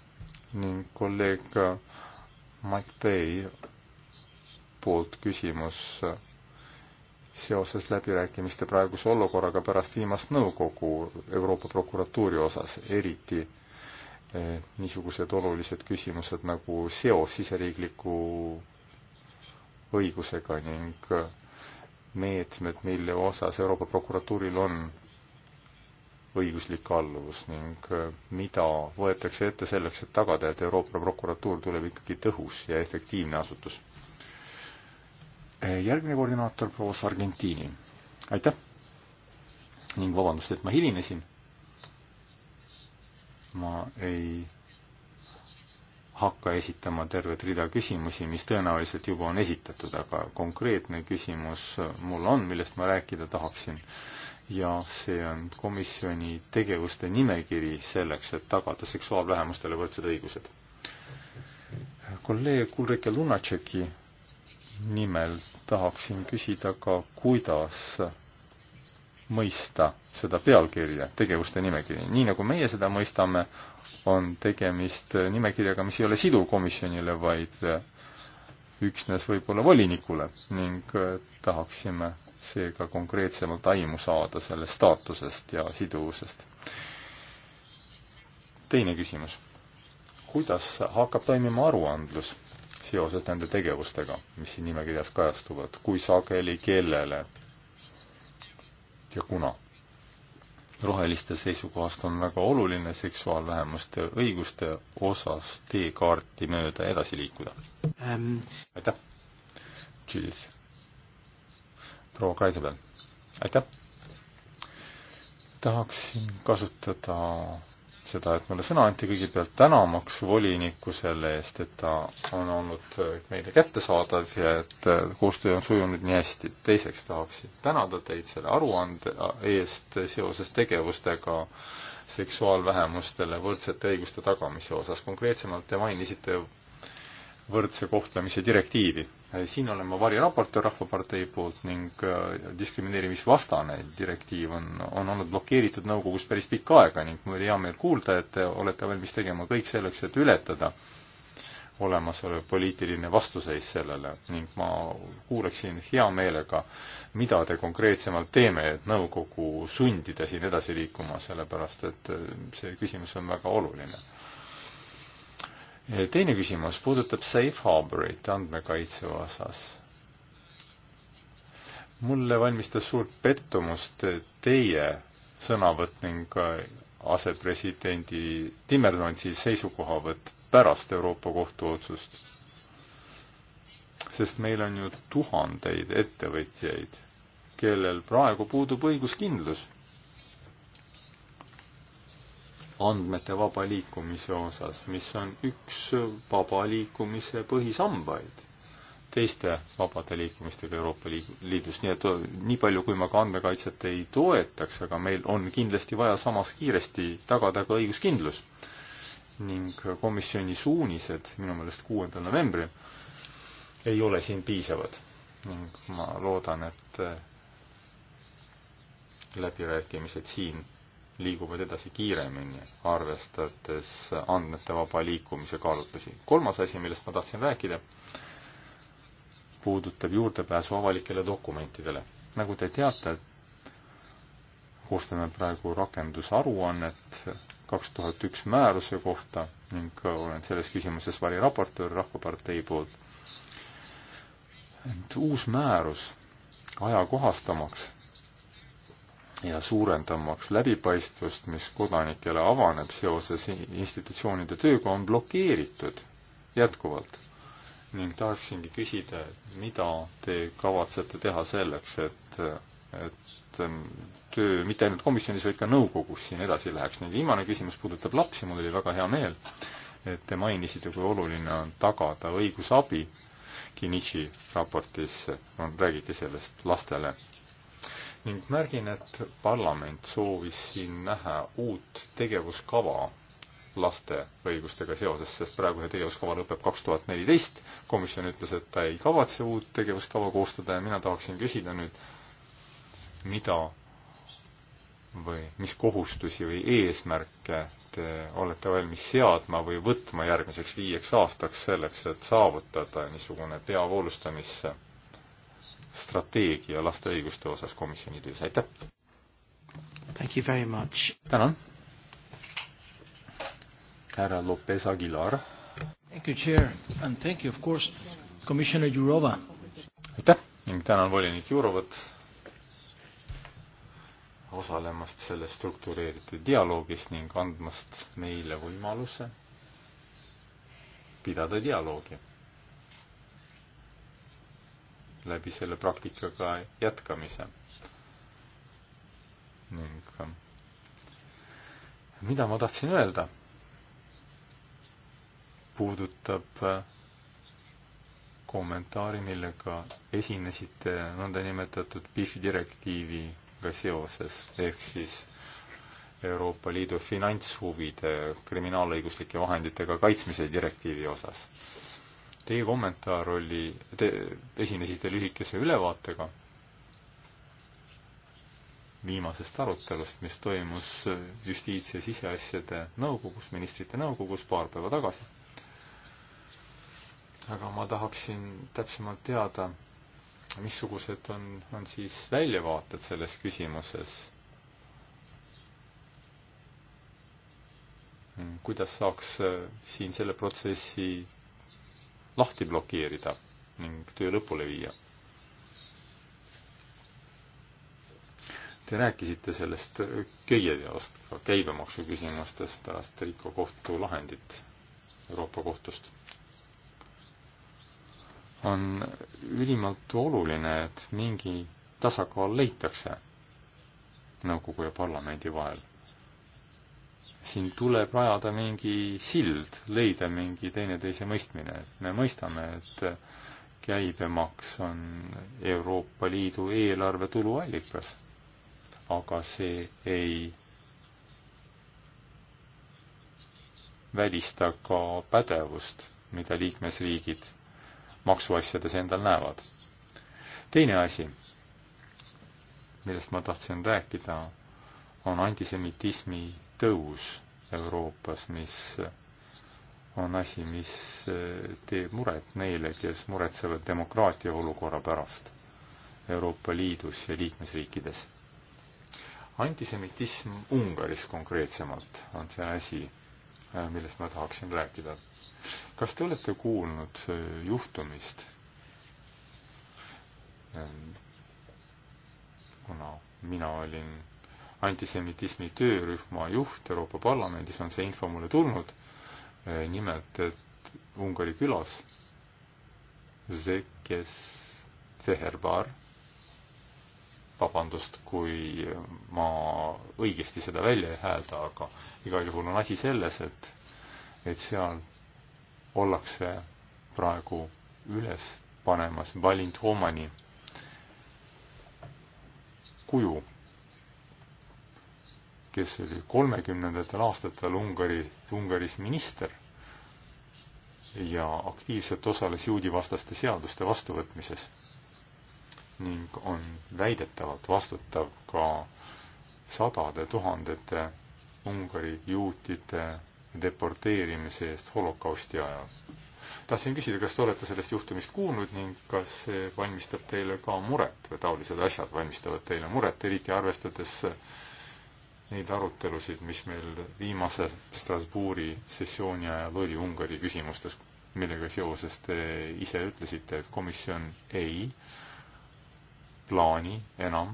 ning kolleeg Mike Bay poolt küsimus seoses läbirääkimiste praeguse olukorraga pärast viimast nõukogu Euroopa prokuratuuri osas, eriti eh, niisugused olulised küsimused nagu seos siseriikliku õigusega ning eh, meetmed, mille osas Euroopa prokuratuuril on õiguslik alluvus ning äh, mida võetakse ette selleks, et tagada, et Euroopa prokuratuur tuleb ikkagi tõhus ja efektiivne asutus. Äh, järgmine koordinaator, proua Sargentini, aitäh ning vabandust, et ma hilinesin. ma ei hakka esitama tervet rida küsimusi, mis tõenäoliselt juba on esitatud, aga konkreetne küsimus mul on, millest ma rääkida tahaksin ja see on komisjoni tegevuste nimekiri selleks, et tagada seksuaalvähemustele võrdsed õigused. kolleeg Ulrike Lunatšeki nimel tahaksin küsida ka, kuidas mõista seda pealkirja, tegevuste nimekiri. nii nagu meie seda mõistame, on tegemist nimekirjaga, mis ei ole siduv komisjonile, vaid üksnes võib-olla volinikule ning äh, tahaksime seega konkreetsemalt aimu saada sellest staatusest ja siduvusest. teine küsimus. kuidas hakkab toimima aruandlus seoses nende tegevustega, mis siin nimekirjas kajastuvad, kui sageli, kellele ja kuna? roheliste seisukohast on väga oluline seksuaalvähemuste õiguste osas teekaarti mööda edasi liikuda ähm.. aitäh. Judith. proua Kaisepea, aitäh. tahaksin kasutada seda, et mulle sõna anti, kõigepealt tänamaks volinikku selle eest, et ta on olnud meile kättesaadav ja et koostöö on sujunud nii hästi. teiseks tahaksin tänada teid selle aruande eest seoses tegevustega seksuaalvähemustele võrdsete õiguste tagamise osas. konkreetsemalt te mainisite võrdse kohtlemise direktiivi Äh, siin olen ma variraportöör Rahvapartei poolt ning äh, diskrimineerimisvastane direktiiv on, on olnud blokeeritud nõukogus päris pikka aega ning mul oli hea meel kuulda, et te olete valmis tegema kõik selleks, et ületada olemasolev poliitiline vastuseis sellele ning ma kuuleksin hea meelega, mida te konkreetsemalt teeme, et nõukogu sundida siin edasi liikuma, sellepärast et äh, see küsimus on väga oluline teine küsimus puudutab safe harbor'it andmekaitse osas. mulle valmistas suurt pettumust teie sõnavõtt ning asepresidendi Timmermansi seisukohavõtt pärast Euroopa Kohtu otsust. sest meil on ju tuhandeid ettevõtjaid, kellel praegu puudub õiguskindlus andmete vaba liikumise osas, mis on üks vaba liikumise põhisambaid teiste vabade liikumistega Euroopa Liidus, nii et nii palju, kui ma ka andmekaitset ei toetaks, aga meil on kindlasti vaja samas kiiresti tagada ka õiguskindlus. ning komisjoni suunised minu meelest kuuendal novembril ei ole siin piisavad ning ma loodan, et läbirääkimised siin liiguvad edasi kiiremini, arvestades andmete vaba liikumise kaalutlusi. kolmas asi, millest ma tahtsin rääkida, puudutab juurdepääsu avalikele dokumentidele. nagu te teate, koostame praegu rakendusaruannet kaks tuhat üks määruse kohta ning olen selles küsimuses variraportöör Rahvapartei poolt. ent uus määrus ajakohastamaks ja suurendamaks läbipaistvust, mis kodanikele avaneb seoses institutsioonide tööga, on blokeeritud jätkuvalt. ning tahaksingi küsida, mida te kavatsete teha selleks, et, et ähm, töö mitte ainult komisjonis, vaid ka nõukogus siin edasi läheks. ning viimane küsimus puudutab lapsi, mul oli väga hea meel, et te mainisite, kui oluline on tagada õigusabi. Kinichi raportis on, noh, räägiti sellest lastele ning märgin, et parlament soovis siin näha uut tegevuskava laste õigustega seoses, sest praegune tegevuskava lõpeb kaks tuhat neliteist. komisjon ütles, et ta ei kavatse uut tegevuskava koostada ja mina tahaksin küsida nüüd, mida või mis kohustusi või eesmärke te olete valmis seadma või võtma järgmiseks viieks aastaks selleks, et saavutada niisugune peavoolustamisse strateegia laste õiguste osas komisjoni töös, aitäh! tänan! härra Lopez Aguilar. aitäh ning tänan volinik Jurovat osalemast selles struktureeritud dialoogis ning andmast meile võimaluse pidada dialoogi läbi selle praktikaga jätkamise. ning äh, mida ma tahtsin öelda, puudutab äh, kommentaari, millega esinesite nõndanimetatud PIF direktiiviga seoses, ehk siis Euroopa Liidu finantshuvide kriminaalõiguslike vahenditega kaitsmise direktiivi osas Teie kommentaar oli, te esinesite lühikese ülevaatega viimasest arutelust, mis toimus justiits- ja siseasjade nõukogus, ministrite nõukogus paar päeva tagasi. aga ma tahaksin täpsemalt teada, missugused on, on siis väljavaated selles küsimuses? kuidas saaks äh, siin selle protsessi lahti blokeerida ning töö lõpule viia. Te rääkisite sellest köieteost, ka käibemaksu küsimustest pärast Riiko kohtu lahendit Euroopa kohtust. on ülimalt oluline, et mingi tasakaal leitakse nõukogu ja parlamendi vahel siin tuleb rajada mingi sild, leida mingi teineteise mõistmine, et me mõistame, et käibemaks on Euroopa Liidu eelarve tuluallikas, aga see ei välista ka pädevust, mida liikmesriigid maksuasjades endal näevad. teine asi, millest ma tahtsin rääkida, on antisemitismi tõus Euroopas, mis on asi, mis teeb muret neile, kes muretsevad demokraatia olukorra pärast Euroopa Liidus ja liikmesriikides. antisemitism Ungaris konkreetsemalt on see asi, millest ma tahaksin rääkida. kas te olete kuulnud äh, juhtumist, ähm, kuna mina olin antisemitismi töörühma juht Euroopa Parlamendis on see info mulle tulnud, eh, nimelt, et Ungari külas Zekes Zeherbar, vabandust, kui ma õigesti seda välja ei häälda, aga igal juhul on asi selles, et, et seal ollakse praegu üles panemas Valint Homani kuju kes oli kolmekümnendatel aastatel Ungari, Ungaris minister ja aktiivselt osales juudivastaste seaduste vastuvõtmises ning on väidetavalt vastutav ka sadade tuhandete Ungari juutide deporteerimise eest holokausti ajal. tahtsin küsida, kas te olete sellest juhtumist kuulnud ning kas see valmistab teile ka muret või taolised asjad valmistavad teile muret, eriti arvestades äh, neid arutelusid, mis meil viimase Strasbourgi sessiooni ajal oli Ungari küsimustes, millega seoses te ise ütlesite, et komisjon ei plaani enam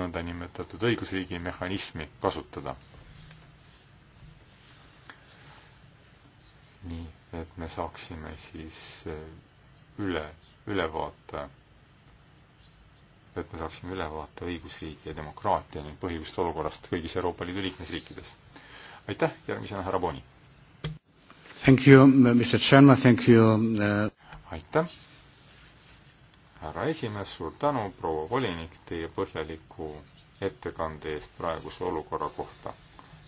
nõndanimetatud õigusriigi mehhanismi kasutada. nii, et me saaksime siis eh, üle, ülevaate et me saaksime ülevaate õigusriigi ja demokraatia ning põhjust olukorrast kõigis Euroopa Liidu liikmesriikides. aitäh, järgmisena härra Boni. Thank you, Mr Sharma, thank you uh.... aitäh, härra esimees, suur tänu, proua volinik, teie põhjaliku ettekande eest praeguse olukorra kohta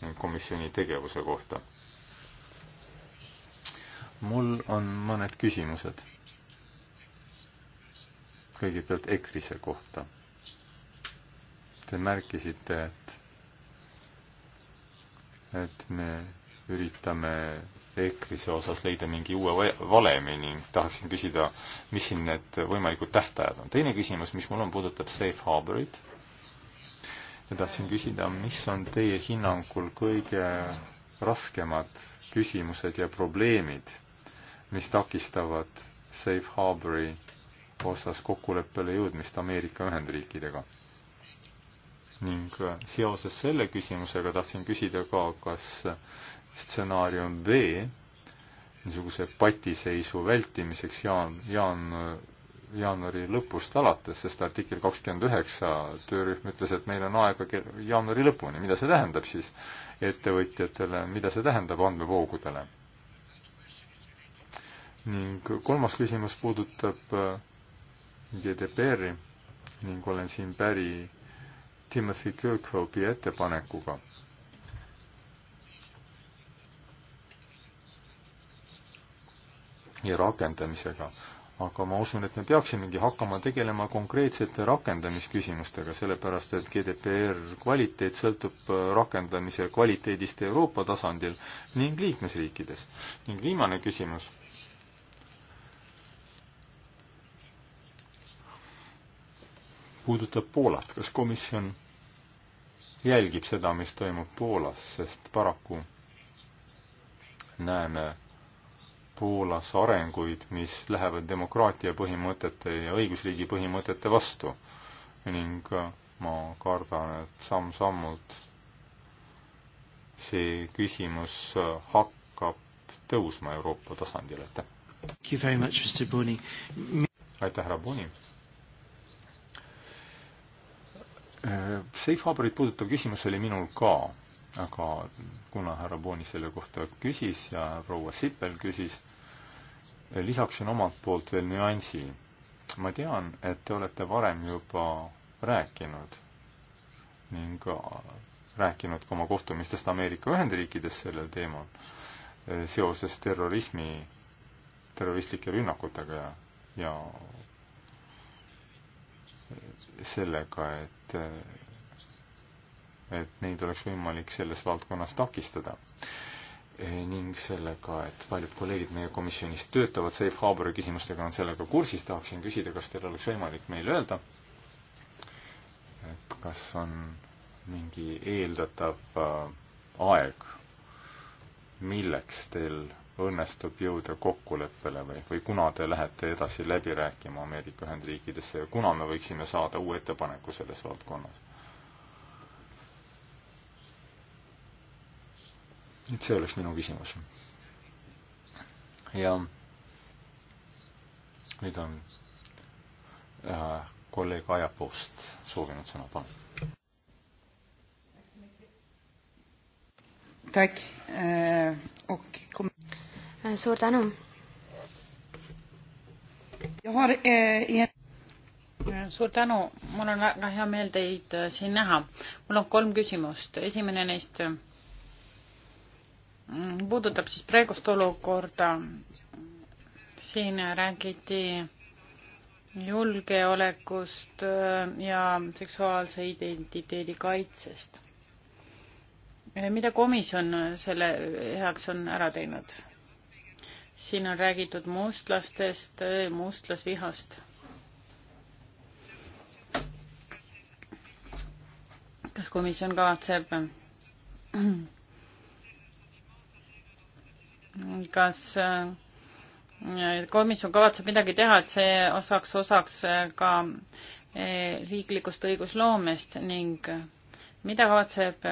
ning komisjoni tegevuse kohta. mul on mõned küsimused kõigepealt EKRISe kohta. Te märkisite, et, et me üritame EKRISe osas leida mingi uue valemi ning tahaksin küsida, mis siin need võimalikud tähtajad on. teine küsimus, mis mul on, puudutab safe harbor'it. ja tahtsin küsida, mis on teie hinnangul kõige raskemad küsimused ja probleemid, mis takistavad safe harbor'i osas kokkuleppele jõudmist Ameerika Ühendriikidega. ning äh, seoses selle küsimusega tahtsin küsida ka, kas stsenaarium B niisuguse patiseisu vältimiseks jaan, jaan, jaanuari lõpust alates, sest artikkel kakskümmend üheksa töörühm ütles, et meil on aega jaanuari lõpuni, mida see tähendab siis ettevõtjatele, mida see tähendab andmevoogudele? ning kolmas küsimus puudutab äh, GDPR-i ning olen siin päri Timothy Kirkhope'i ettepanekuga. ja rakendamisega, aga ma usun, et me peaksimegi hakkama tegelema konkreetsete rakendamisküsimustega, sellepärast et GDPR kvaliteet sõltub äh, rakendamise kvaliteedist Euroopa tasandil ning liikmesriikides. ning viimane küsimus puudutab Poolat, kas komisjon jälgib seda, mis toimub Poolas, sest paraku näeme Poolas arenguid, mis lähevad demokraatia põhimõtete ja õigusriigi põhimõtete vastu. ning äh, ma kardan, et samm-sammult see küsimus äh, hakkab tõusma Euroopa tasandil, aitäh. aitäh, härra Boni. Safe Harborit puudutav küsimus oli minul ka, aga kuna härra Booni selle kohta küsis ja proua Sippel küsis, lisaksin omalt poolt veel nüansi. ma tean, et te olete varem juba rääkinud ning rääkinud ka oma kohtumistest Ameerika Ühendriikides sellel teemal seoses terrorismi, terroristlike rünnakutega ja, ja sellega, et, et neid oleks võimalik selles valdkonnas takistada. ning sellega, et paljud kolleegid meie komisjonis töötavad safe harbori küsimustega, on sellega kursis, tahaksin küsida, kas teil oleks võimalik meile öelda, et kas on mingi eeldatav äh, aeg, milleks teil õnnestub jõuda kokkuleppele või, või kuna te lähete edasi läbi rääkima Ameerika Ühendriikidesse ja kuna me võiksime saada uue ettepaneku selles valdkonnas? et see oleks minu küsimus. ja nüüd on äh, kolleeg Aja Post soovinud sõna, palun. tack eh, äh, och kom Äh, suur tänu. Äh, äh, suur tänu, mul on väga hea meel teid siin näha. mul on kolm küsimust, esimene neist puudutab siis praegust olukorda. siin räägiti julgeolekust ja seksuaalse identiteedi kaitsest. mida komisjon selle heaks on ära teinud? siin on räägitud mustlastest, mustlasvihast. kas komisjon kavatseb, kas äh, komisjon kavatseb midagi teha, et see osaks osaks äh, ka äh, riiklikust õigusloomest ning mida kavatseb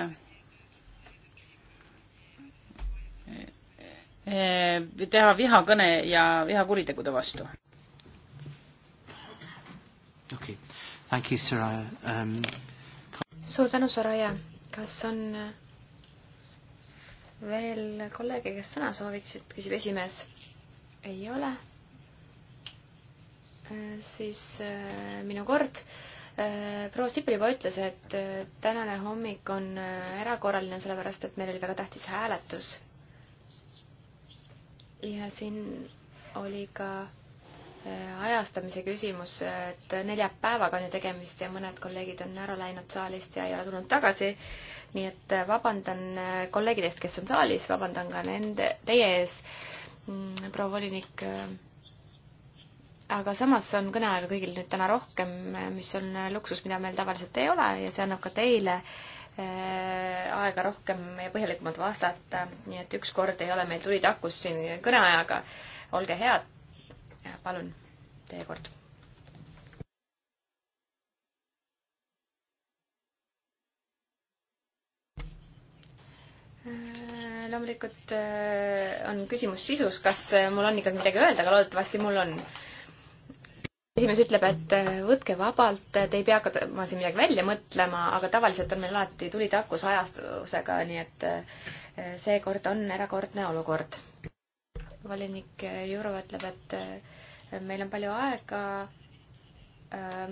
Eh, teha vihakõne ja vihakuritegude vastu. okei okay., thank you, Soraya um.... suur tänu, Soraya. kas on eh, veel kolleege, kes sõna sooviksid, küsib esimees. ei ole? Eh, siis minu kord proua Sipel juba ütles, et tänane hommik on erakorraline, sellepärast et meil oli väga tähtis hääletus ja siin oli ka äh, ajastamise küsimus, et neljapäevaga on ju tegemist ja mõned kolleegid on ära läinud saalist ja ei ole tulnud tagasi. nii et äh, vabandan äh, kolleegidest, kes on saalis, vabandan ka nende, teie ees, mm, proua volinik. aga samas on kõneaega kõigil nüüd täna rohkem, mis on luksus, mida meil tavaliselt ei ole ja see annab ka teile äh, Äh, aega rohkem ja põhjalikumalt vastata, nii et ükskord ei ole meil tulid akus siin kõneajaga. olge head, palun, teie kord. Äh, loomulikult äh, on küsimus sisus, kas mul on ikkagi midagi öelda, aga loodetavasti mul on esimees ütleb, et äh, võtke vabalt, te ei pea hakkama siin midagi välja mõtlema, aga tavaliselt on meil alati tuli takkus ajastusega, nii et äh, seekord on erakordne olukord. volinik äh, Jurova ütleb, et meil on palju aega,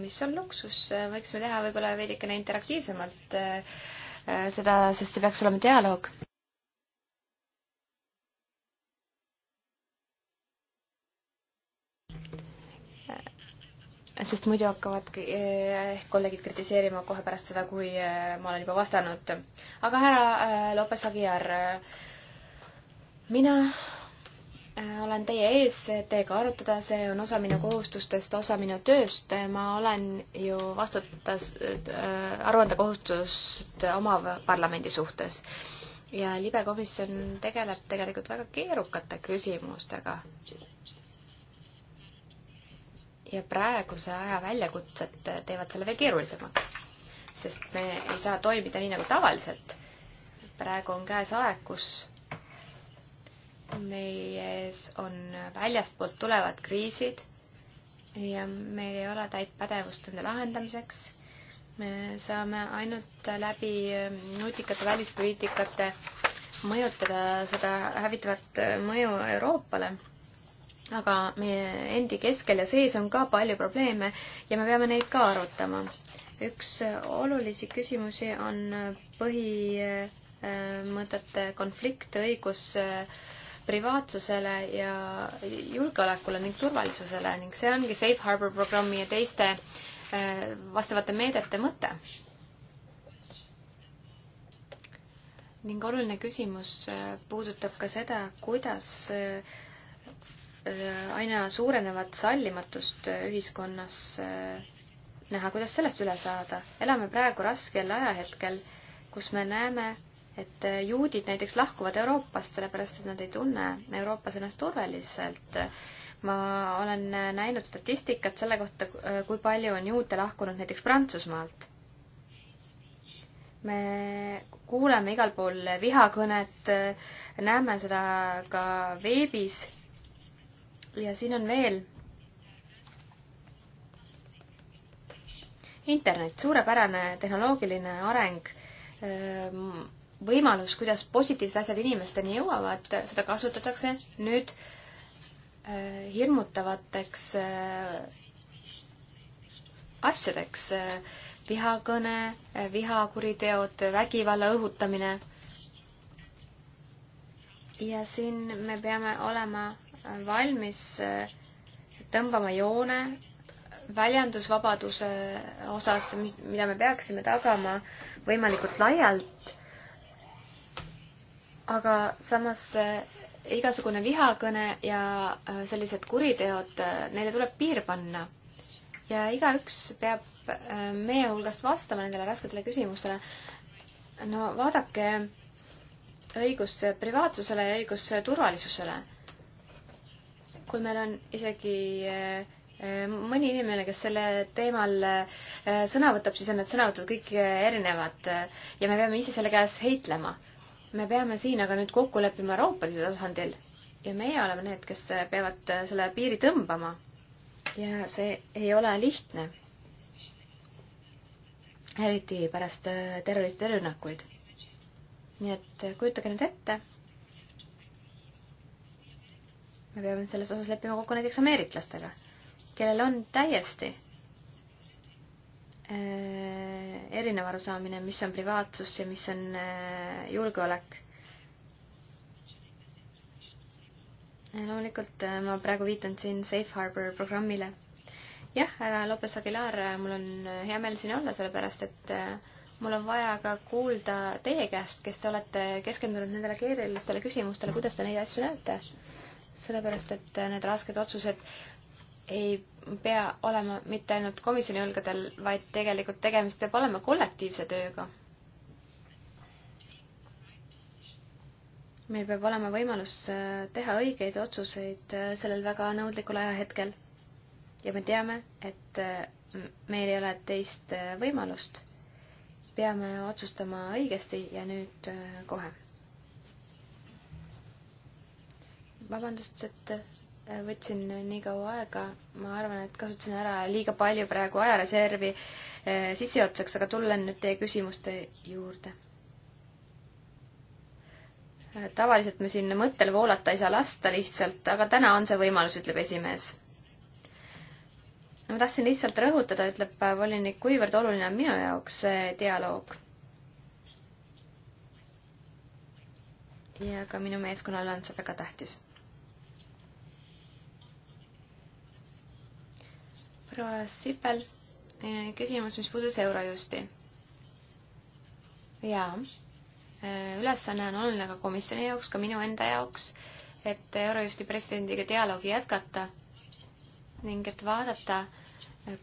mis on luksus, võiksime teha võib-olla veidikene interaktiivsemalt seda, sest see peaks olema dialoog. sest muidu hakkavad eh, kolleegid kritiseerima kohe pärast seda, kui eh, ma olen juba vastanud. aga härra eh, Lopes Aguiar, mina olen teie ees, teiega arutada, see on osa minu kohustustest, osa minu tööst. ma olen ju vastutas, aruandekohustust omav parlamendi suhtes. ja libekomisjon tegeleb tegelikult väga keerukate küsimustega ja praeguse aja väljakutsed teevad selle veel keerulisemaks, sest me ei saa toimida nii nagu tavaliselt. praegu on käes aeg, kus meie ees on väljastpoolt tulevad kriisid ja meil ei ole täit pädevust nende lahendamiseks. me saame ainult läbi nutikate välispoliitikate mõjutada seda hävitavat mõju Euroopale aga meie endi keskel ja sees on ka palju probleeme ja me peame neid ka arutama. üks olulisi küsimusi on põhimõtete konflikt õigus äh, privaatsusele ja julgeolekule ning turvalisusele ning see ongi Safe Harbor programmi ja teiste äh, vastavate meedete mõte. ning oluline küsimus äh, puudutab ka seda, kuidas äh, Äh, aina suurenevat sallimatust äh, ühiskonnas äh, näha, kuidas sellest üle saada. elame praegu raskel ajahetkel, kus me näeme, et juudid näiteks lahkuvad Euroopast, sellepärast et nad ei tunne Euroopas ennast turvaliselt. ma olen näinud statistikat selle kohta, kui palju on juute lahkunud näiteks Prantsusmaalt. me kuuleme igal pool vihakõnet, näeme seda ka veebis ja siin on veel internet, suurepärane tehnoloogiline areng, ähm, võimalus, kuidas positiivsed asjad inimesteni jõuavad, seda kasutatakse nüüd äh, hirmutavateks äh, asjadeks, äh, vihakõne, vihakuriteod, vägivalla õhutamine ja siin me peame olema valmis äh, tõmbama joone väljendusvabaduse osas, mis, mida me peaksime tagama võimalikult laialt. aga samas äh, igasugune vihakõne ja äh, sellised kuriteod, neile tuleb piir panna. ja igaüks peab meie hulgast vastama nendele rasketele küsimustele. no vaadake õigust privaatsusele ja õigust turvalisusele. kui meil on isegi eh, eh, mõni inimene, kes selle teemal eh, sõna võtab, siis on need sõnavõtud kõik erinevad ja me peame ise selle käes heitlema. me peame siin aga nüüd kokku leppima Euroopa Liidu tasandil ja meie oleme need, kes peavad selle piiri tõmbama. ja see ei ole lihtne. eriti pärast terroristide rünnakuid nii et eh, kujutage nüüd ette. me peame selles osas leppima kokku näiteks ameeriklastega, kellel on täiesti eh, erinev arusaamine, mis on privaatsus ja mis on eh, julgeolek. loomulikult ma praegu viitan siin Safe Harbor programmile. jah, härra Lopez Aguilar, mul on hea meel siin olla, sellepärast et äh, mul on vaja ka kuulda teie käest, kes te olete keskendunud nendele keerulistele küsimustele, kuidas te neid asju näete. sellepärast, et need rasked otsused ei pea olema mitte ainult komisjoni õlgadel, vaid tegelikult tegemist peab olema kollektiivse tööga. meil peab olema võimalus äh, teha õigeid otsuseid äh, sellel väga nõudlikul ajahetkel. ja me teame, et äh, meil ei ole teist võimalust peame otsustama õigesti ja nüüd äh, kohe. vabandust, et äh, võtsin nii kaua aega, ma arvan, et kasutasin ära liiga palju praegu ajareservi äh, sissejuhatuseks, aga tulen nüüd teie küsimuste juurde tavaliselt me sinna mõttel voolata ei saa lasta lihtsalt, aga täna on see võimalus, ütleb esimees ma tahtsin lihtsalt rõhutada, ütleb äh, volinik, kuivõrd oluline on minu jaoks see dialoog. ja ka minu meeskonnale on see väga tähtis. proua Sipel, äh, küsimus, mis puudutas Eurojusti. jaa, äh, ülesanne on oluline ka komisjoni jaoks, ka minu enda jaoks, et Eurojusti presidendiga dialoogi jätkata ning et vaadata,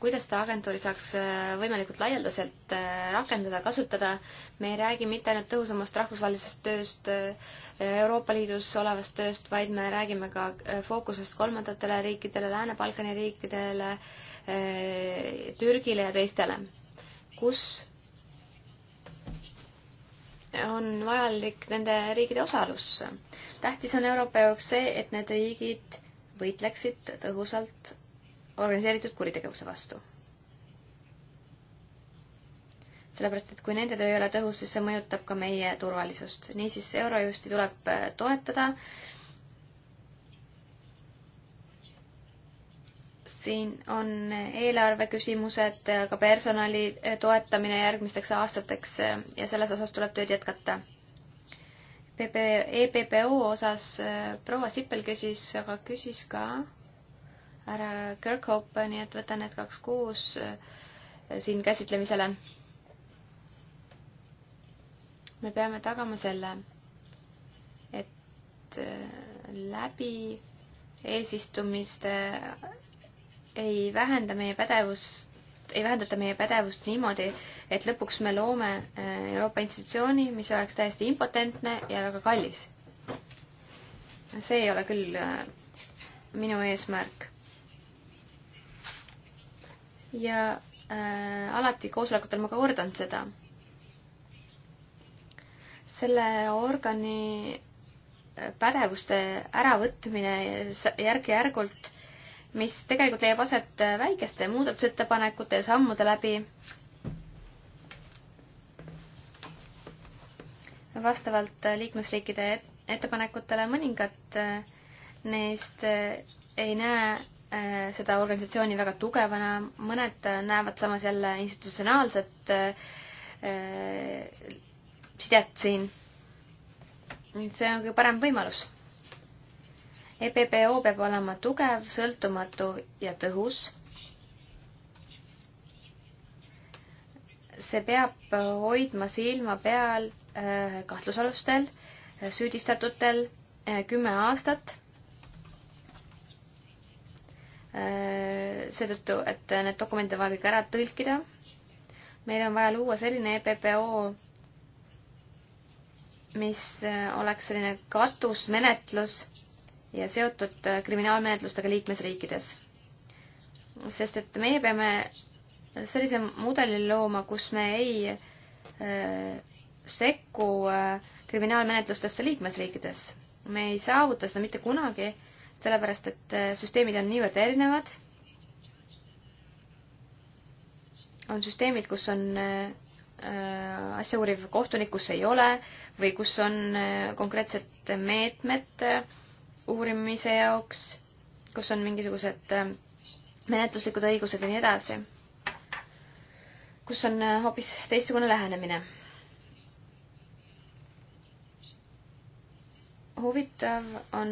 kuidas seda agentuuri saaks äh, võimalikult laialdaselt äh, rakendada, kasutada. me ei räägi mitte ainult tõhusamast rahvusvahelisest tööst, äh, Euroopa Liidus olevast tööst, vaid me räägime ka fookusest kolmandatele riikidele, Lääne-Balkani riikidele, Türgile ja teistele, kus on vajalik nende riikide osalus. tähtis on Euroopa jaoks see, et need riigid võitleksid tõhusalt organiseeritud kuritegevuse vastu. sellepärast, et kui nende töö ei ole tõhus, siis see mõjutab ka meie turvalisust. niisiis, Eurojusti tuleb äh, toetada. siin on eelarve küsimused, äh, ka personali äh, toetamine järgmisteks aastateks ja selles osas tuleb tööd jätkata EPPO osas proua Sippel küsis, aga küsis ka härra Kirkhope, nii et võtan need kaks kuus äh, siin käsitlemisele. me peame tagama selle, et äh, läbi eesistumiste ei vähenda meie pädevust, ei vähendata meie pädevust niimoodi, et lõpuks me loome äh, Euroopa institutsiooni, mis oleks täiesti impotentne ja väga kallis. see ei ole küll minu eesmärk ja äh, alati koosolekutel ma ka kordan seda. selle organi äh, pädevuste äravõtmine järk-järgult, mis tegelikult leiab aset äh, väikeste muudatusettepanekute ja sammude läbi, vastavalt äh, liikmesriikide ettepanekutele mõningad neist ei näe Äh, seda organisatsiooni väga tugevana, mõned äh, näevad samas jälle institutsionaalset äh, sidet siin. nüüd see on kõige parem võimalus. EPPO peab olema tugev, sõltumatu ja tõhus. see peab hoidma silma peal kahtlusalustel, süüdistatutel kümme aastat Äh, seetõttu, et need dokumendid on vaja kõik ära tõlkida. meil on vaja luua selline EPPO, mis äh, oleks selline katusmenetlus ja seotud äh, kriminaalmenetlustega liikmesriikides. sest et meie peame sellise mudeli looma, kus me ei äh, sekku äh, kriminaalmenetlustesse liikmesriikides. me ei saavuta seda mitte kunagi äh, sellepärast et äh, süsteemid on niivõrd erinevad. on süsteemid, kus on äh, äh, asja uuriv kohtunik, kus ei ole või kus on konkreetsed meetmed uurimise jaoks, kus on mingisugused menetluslikud õigused ja nii edasi, kus on hoopis teistsugune lähenemine. huvitav on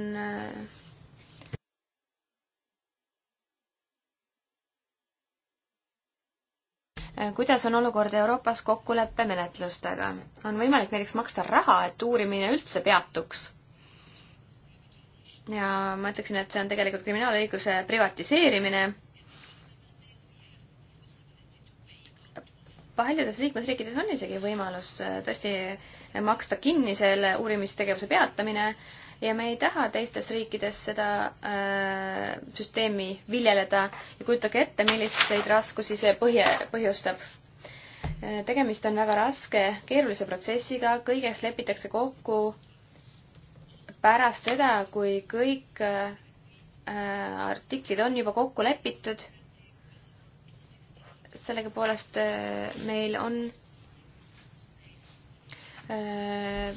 Äh, kuidas on olukord Euroopas kokkuleppemenetlustega? on võimalik näiteks maksta raha, et uurimine üldse peatuks? ja ma ütleksin, et see on tegelikult kriminaalõiguse privatiseerimine. paljudes liikmesriikides on isegi võimalus äh, tõesti maksta kinni selle uurimistegevuse peatamine ja me ei taha teistes riikides seda äh, süsteemi viljeleda ja kujutage ette, milliseid raskusi see põhje, põhjustab. Äh, tegemist on väga raske, keerulise protsessiga, kõiges lepitakse kokku pärast seda, kui kõik äh, artiklid on juba kokku lepitud. sellega poolest äh, meil on äh,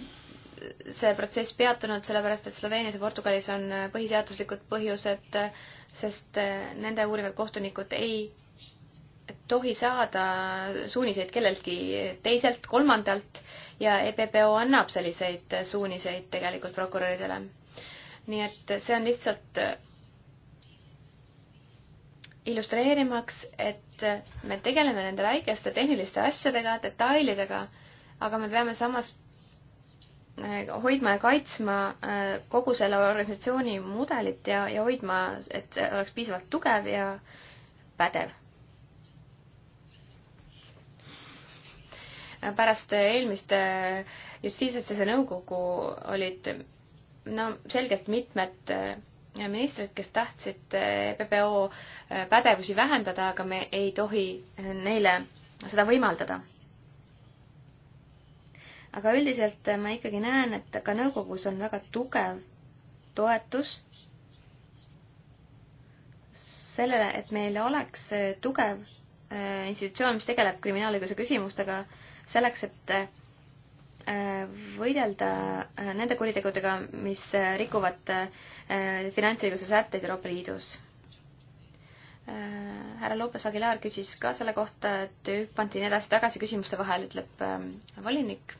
see protsess peatunud, sellepärast et Sloveenias ja Portugalis on äh, põhiseaduslikud põhjused, äh, sest äh, nende uurivad kohtunikud ei tohi saada suuniseid kelleltki teiselt, kolmandalt ja EPPO annab selliseid suuniseid tegelikult prokuröridele. nii et see on lihtsalt illustreerimaks, et me tegeleme nende väikeste tehniliste asjadega, detailidega, aga me peame samas Äh, hoidma ja kaitsma äh, kogu selle organisatsiooni mudelit ja, ja hoidma, et see oleks piisavalt tugev ja pädev. pärast eelmist äh, justiitsasjade nõukogu olid no selgelt mitmed ministrid, kes tahtsid e PPO pädevusi vähendada, aga me ei tohi neile seda võimaldada aga üldiselt ma ikkagi näen, et ka nõukogus on väga tugev toetus sellele, et meil oleks tugev äh, institutsioon, mis tegeleb kriminaalõiguse küsimustega, selleks, et äh, võidelda äh, nende kuritegudega, mis rikuvad finantsõiguse sätteid Euroopa Liidus. härra Lopes Aguilar küsis ka selle kohta, et hüppan siin edasi-tagasi küsimuste vahel, ütleb ähm, volinik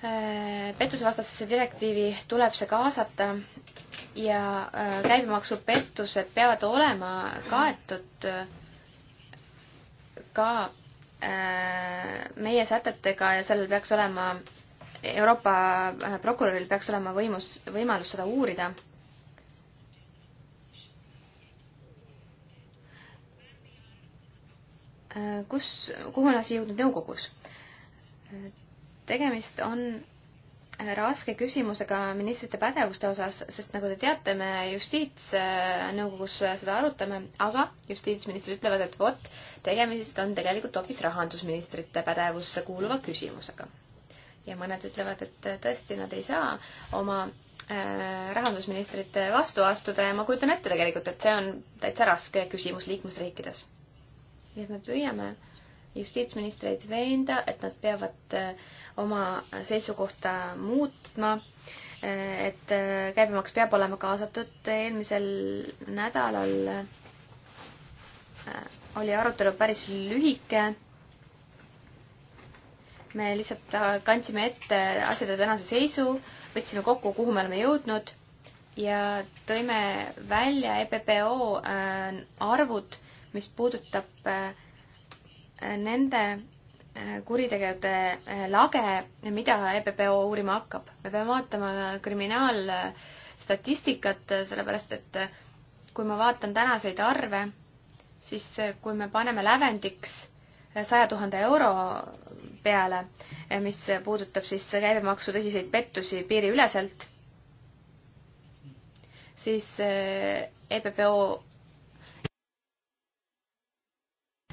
Äh, pettusevastasesse direktiivi tuleb see kaasata ja äh, käibemaksupettused peavad olema kaetud äh, ka meie sätetega ja sellel peaks olema, Euroopa prokuröril peaks olema võimus, võimalus seda uurida kus, kuhu on asi jõudnud nõukogus? tegemist on äh, raske küsimusega ministrite pädevuste osas, sest nagu te teate, me justiitsnõukogus äh, seda arutame, aga justiitsministrid ütlevad, et vot, tegemist on tegelikult hoopis rahandusministrite pädevusse kuuluva küsimusega. ja mõned ütlevad, et äh, tõesti, nad ei saa oma rahandusministrite vastu astuda ja ma kujutan ette tegelikult, et see on täitsa raske küsimus liikmesriikides. nii et me püüame äh, justiitsministreid veenda, et nad peavad äh, oma seisukohta muutma, äh, et äh, käibemaks peab olema kaasatud. eelmisel nädalal oli arutelu päris lühike. me lihtsalt kandsime ette asjade tänase seisu, võtsime kokku, kuhu me oleme jõudnud ja tõime välja EPPO arvud, mis puudutab äh, nende äh, kuritegude äh, lage, mida EPPO uurima hakkab. me peame vaatama kriminaalstatistikat, äh, sellepärast et kui ma vaatan tänaseid arve, siis kui me paneme lävendiks saja tuhande euro peale, mis puudutab siis käibemaksu tõsiseid pettusi piiriüleselt, siis EPPO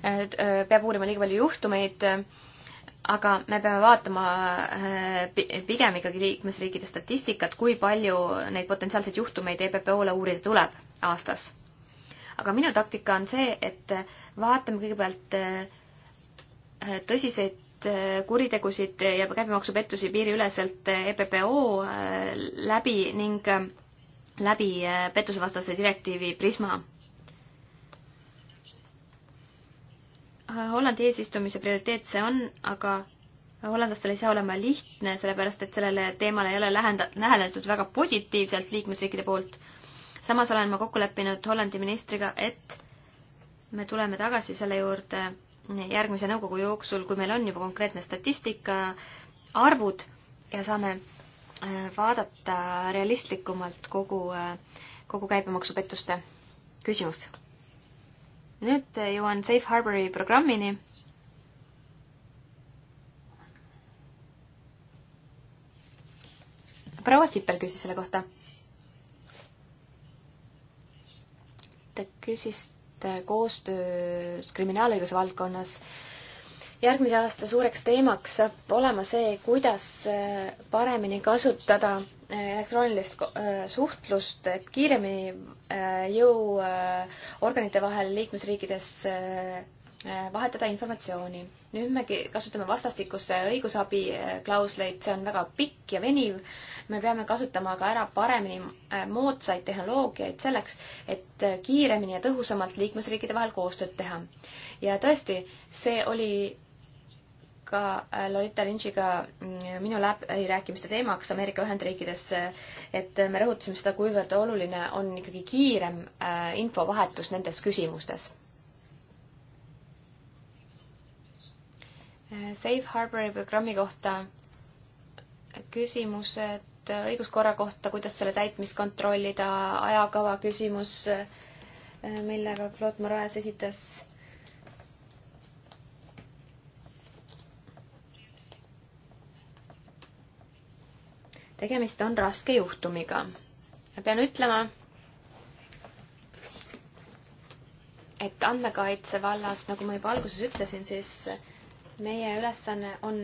Äh, peab uurima liiga palju juhtumeid, aga me peame vaatama äh, pigem ikkagi liikmesriikide statistikat, kui palju neid potentsiaalseid juhtumeid EPPO-le uurida tuleb aastas. aga minu taktika on see, et äh, vaatame kõigepealt tõsiseid kuritegusid ja käibemaksupettusi piiriüleselt EPPO läbi ning läbi pettusevastase direktiivi Prisma Äh, Hollandi eesistumise prioriteet see on, aga hollandlastel ei saa olema lihtne, sellepärast et sellele teemale ei ole lähenda-, lähenetud väga positiivselt liikmesriikide poolt. samas olen ma kokku leppinud Hollandi ministriga, et me tuleme tagasi selle juurde järgmise nõukogu jooksul, kui meil on juba konkreetne statistika, arvud ja saame äh, vaadata realistlikumalt kogu, äh, kogu käibemaksupettuste küsimust nüüd jõuan Safe Harbori programmini. proua Sipper küsis selle kohta. Te küsisite koostöös kriminaalõiguse valdkonnas järgmise aasta suureks teemaks saab olema see, kuidas paremini kasutada elektroonilist äh, suhtlust, et kiiremini äh, jõuorganite äh, vahel liikmesriikides vahetada informatsiooni. nüüd me kasutame vastastikusse õigusabi klausleid, see on väga pikk ja veniv. me peame kasutama ka ära paremini moodsaid tehnoloogiaid selleks, et kiiremini ja tõhusamalt liikmesriikide vahel koostööd teha. ja tõesti, see oli ka äh, Lolita Lynchiga mm, minu läbirääkimiste teemaks Ameerika Ühendriikides, et me rõhutasime seda, kuivõrd oluline on ikkagi kiirem äh, infovahetus nendes küsimustes. Äh, Safe Harbori programmi kohta küsimused õiguskorra kohta, kuidas selle täitmist kontrollida, ajakava küsimus, millega Claude Moraes esitas tegemist on raske juhtumiga. ma pean ütlema, et andmekaitse vallas, nagu ma juba alguses ütlesin, siis meie ülesanne on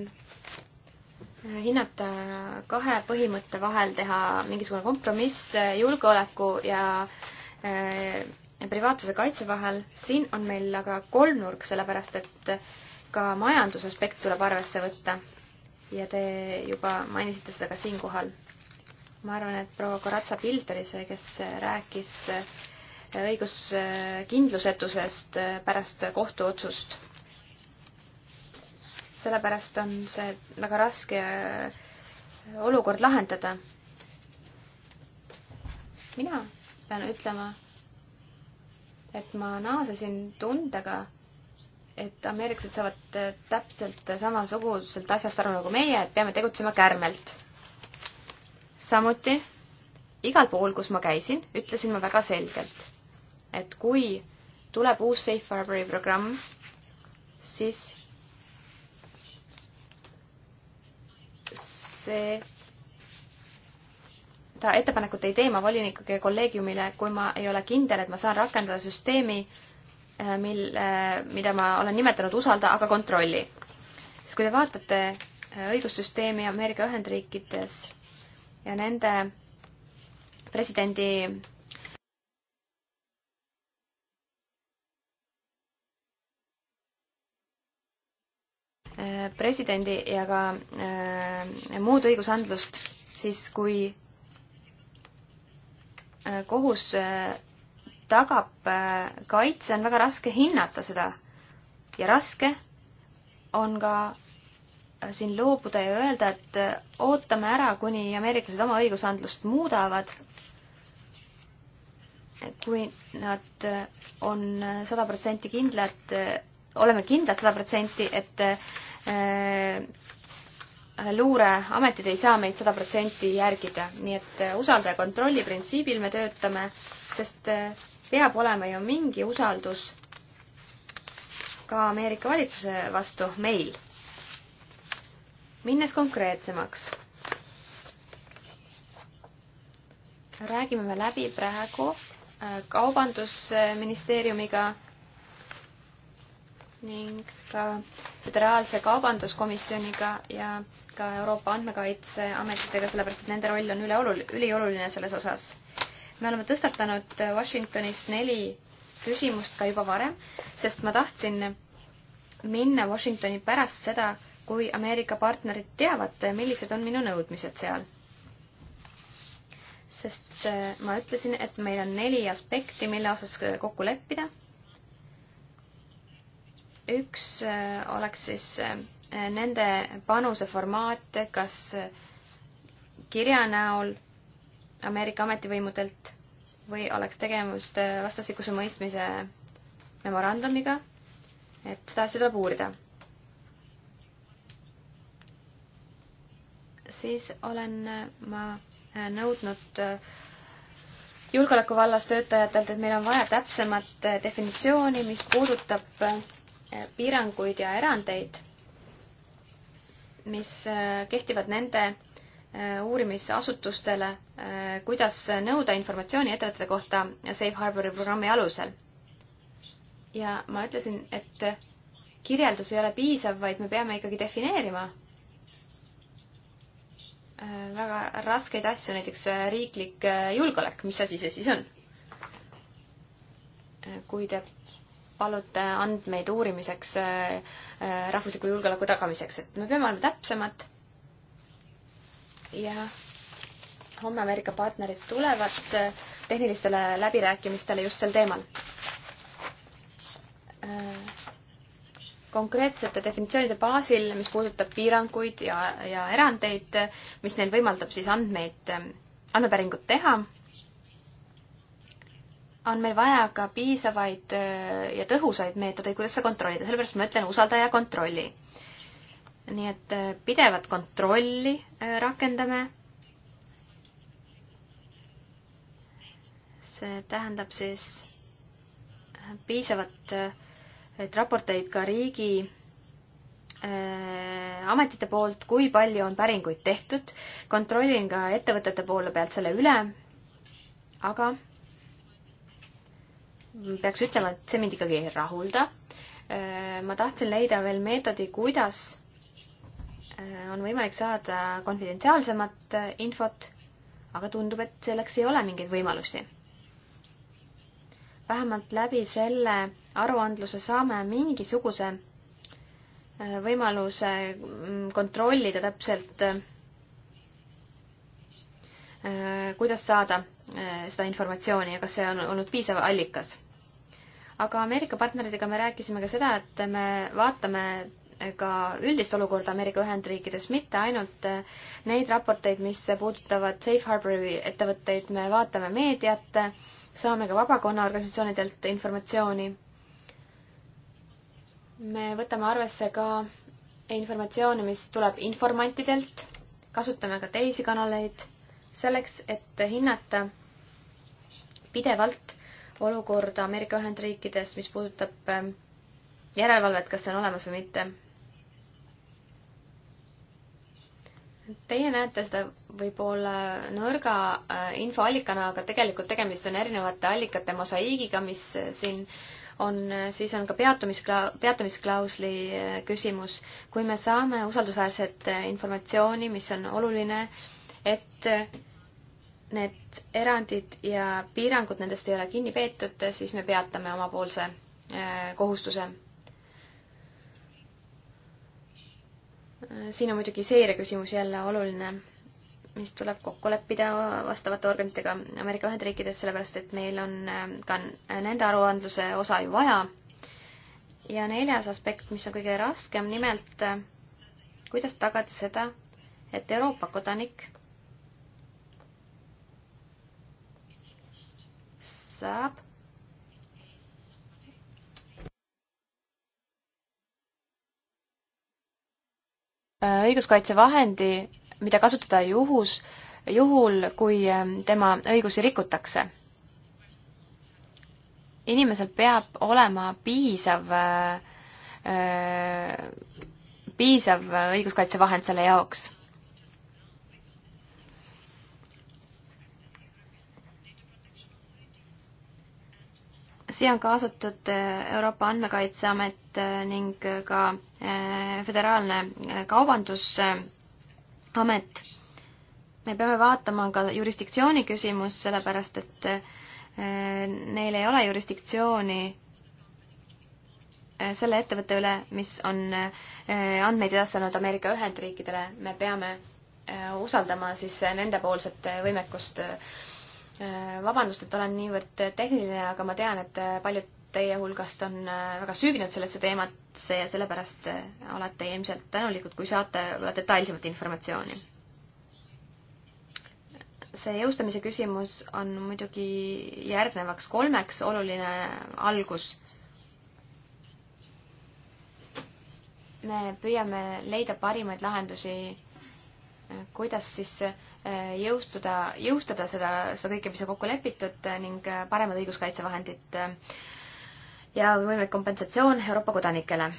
hinnata kahe põhimõtte vahel, teha mingisugune kompromiss julgeoleku ja äh, privaatsuse kaitse vahel. siin on meil aga kolmnurk, sellepärast et ka majandusaspekt tuleb arvesse võtta ja te juba mainisite seda ka siinkohal. ma arvan, et proua Koratsa Pilt oli see, kes rääkis õiguskindlusetusest pärast kohtuotsust. sellepärast on see väga raske olukord lahendada. mina pean ütlema, et ma naasesin tundega, et ameeriklased saavad äh, täpselt samasuguselt asjast aru nagu meie, et peame tegutsema kärmelt. samuti igal pool, kus ma käisin, ütlesin ma väga selgelt, et kui tuleb uus Safe Harbori programm, siis see, seda ettepanekut ei tee ma volinikuga ja kolleegiumile, kui ma ei ole kindel, et ma saan rakendada süsteemi äh, Äh, mil, äh, mida ma olen nimetanud usalda, aga kontrolli. sest kui te vaatate äh, õigussüsteemi Ameerika Ühendriikides ja nende presidendi presidendi ja ka äh, muud õigusandlust, siis kui äh, kohus äh, tagab äh, kaitse, on väga raske hinnata seda. ja raske on ka äh, siin loobuda ja öelda, et äh, ootame ära, kuni ameeriklased oma õigusandlust muudavad. kui nad on sada protsenti kindlad, oleme kindlad sada protsenti, et luureametid ei saa meid sada protsenti järgida, nii et usalda ja kontrolli printsiibil me töötame, sest peab olema ju mingi usaldus ka Ameerika valitsuse vastu meil. minnes konkreetsemaks, räägime me läbi praegu äh, Kaubandusministeeriumiga ning ka Föderaalse Kaubanduskomisjoniga ja ka Euroopa Andmekaitseametitega, sellepärast et nende roll on üleolul-, ülioluline selles osas me oleme tõstatanud äh, Washingtonis neli küsimust ka juba varem, sest ma tahtsin minna Washingtoni pärast seda, kui Ameerika partnerid teavad, äh, millised on minu nõudmised seal. sest äh, ma ütlesin, et meil on neli aspekti, mille osas kokku leppida. üks oleks siis nende panuse formaat, kas kirja näol Ameerika ametivõimudelt või oleks tegemist äh, vastastikuse mõistmise memorandumiga, et seda asja tuleb uurida. siis olen äh, ma äh, nõudnud julgeoleku vallas töötajatelt, et meil on vaja täpsemat definitsiooni, mis puudutab piiranguid ja erandeid, mis kehtivad nende Äh, uurimisasutustele, äh, kuidas nõuda informatsiooni ettevõtete kohta Safe Harbori programmi alusel. ja ma ütlesin, et kirjeldus ei ole piisav, vaid me peame ikkagi defineerima äh, väga raskeid asju, näiteks riiklik julgeolek, mis asi see siis on? kui te palute andmeid uurimiseks rahvusliku julgeoleku tagamiseks, et me peame olema täpsemad ja homme Ameerika partnerid tulevad äh, tehnilistele läbirääkimistele just sel teemal. Äh, konkreetsete definitsioonide baasil, mis puudutab piiranguid ja, ja erandeid, mis neil võimaldab siis andmeid, äh, andmepäringut teha, on meil vaja ka piisavaid ja tõhusaid meetodeid, kuidas seda kontrollida, sellepärast ma ütlen usaldaja kontrolli nii et äh, pidevat kontrolli äh, rakendame. see tähendab siis äh, piisavat, et raporteid ka riigi ametite poolt, kui palju on päringuid tehtud. kontrollin ka ettevõtete poole pealt selle üle. aga peaks ütlema, et see mind ikkagi ei rahulda. ma tahtsin leida veel meetodi, kuidas on võimalik saada konfidentsiaalsemat äh, infot, aga tundub, et selleks ei ole mingeid võimalusi. vähemalt läbi selle aruandluse saame mingisuguse äh, võimaluse mm, kontrollida täpselt, äh, kuidas saada seda informatsiooni ja kas see on olnud piisav allikas aga Ameerika partneritega me rääkisime ka seda, et me vaatame ka üldist olukorda Ameerika Ühendriikides, mitte ainult äh, neid raporteid, mis puudutavad Safe Harbori ettevõtteid, me vaatame meediat, saame ka vabakonnaorganisatsioonidelt informatsiooni. me võtame arvesse ka informatsiooni, mis tuleb informantidelt, kasutame ka teisi kanaleid selleks, et hinnata pidevalt olukorda Ameerika Ühendriikides, mis puudutab äh, järelevalvet, kas see on olemas või mitte. Teie näete seda võib-olla nõrga äh, infoallikana, aga tegelikult tegemist on erinevate allikate mosaiigiga, mis äh, siin on, äh, siis on ka peatumiskla-, peatamisklausli küsimus. kui me saame usaldusväärset informatsiooni, mis on oluline, et need erandid ja piirangud, nendest ei ole kinni peetud, siis me peatame omapoolse kohustuse siin on muidugi seireküsimus jälle oluline, mis tuleb kokku leppida vastavate organitega Ameerika Ühendriikides, sellepärast et meil on äh, ka nende aruandluse osa ju vaja. ja neljas aspekt, mis on kõige raskem, nimelt äh, kuidas tagada seda, et Euroopa kodanik saab Äh, õiguskaitsevahendi, mida kasutada juhus, juhul, kui ähm, tema õigusi rikutakse. inimesel peab olema piisav, äh, äh, piisav õiguskaitsevahend selle jaoks siia on kaasatud äh, Euroopa Andmekaitseamet äh, ning äh, ka Föderaalne Kaubandusamet. me peame vaatama ka jurisdiktsiooni küsimus, sellepärast et neil ei ole jurisdiktsiooni selle ettevõtte üle, mis on andmeid edastanud Ameerika Ühendriikidele, me peame usaldama siis nendepoolset võimekust Äh, vabandust, et olen niivõrd tehniline, aga ma tean, et äh, paljud teie hulgast on äh, väga süüvinud sellesse teemasse ja sellepärast olete ilmselt tänulikud, kui saate võib-olla detailsemat informatsiooni. see jõustamise küsimus on muidugi järgnevaks kolmeks oluline algus. me püüame leida parimaid lahendusi kuidas siis eh, jõustuda, jõustada seda, seda kõike, mis on kokku lepitud eh, ning eh, paremad õiguskaitsevahendid ja võimalik kompensatsioon Euroopa kodanikele.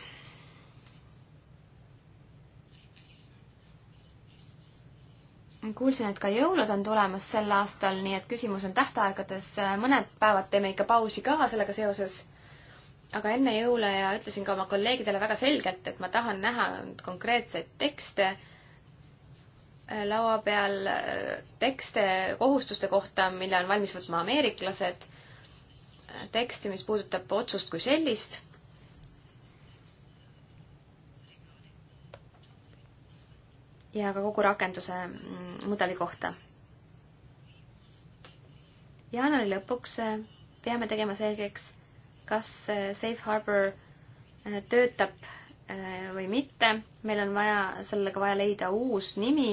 kuulsin, et ka jõulud on tulemas sel aastal, nii et küsimus on tähtaegades, mõned päevad teeme ikka pausi ka sellega seoses aga enne jõule ja ütlesin ka oma kolleegidele väga selgelt, et ma tahan näha konkreetseid tekste laua peal äh, tekste kohustuste kohta, mille on valmis võtma ameeriklased, äh, teksti, mis puudutab otsust kui sellist ja ka kogu rakenduse mm, mudeli kohta. jaanuari lõpuks äh, peame tegema selgeks, kas Safe Harbor töötab või mitte. meil on vaja, sellega vaja leida uus nimi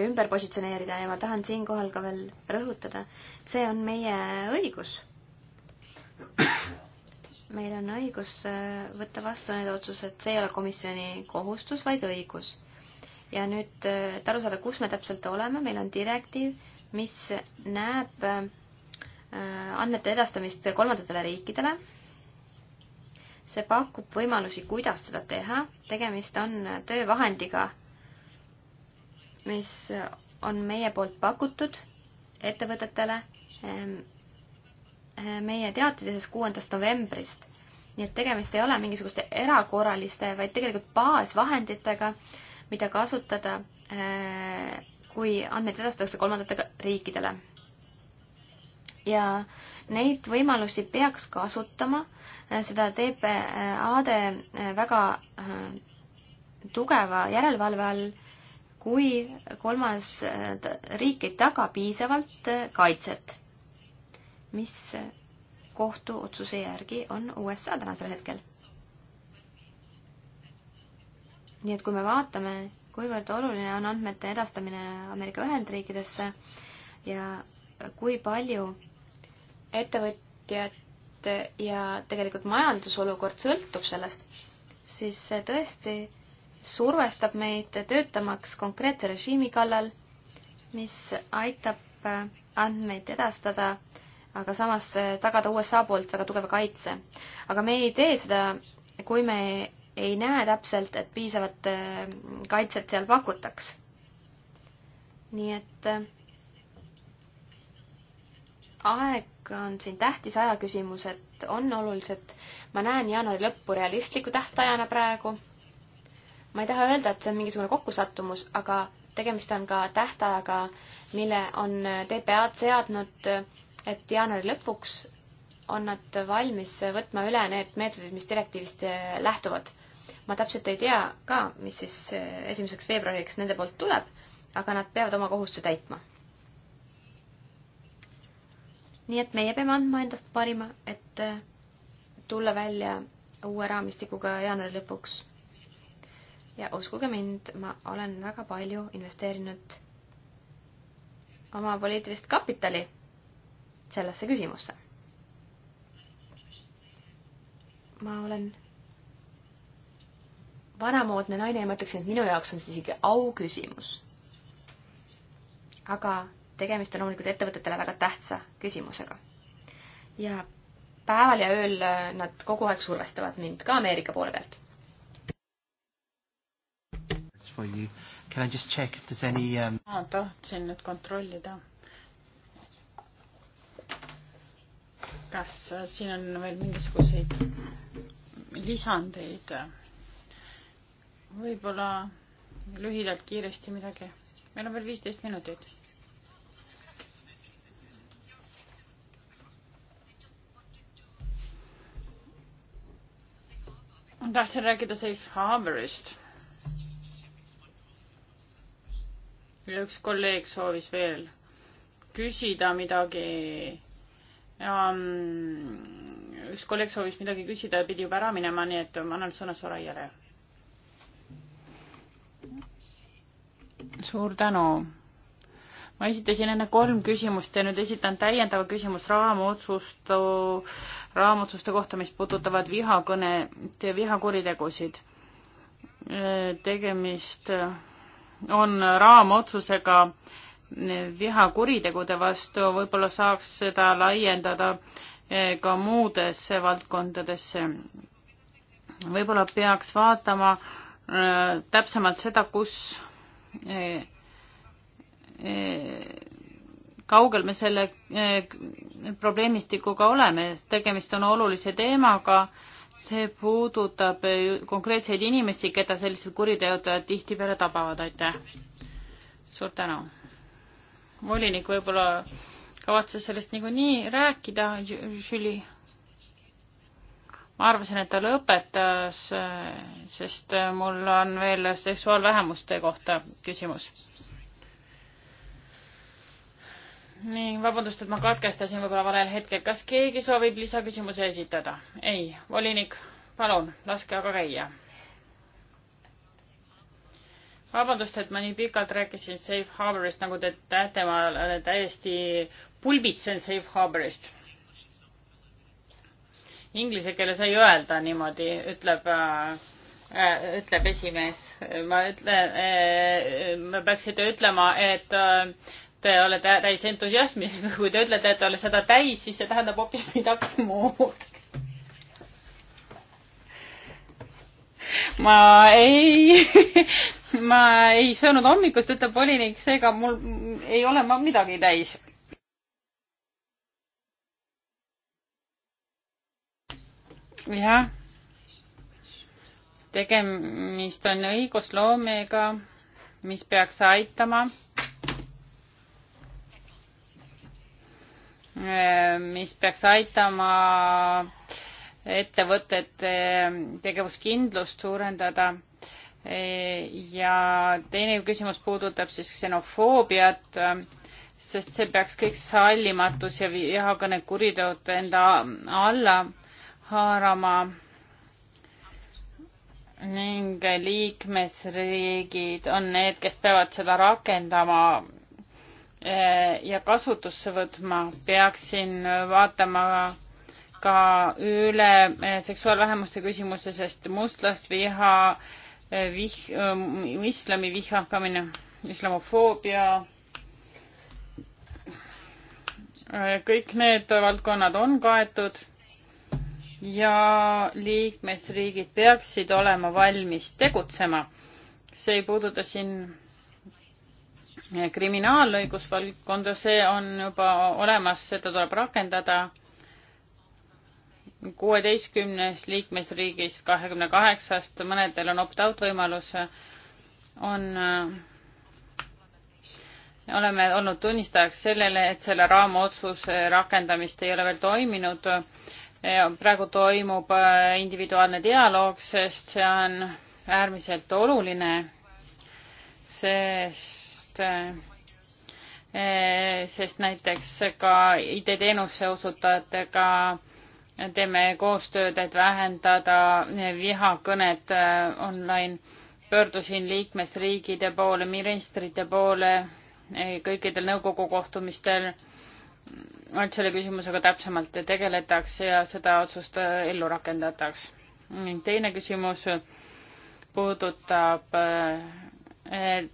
ümber positsioneerida ja ma tahan siinkohal ka veel rõhutada, et see on meie õigus. meil on õigus äh, võtta vastu need otsused, see ei ole komisjoni kohustus, vaid õigus. ja nüüd, äh, et aru saada, kus me täpselt oleme, meil on direktiiv, mis näeb äh, andmete edastamist kolmandatele riikidele see pakub võimalusi, kuidas seda teha. tegemist on töövahendiga, mis on meie poolt pakutud ettevõtetele ehm, ehm, meie teatises kuuendast novembrist. nii et tegemist ei ole mingisuguste erakorraliste, vaid tegelikult baasvahenditega, mida kasutada, ehm, kui andmeid edastatakse kolmandatele riikidele. ja neid võimalusi peaks kasutama, eh, seda teeb eh, AD eh, väga tugeva järelevalve all kui kolmas äh, riik ei taga piisavalt äh, kaitset, mis kohtuotsuse järgi on USA tänasel hetkel. nii et kui me vaatame, kuivõrd oluline on andmete edastamine Ameerika Ühendriikidesse ja kui palju ettevõtjad ja tegelikult majandusolukord sõltub sellest, siis äh, tõesti survestab meid töötamaks konkreetse režiimi kallal, mis aitab äh, andmeid edastada, aga samas äh, tagada USA poolt väga tugeva kaitse. aga me ei tee seda, kui me ei näe täpselt, et piisavat äh, kaitset seal pakutaks. nii et aeg on siin tähtis, ajaküsimused on olulised. ma näen jaanuari lõppu realistliku tähtajana praegu ma ei taha öelda, et see on mingisugune kokkusattumus, aga tegemist on ka tähtajaga, mille on TPA-d seadnud, et jaanuari lõpuks on nad valmis võtma üle need meetodid, mis direktiivist lähtuvad. ma täpselt ei tea ka, mis siis esimeseks veebruariks nende poolt tuleb, aga nad peavad oma kohustuse täitma. nii et meie peame andma endast parima, et tulla välja uue raamistikuga jaanuari lõpuks ja uskuge mind, ma olen väga palju investeerinud oma poliitilist kapitali sellesse küsimusse. ma olen vanamoodne naine ja ma ütleksin, et minu jaoks on see isegi auküsimus. aga tegemist on loomulikult ettevõtetele väga tähtsa küsimusega. ja päeval ja ööl nad kogu aeg survestavad mind ka Ameerika poole pealt for you. Can I just check if there's any um... ma tahtsin nüüd kontrollida. kas äh, siin on veel mingisuguseid lisandeid? võib-olla lühidalt, kiiresti midagi. meil on veel viisteist minutit. tahtsin rääkida safe harborist ja üks kolleeg soovis veel küsida midagi. Ehm, üks kolleeg soovis midagi küsida ja pidi juba ära minema, nii et ma annan sõna Soraiale. suur tänu. ma esitasin enne kolm küsimust ja nüüd esitan täiendava küsimus raamotsustu, raamotsuste kohta, mis puudutavad vihakõnet ja vihakuritegusid. tegemist on raamotsusega vihakuritegude vastu, võib-olla saaks seda laiendada eh, ka muudesse valdkondadesse. võib-olla peaks vaatama eh, täpsemalt seda, kus, eh, kaugel me selle probleemistikuga oleme, sest tegemist on olulise teemaga see puudutab eh, konkreetseid inimesi, keda sellised kuriteod eh, tihtipeale tabavad, aitäh. suur tänu. volinik võib-olla kavatses sellest niikuinii rääkida, Jüli. ma arvasin, et ta lõpetas, eh, sest mul on veel seksuaalvähemuste kohta küsimus nii, vabandust, et ma katkestasin võib-olla valel hetkel. kas keegi soovib lisaküsimuse esitada? ei, volinik, palun, laske aga käia. vabandust, et ma nii pikalt rääkisin safe harbor'ist, nagu te teate, ma täiesti pulbitsen safe harbor'ist. Inglise keeles ei öelda niimoodi, ütleb äh, ütleb esimees. ma ütlen, äh, ma peaksite ütlema, et äh, te olete täis entusiasmi, kui te ütlete, et olete seda täis, siis see tähendab hoopis midagi muud. ma ei, ma ei söönud hommikust, ütleb volinik, seega mul ei ole ma midagi täis. jah, tegemist on õigusloomega, mis peaks aitama Eh, mis peaks aitama ettevõtete tegevuskindlust suurendada. Eh, ja teine küsimus puudutab siis ksenofoobiat, eh, sest see peaks kõik sallimatus ja vihakõne kuriteod enda alla haarama ning liikmesriigid on need, kes peavad seda rakendama Eh, ja kasutusse võtma, peaksin vaatama ka üle eh, seksuaalvähemuste küsimuse, sest mustlast viha, eh, vih-, islami vihkamine, islamofoobia, kõik need valdkonnad on kaetud ja liikmesriigid peaksid olema valmis tegutsema. see ei puuduta siin kriminaalõigusvaldkonda, see on juba olemas, seda tuleb rakendada kuueteistkümnes liikmesriigis kahekümne kaheksast, mõnedel on opt-out võimalus, on, oleme olnud tunnistajaks sellele, et selle raamotsuse rakendamist ei ole veel toiminud. praegu toimub individuaalne dialoog, sest see on äärmiselt oluline, sest sest eh, sest näiteks ka IT-teenuse osutajatega teeme koostööd, et vähendada vihakõnet eh, online. pöördusin liikmesriigide poole, ministrite poole eh, kõikidel nõukogu kohtumistel, ainult selle küsimusega täpsemalt tegeletakse ja seda otsust ellu rakendataks. ning teine küsimus puudutab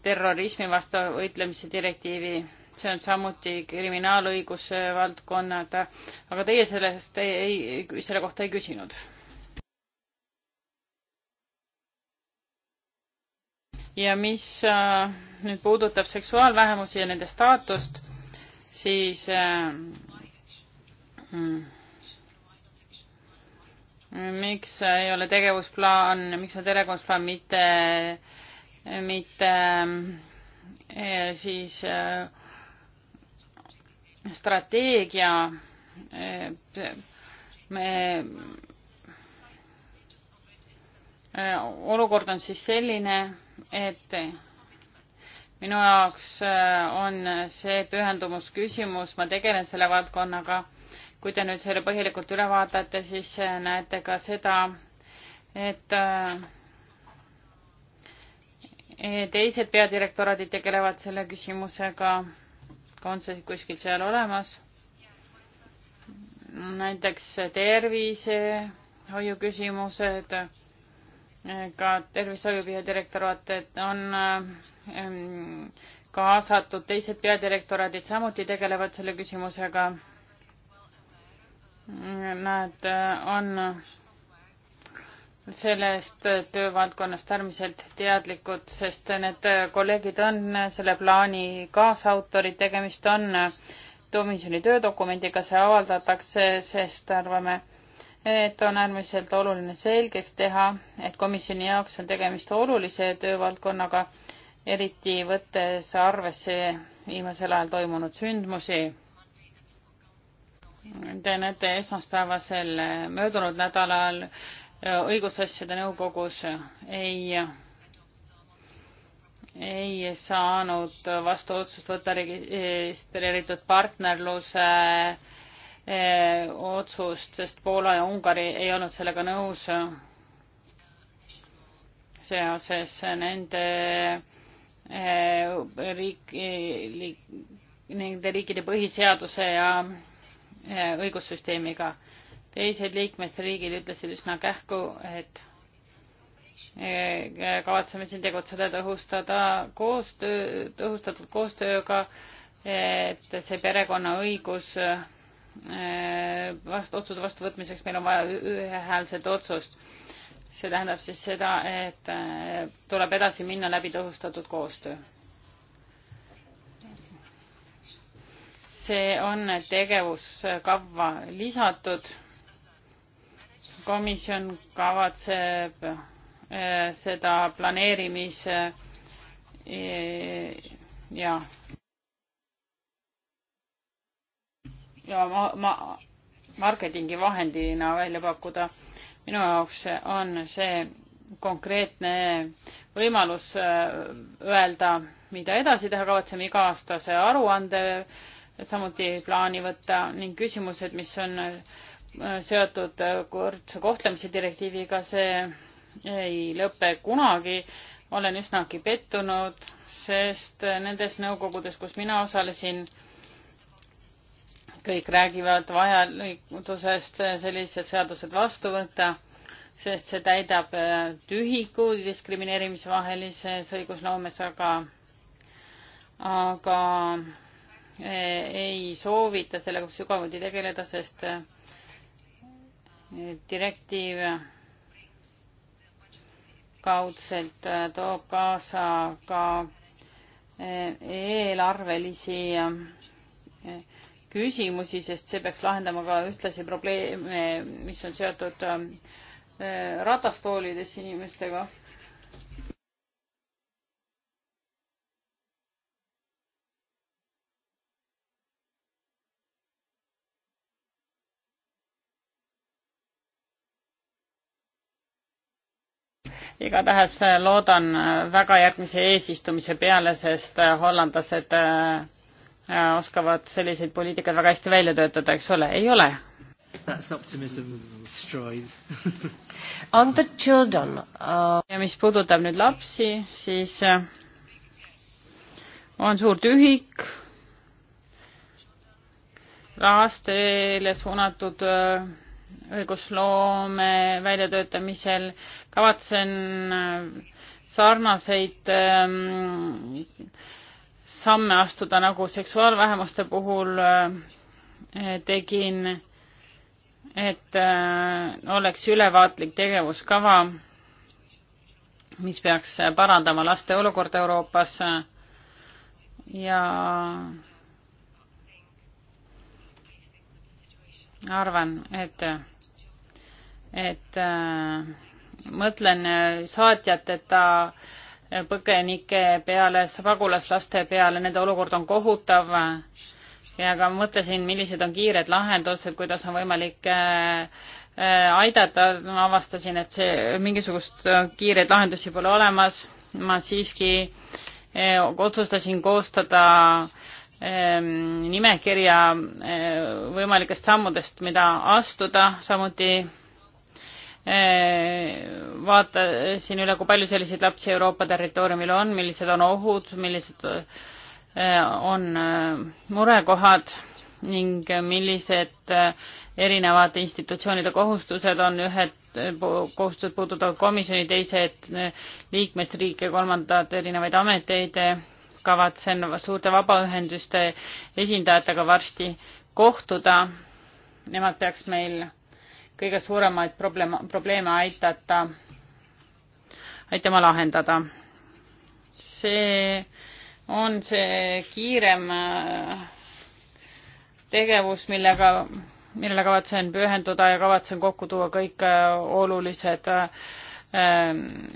terrorismi vastu võitlemise direktiivi, see on samuti kriminaalõiguse valdkonnad, aga teie sellest ei, ei, selle kohta ei küsinud. ja mis äh, nüüd puudutab seksuaalvähemusi ja nende staatust, siis äh, mm, miks ei ole tegevusplaan, miks on tegevusplaan mitte äh, mitte eh, siis eh, strateegia eh, me olukord on siis selline, et minu jaoks on see pühendumus küsimus, ma tegelen selle valdkonnaga. kui te nüüd selle põhjalikult üle vaatate, siis näete ka seda, et äh, Eh, teised peadirektoraadid tegelevad selle küsimusega, on see kuskil seal olemas? näiteks tervisehoiu küsimused, eh, ka tervishoiu peadirektoraat, et on eh, kaasatud teised peadirektoraadid samuti tegelevad selle küsimusega. Nad on sellest töövaldkonnast äärmiselt teadlikud, sest need kolleegid on selle plaani kaasautorid, tegemist on komisjoni töödokumendiga, see avaldatakse, sest arvame, et on äärmiselt oluline selgeks teha, et komisjoni jaoks on tegemist olulise töövaldkonnaga, eriti võttes arvesse viimasel ajal toimunud sündmusi Te näete esmaspäevasel möödunud nädalal Äh, õigusasjade nõukogus ei, ei saanud vastu otsust võtta registreeritud partnerluse äh, otsust, sest Poola ja Ungari ei olnud sellega nõus seoses nende äh, riik, nende riikide põhiseaduse ja õigussüsteemiga teised liikmesriigid ütlesid üsna kähku, et eh, kavatseme siin tegutseda tõhustada koostöö, tõhustatud koostööga, et see perekonnaõigus eh, vast-, otsuse vastuvõtmiseks meil on vaja ühehäälset otsust. see tähendab siis seda, et eh, tuleb edasi minna läbi tõhustatud koostöö. see on tegevuskavva lisatud komisjon kavatseb eh, seda planeerimis eh, ja ja ma, ma marketingi vahendina välja pakkuda. minu jaoks on see konkreetne võimalus eh, öelda, mida edasi teha, kavatseme iga-aastase aruande samuti plaani võtta ning küsimused, mis on äh, seotud võrdse äh, kohtlemise direktiiviga, see ei lõpe kunagi. olen üsnagi pettunud, sest nendes nõukogudes, kus mina osalesin, kõik räägivad vajadusest sellised seadused vastu võtta, sest see täidab äh, tühiku diskrimineerimisvahelises õigusloomes, aga, aga äh, ei soovita sellega sügavuti tegeleda, sest direktiiv kaudselt äh, toob kaasa ka äh, eelarvelisi äh, küsimusi, sest see peaks lahendama ka ühtlasi probleeme, mis on seotud ratastoolides inimestega igatahes äh, loodan äh, väga järgmise eesistumise peale, sest äh, hollandlased oskavad selliseid poliitikaid väga hästi välja töötada, eks ole, ei ole? On the children uh.... ja mis puudutab nüüd lapsi, siis on suur tühik lastele suunatud uh, õigusloome väljatöötamisel kavatsen äh, sarnaseid ähm, samme astuda, nagu seksuaalvähemuste puhul äh, tegin, et äh, oleks ülevaatlik tegevuskava, mis peaks parandama laste olukorda Euroopas ja äh, arvan, et, et äh, mõtlen äh, saatjat, et ta äh, põgenike peale, pagulaslaste peale, nende olukord on kohutav ja ka mõtlesin, millised on kiired lahendused, kuidas on võimalik äh, aidata, ma avastasin, et see, mingisugust kiireid lahendusi pole olemas, ma siiski otsustasin koostada äh, Ehm, nimekirja eh, võimalikest sammudest, mida astuda, samuti eh, vaatasin üle, kui palju selliseid lapsi Euroopa territooriumil on, millised on ohud, millised eh, on murekohad ning millised erinevad institutsioonide kohustused on, ühed kohustused puudutavad komisjoni, teised liikmesriike, kolmandad erinevaid ameteid kavatsen suurte vabaühenduste esindajatega varsti kohtuda. Nemad peaks meil kõige suuremaid probleeme, probleeme aitata, aitama lahendada. see on see kiirem äh, tegevus, millega, millele kavatsen pühenduda ja kavatsen kokku tuua kõik äh, olulised äh,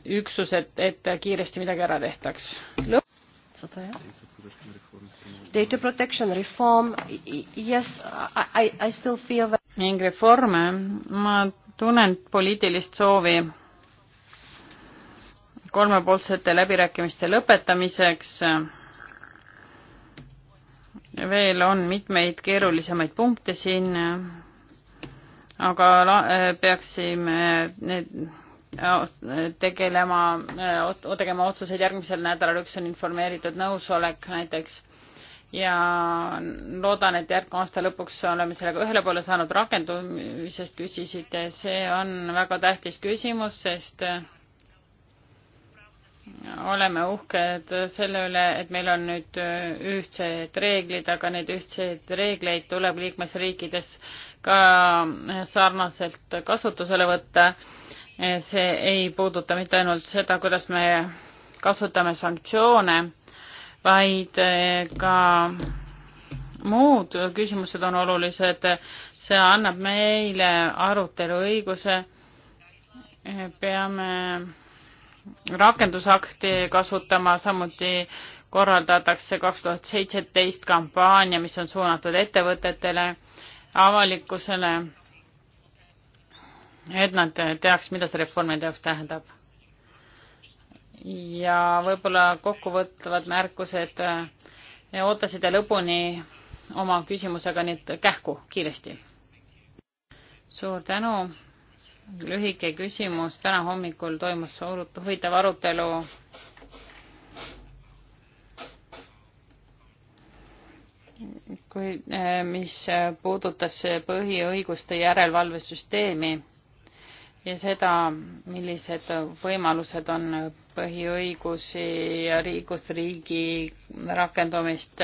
üksused, et kiiresti midagi ära tehtaks co to je? Data protection reform, yes, I, I still feel that ning reforme, ma tunnen poliitilist soovi kolmepoolsete läbirääkimiste lõpetamiseks. veel on mitmeid keerulisemaid punkte siin, aga peaksime need tegelema, tegema otsuseid järgmisel nädalal, üks on informeeritud nõusolek näiteks ja loodan, et järgmise aasta lõpuks oleme sellega ühele poole saanud, rakendumisest küsisite, see on väga tähtis küsimus, sest oleme uhked selle üle, et meil on nüüd ühtsed reeglid, aga neid ühtseid reegleid tuleb liikmesriikides ka sarnaselt kasutusele võtta see ei puuduta mitte ainult seda, kuidas me kasutame sanktsioone, vaid eh, ka muud küsimused on olulised. see annab meile aruteluõiguse. Eh, peame rakendusakti kasutama, samuti korraldatakse kaks tuhat seitseteist kampaania, mis on suunatud ettevõtetele, avalikkusele et nad teaks, mida see reform nende jaoks tähendab. ja võib-olla kokkuvõtvad märkused äh, ootasite lõpuni oma küsimusega nüüd kähku kiiresti. suur tänu. lühike küsimus. täna hommikul toimus huvitav arutelu kui, äh, mis puudutas põhiõiguste järelevalvesüsteemi ja seda, millised võimalused on põhiõigusi ja õigust riigi rakendumist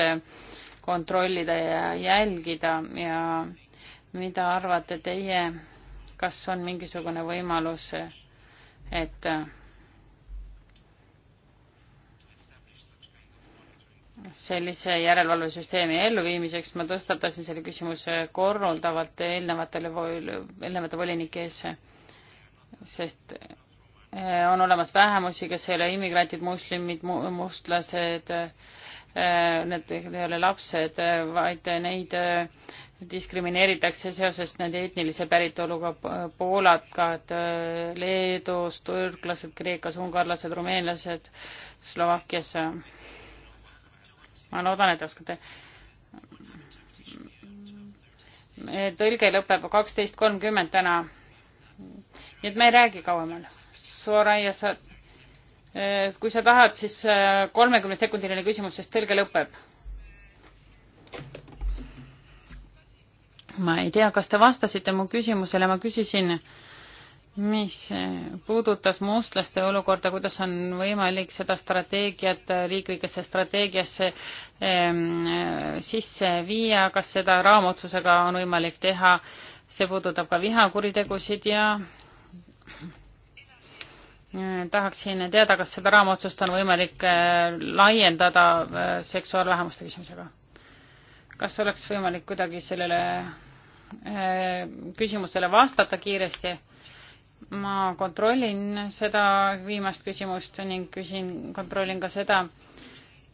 kontrollida ja jälgida ja mida arvate teie, kas on mingisugune võimalus, et sellise järelevalvesüsteemi elluviimiseks ma tõstatasin selle küsimuse korraldavalt eelnevatele, eelnevate volinike ees sest eh, on olemas vähemusi, kes ei ole immigrantid, muslimid, mustlased, eh, need ei ole lapsed, vaid neid eh, diskrimineeritakse seoses nende etnilise päritoluga poolakad, Leedus, türklased, Kreekas, ungarlased, rumeenlased, Slovakkias. ma loodan, et oskate. tõlge lõpeb kaksteist kolmkümmend täna nii et ma ei räägi kauemal. Soraya, sa, eh, kui sa tahad, siis eh, kolmekümne sekundiline küsimus, sest tõlge lõpeb. ma ei tea, kas te vastasite mu küsimusele, ma küsisin, mis eh, puudutas mustlaste olukorda, kuidas on võimalik seda strateegiat riiklikesse strateegiasse ähm, sisse viia, kas seda raamotsusega on võimalik teha, see puudutab ka vihakuritegusid ja äh, tahaksin teada, kas seda raamotsust on võimalik äh, laiendada äh, seksuaalvähemuste küsimusega. kas oleks võimalik kuidagi sellele äh, küsimusele vastata kiiresti? ma kontrollin seda viimast küsimust ning küsin, kontrollin ka seda,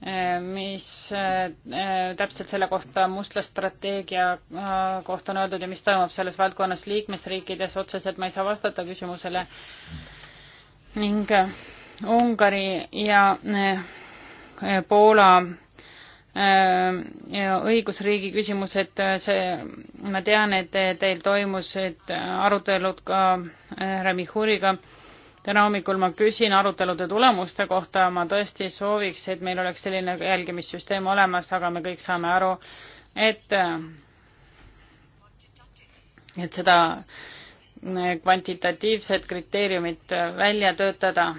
Eh, mis eh, eh, täpselt selle kohta mustlastrateegia kohta on öeldud ja mis toimub selles valdkonnas liikmesriikides, otseselt ma ei saa vastata küsimusele. ning Ungari ja Poola ja õigusriigi küsimused, see, ma tean, et teil toimusid arutelud ka härra Mihhuriga äh, täna hommikul ma küsin arutelude tulemuste kohta, ma tõesti sooviks, et meil oleks selline jälgimissüsteem olemas, aga me kõik saame aru, et, et seda kvantitatiivset kriteeriumit välja töötada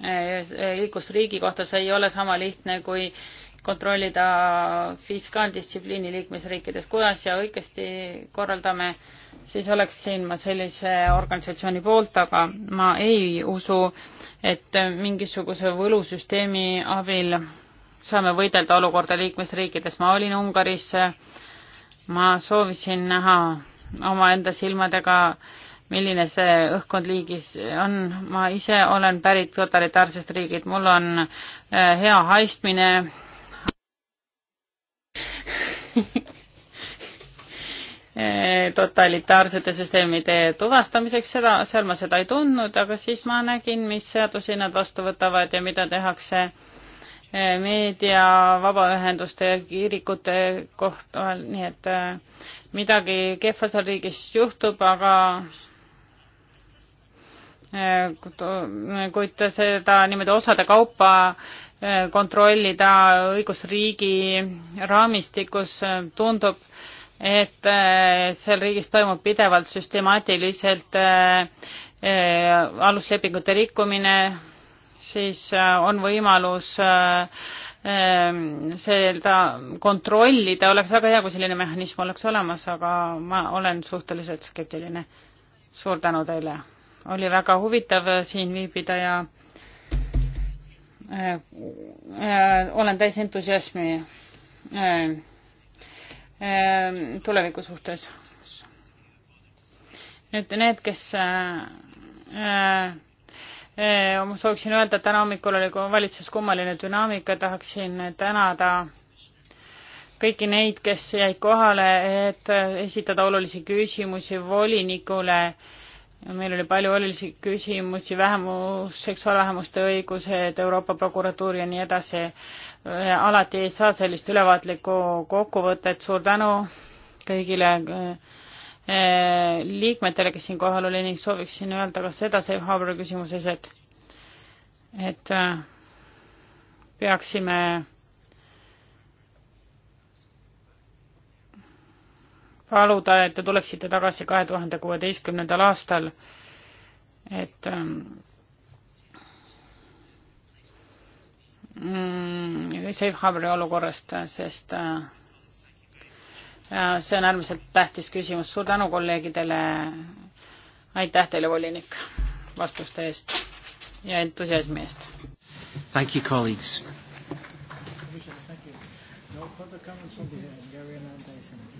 liiklusriigi kohta, see ei ole sama lihtne kui äh, kontrollida fiskaaldistsipliini liikmesriikides. kui asja õigesti korraldame, siis oleksin ma sellise organisatsiooni poolt, aga ma ei usu, et mingisuguse võlusüsteemi abil saame võidelda olukorda liikmesriikides. ma olin Ungaris, ma soovisin näha omaenda silmadega, milline see õhkkond liigis on. ma ise olen pärit totalitaarsest riigist, mul on eh, hea haistmine totalitaarsete süsteemide tuvastamiseks, seda, seal ma seda ei tundnud, aga siis ma nägin, mis seadusi nad vastu võtavad ja mida tehakse eh, meedia, vabaühenduste ja kirikute kohta, nii et eh, midagi kehva seal riigis juhtub, aga eh, kuid seda niimoodi osade kaupa kontrollida õigusriigi raamistikus, tundub, et äh, seal riigis toimub pidevalt süstemaatiliselt äh, äh, aluslepingute rikkumine, siis on võimalus seda kontrollida, oleks väga hea, kui selline mehhanism oleks olemas, aga ma olen suhteliselt skeptiline. suur tänu teile, oli väga huvitav siin viibida ja Äh, äh, olen täis entusiasmi äh, tuleviku suhtes. nüüd need, kes ma sooviksin öelda, et täna hommikul oli valitsuses kummaline dünaamika, tahaksin tänada kõiki neid, kes jäid kohale, et esitada olulisi küsimusi volinikule äh, meil oli palju olulisi küsimusi, vähemus, seksuaalvähemuste õigused, Euroopa prokuratuur ja nii edasi. Äh, alati ei saa sellist ülevaatlikku kokkuvõtet, suur tänu kõigile äh, äh, liikmetele, kes siin kohal oli ning sooviksin öelda ka seda safe harbor küsimuses, et, et peaksime äh, paluda, et te tuleksite tagasi kahe tuhande kuueteistkümnendal aastal, et ähm, safe harbori olukorrast, sest äh, see on äärmiselt tähtis küsimus. suur tänu kolleegidele. aitäh teile, volinik, vastuste eest ja entusiasmi eest. Thank you, colleagues. No further comments on the Hungarian anti-Semitism.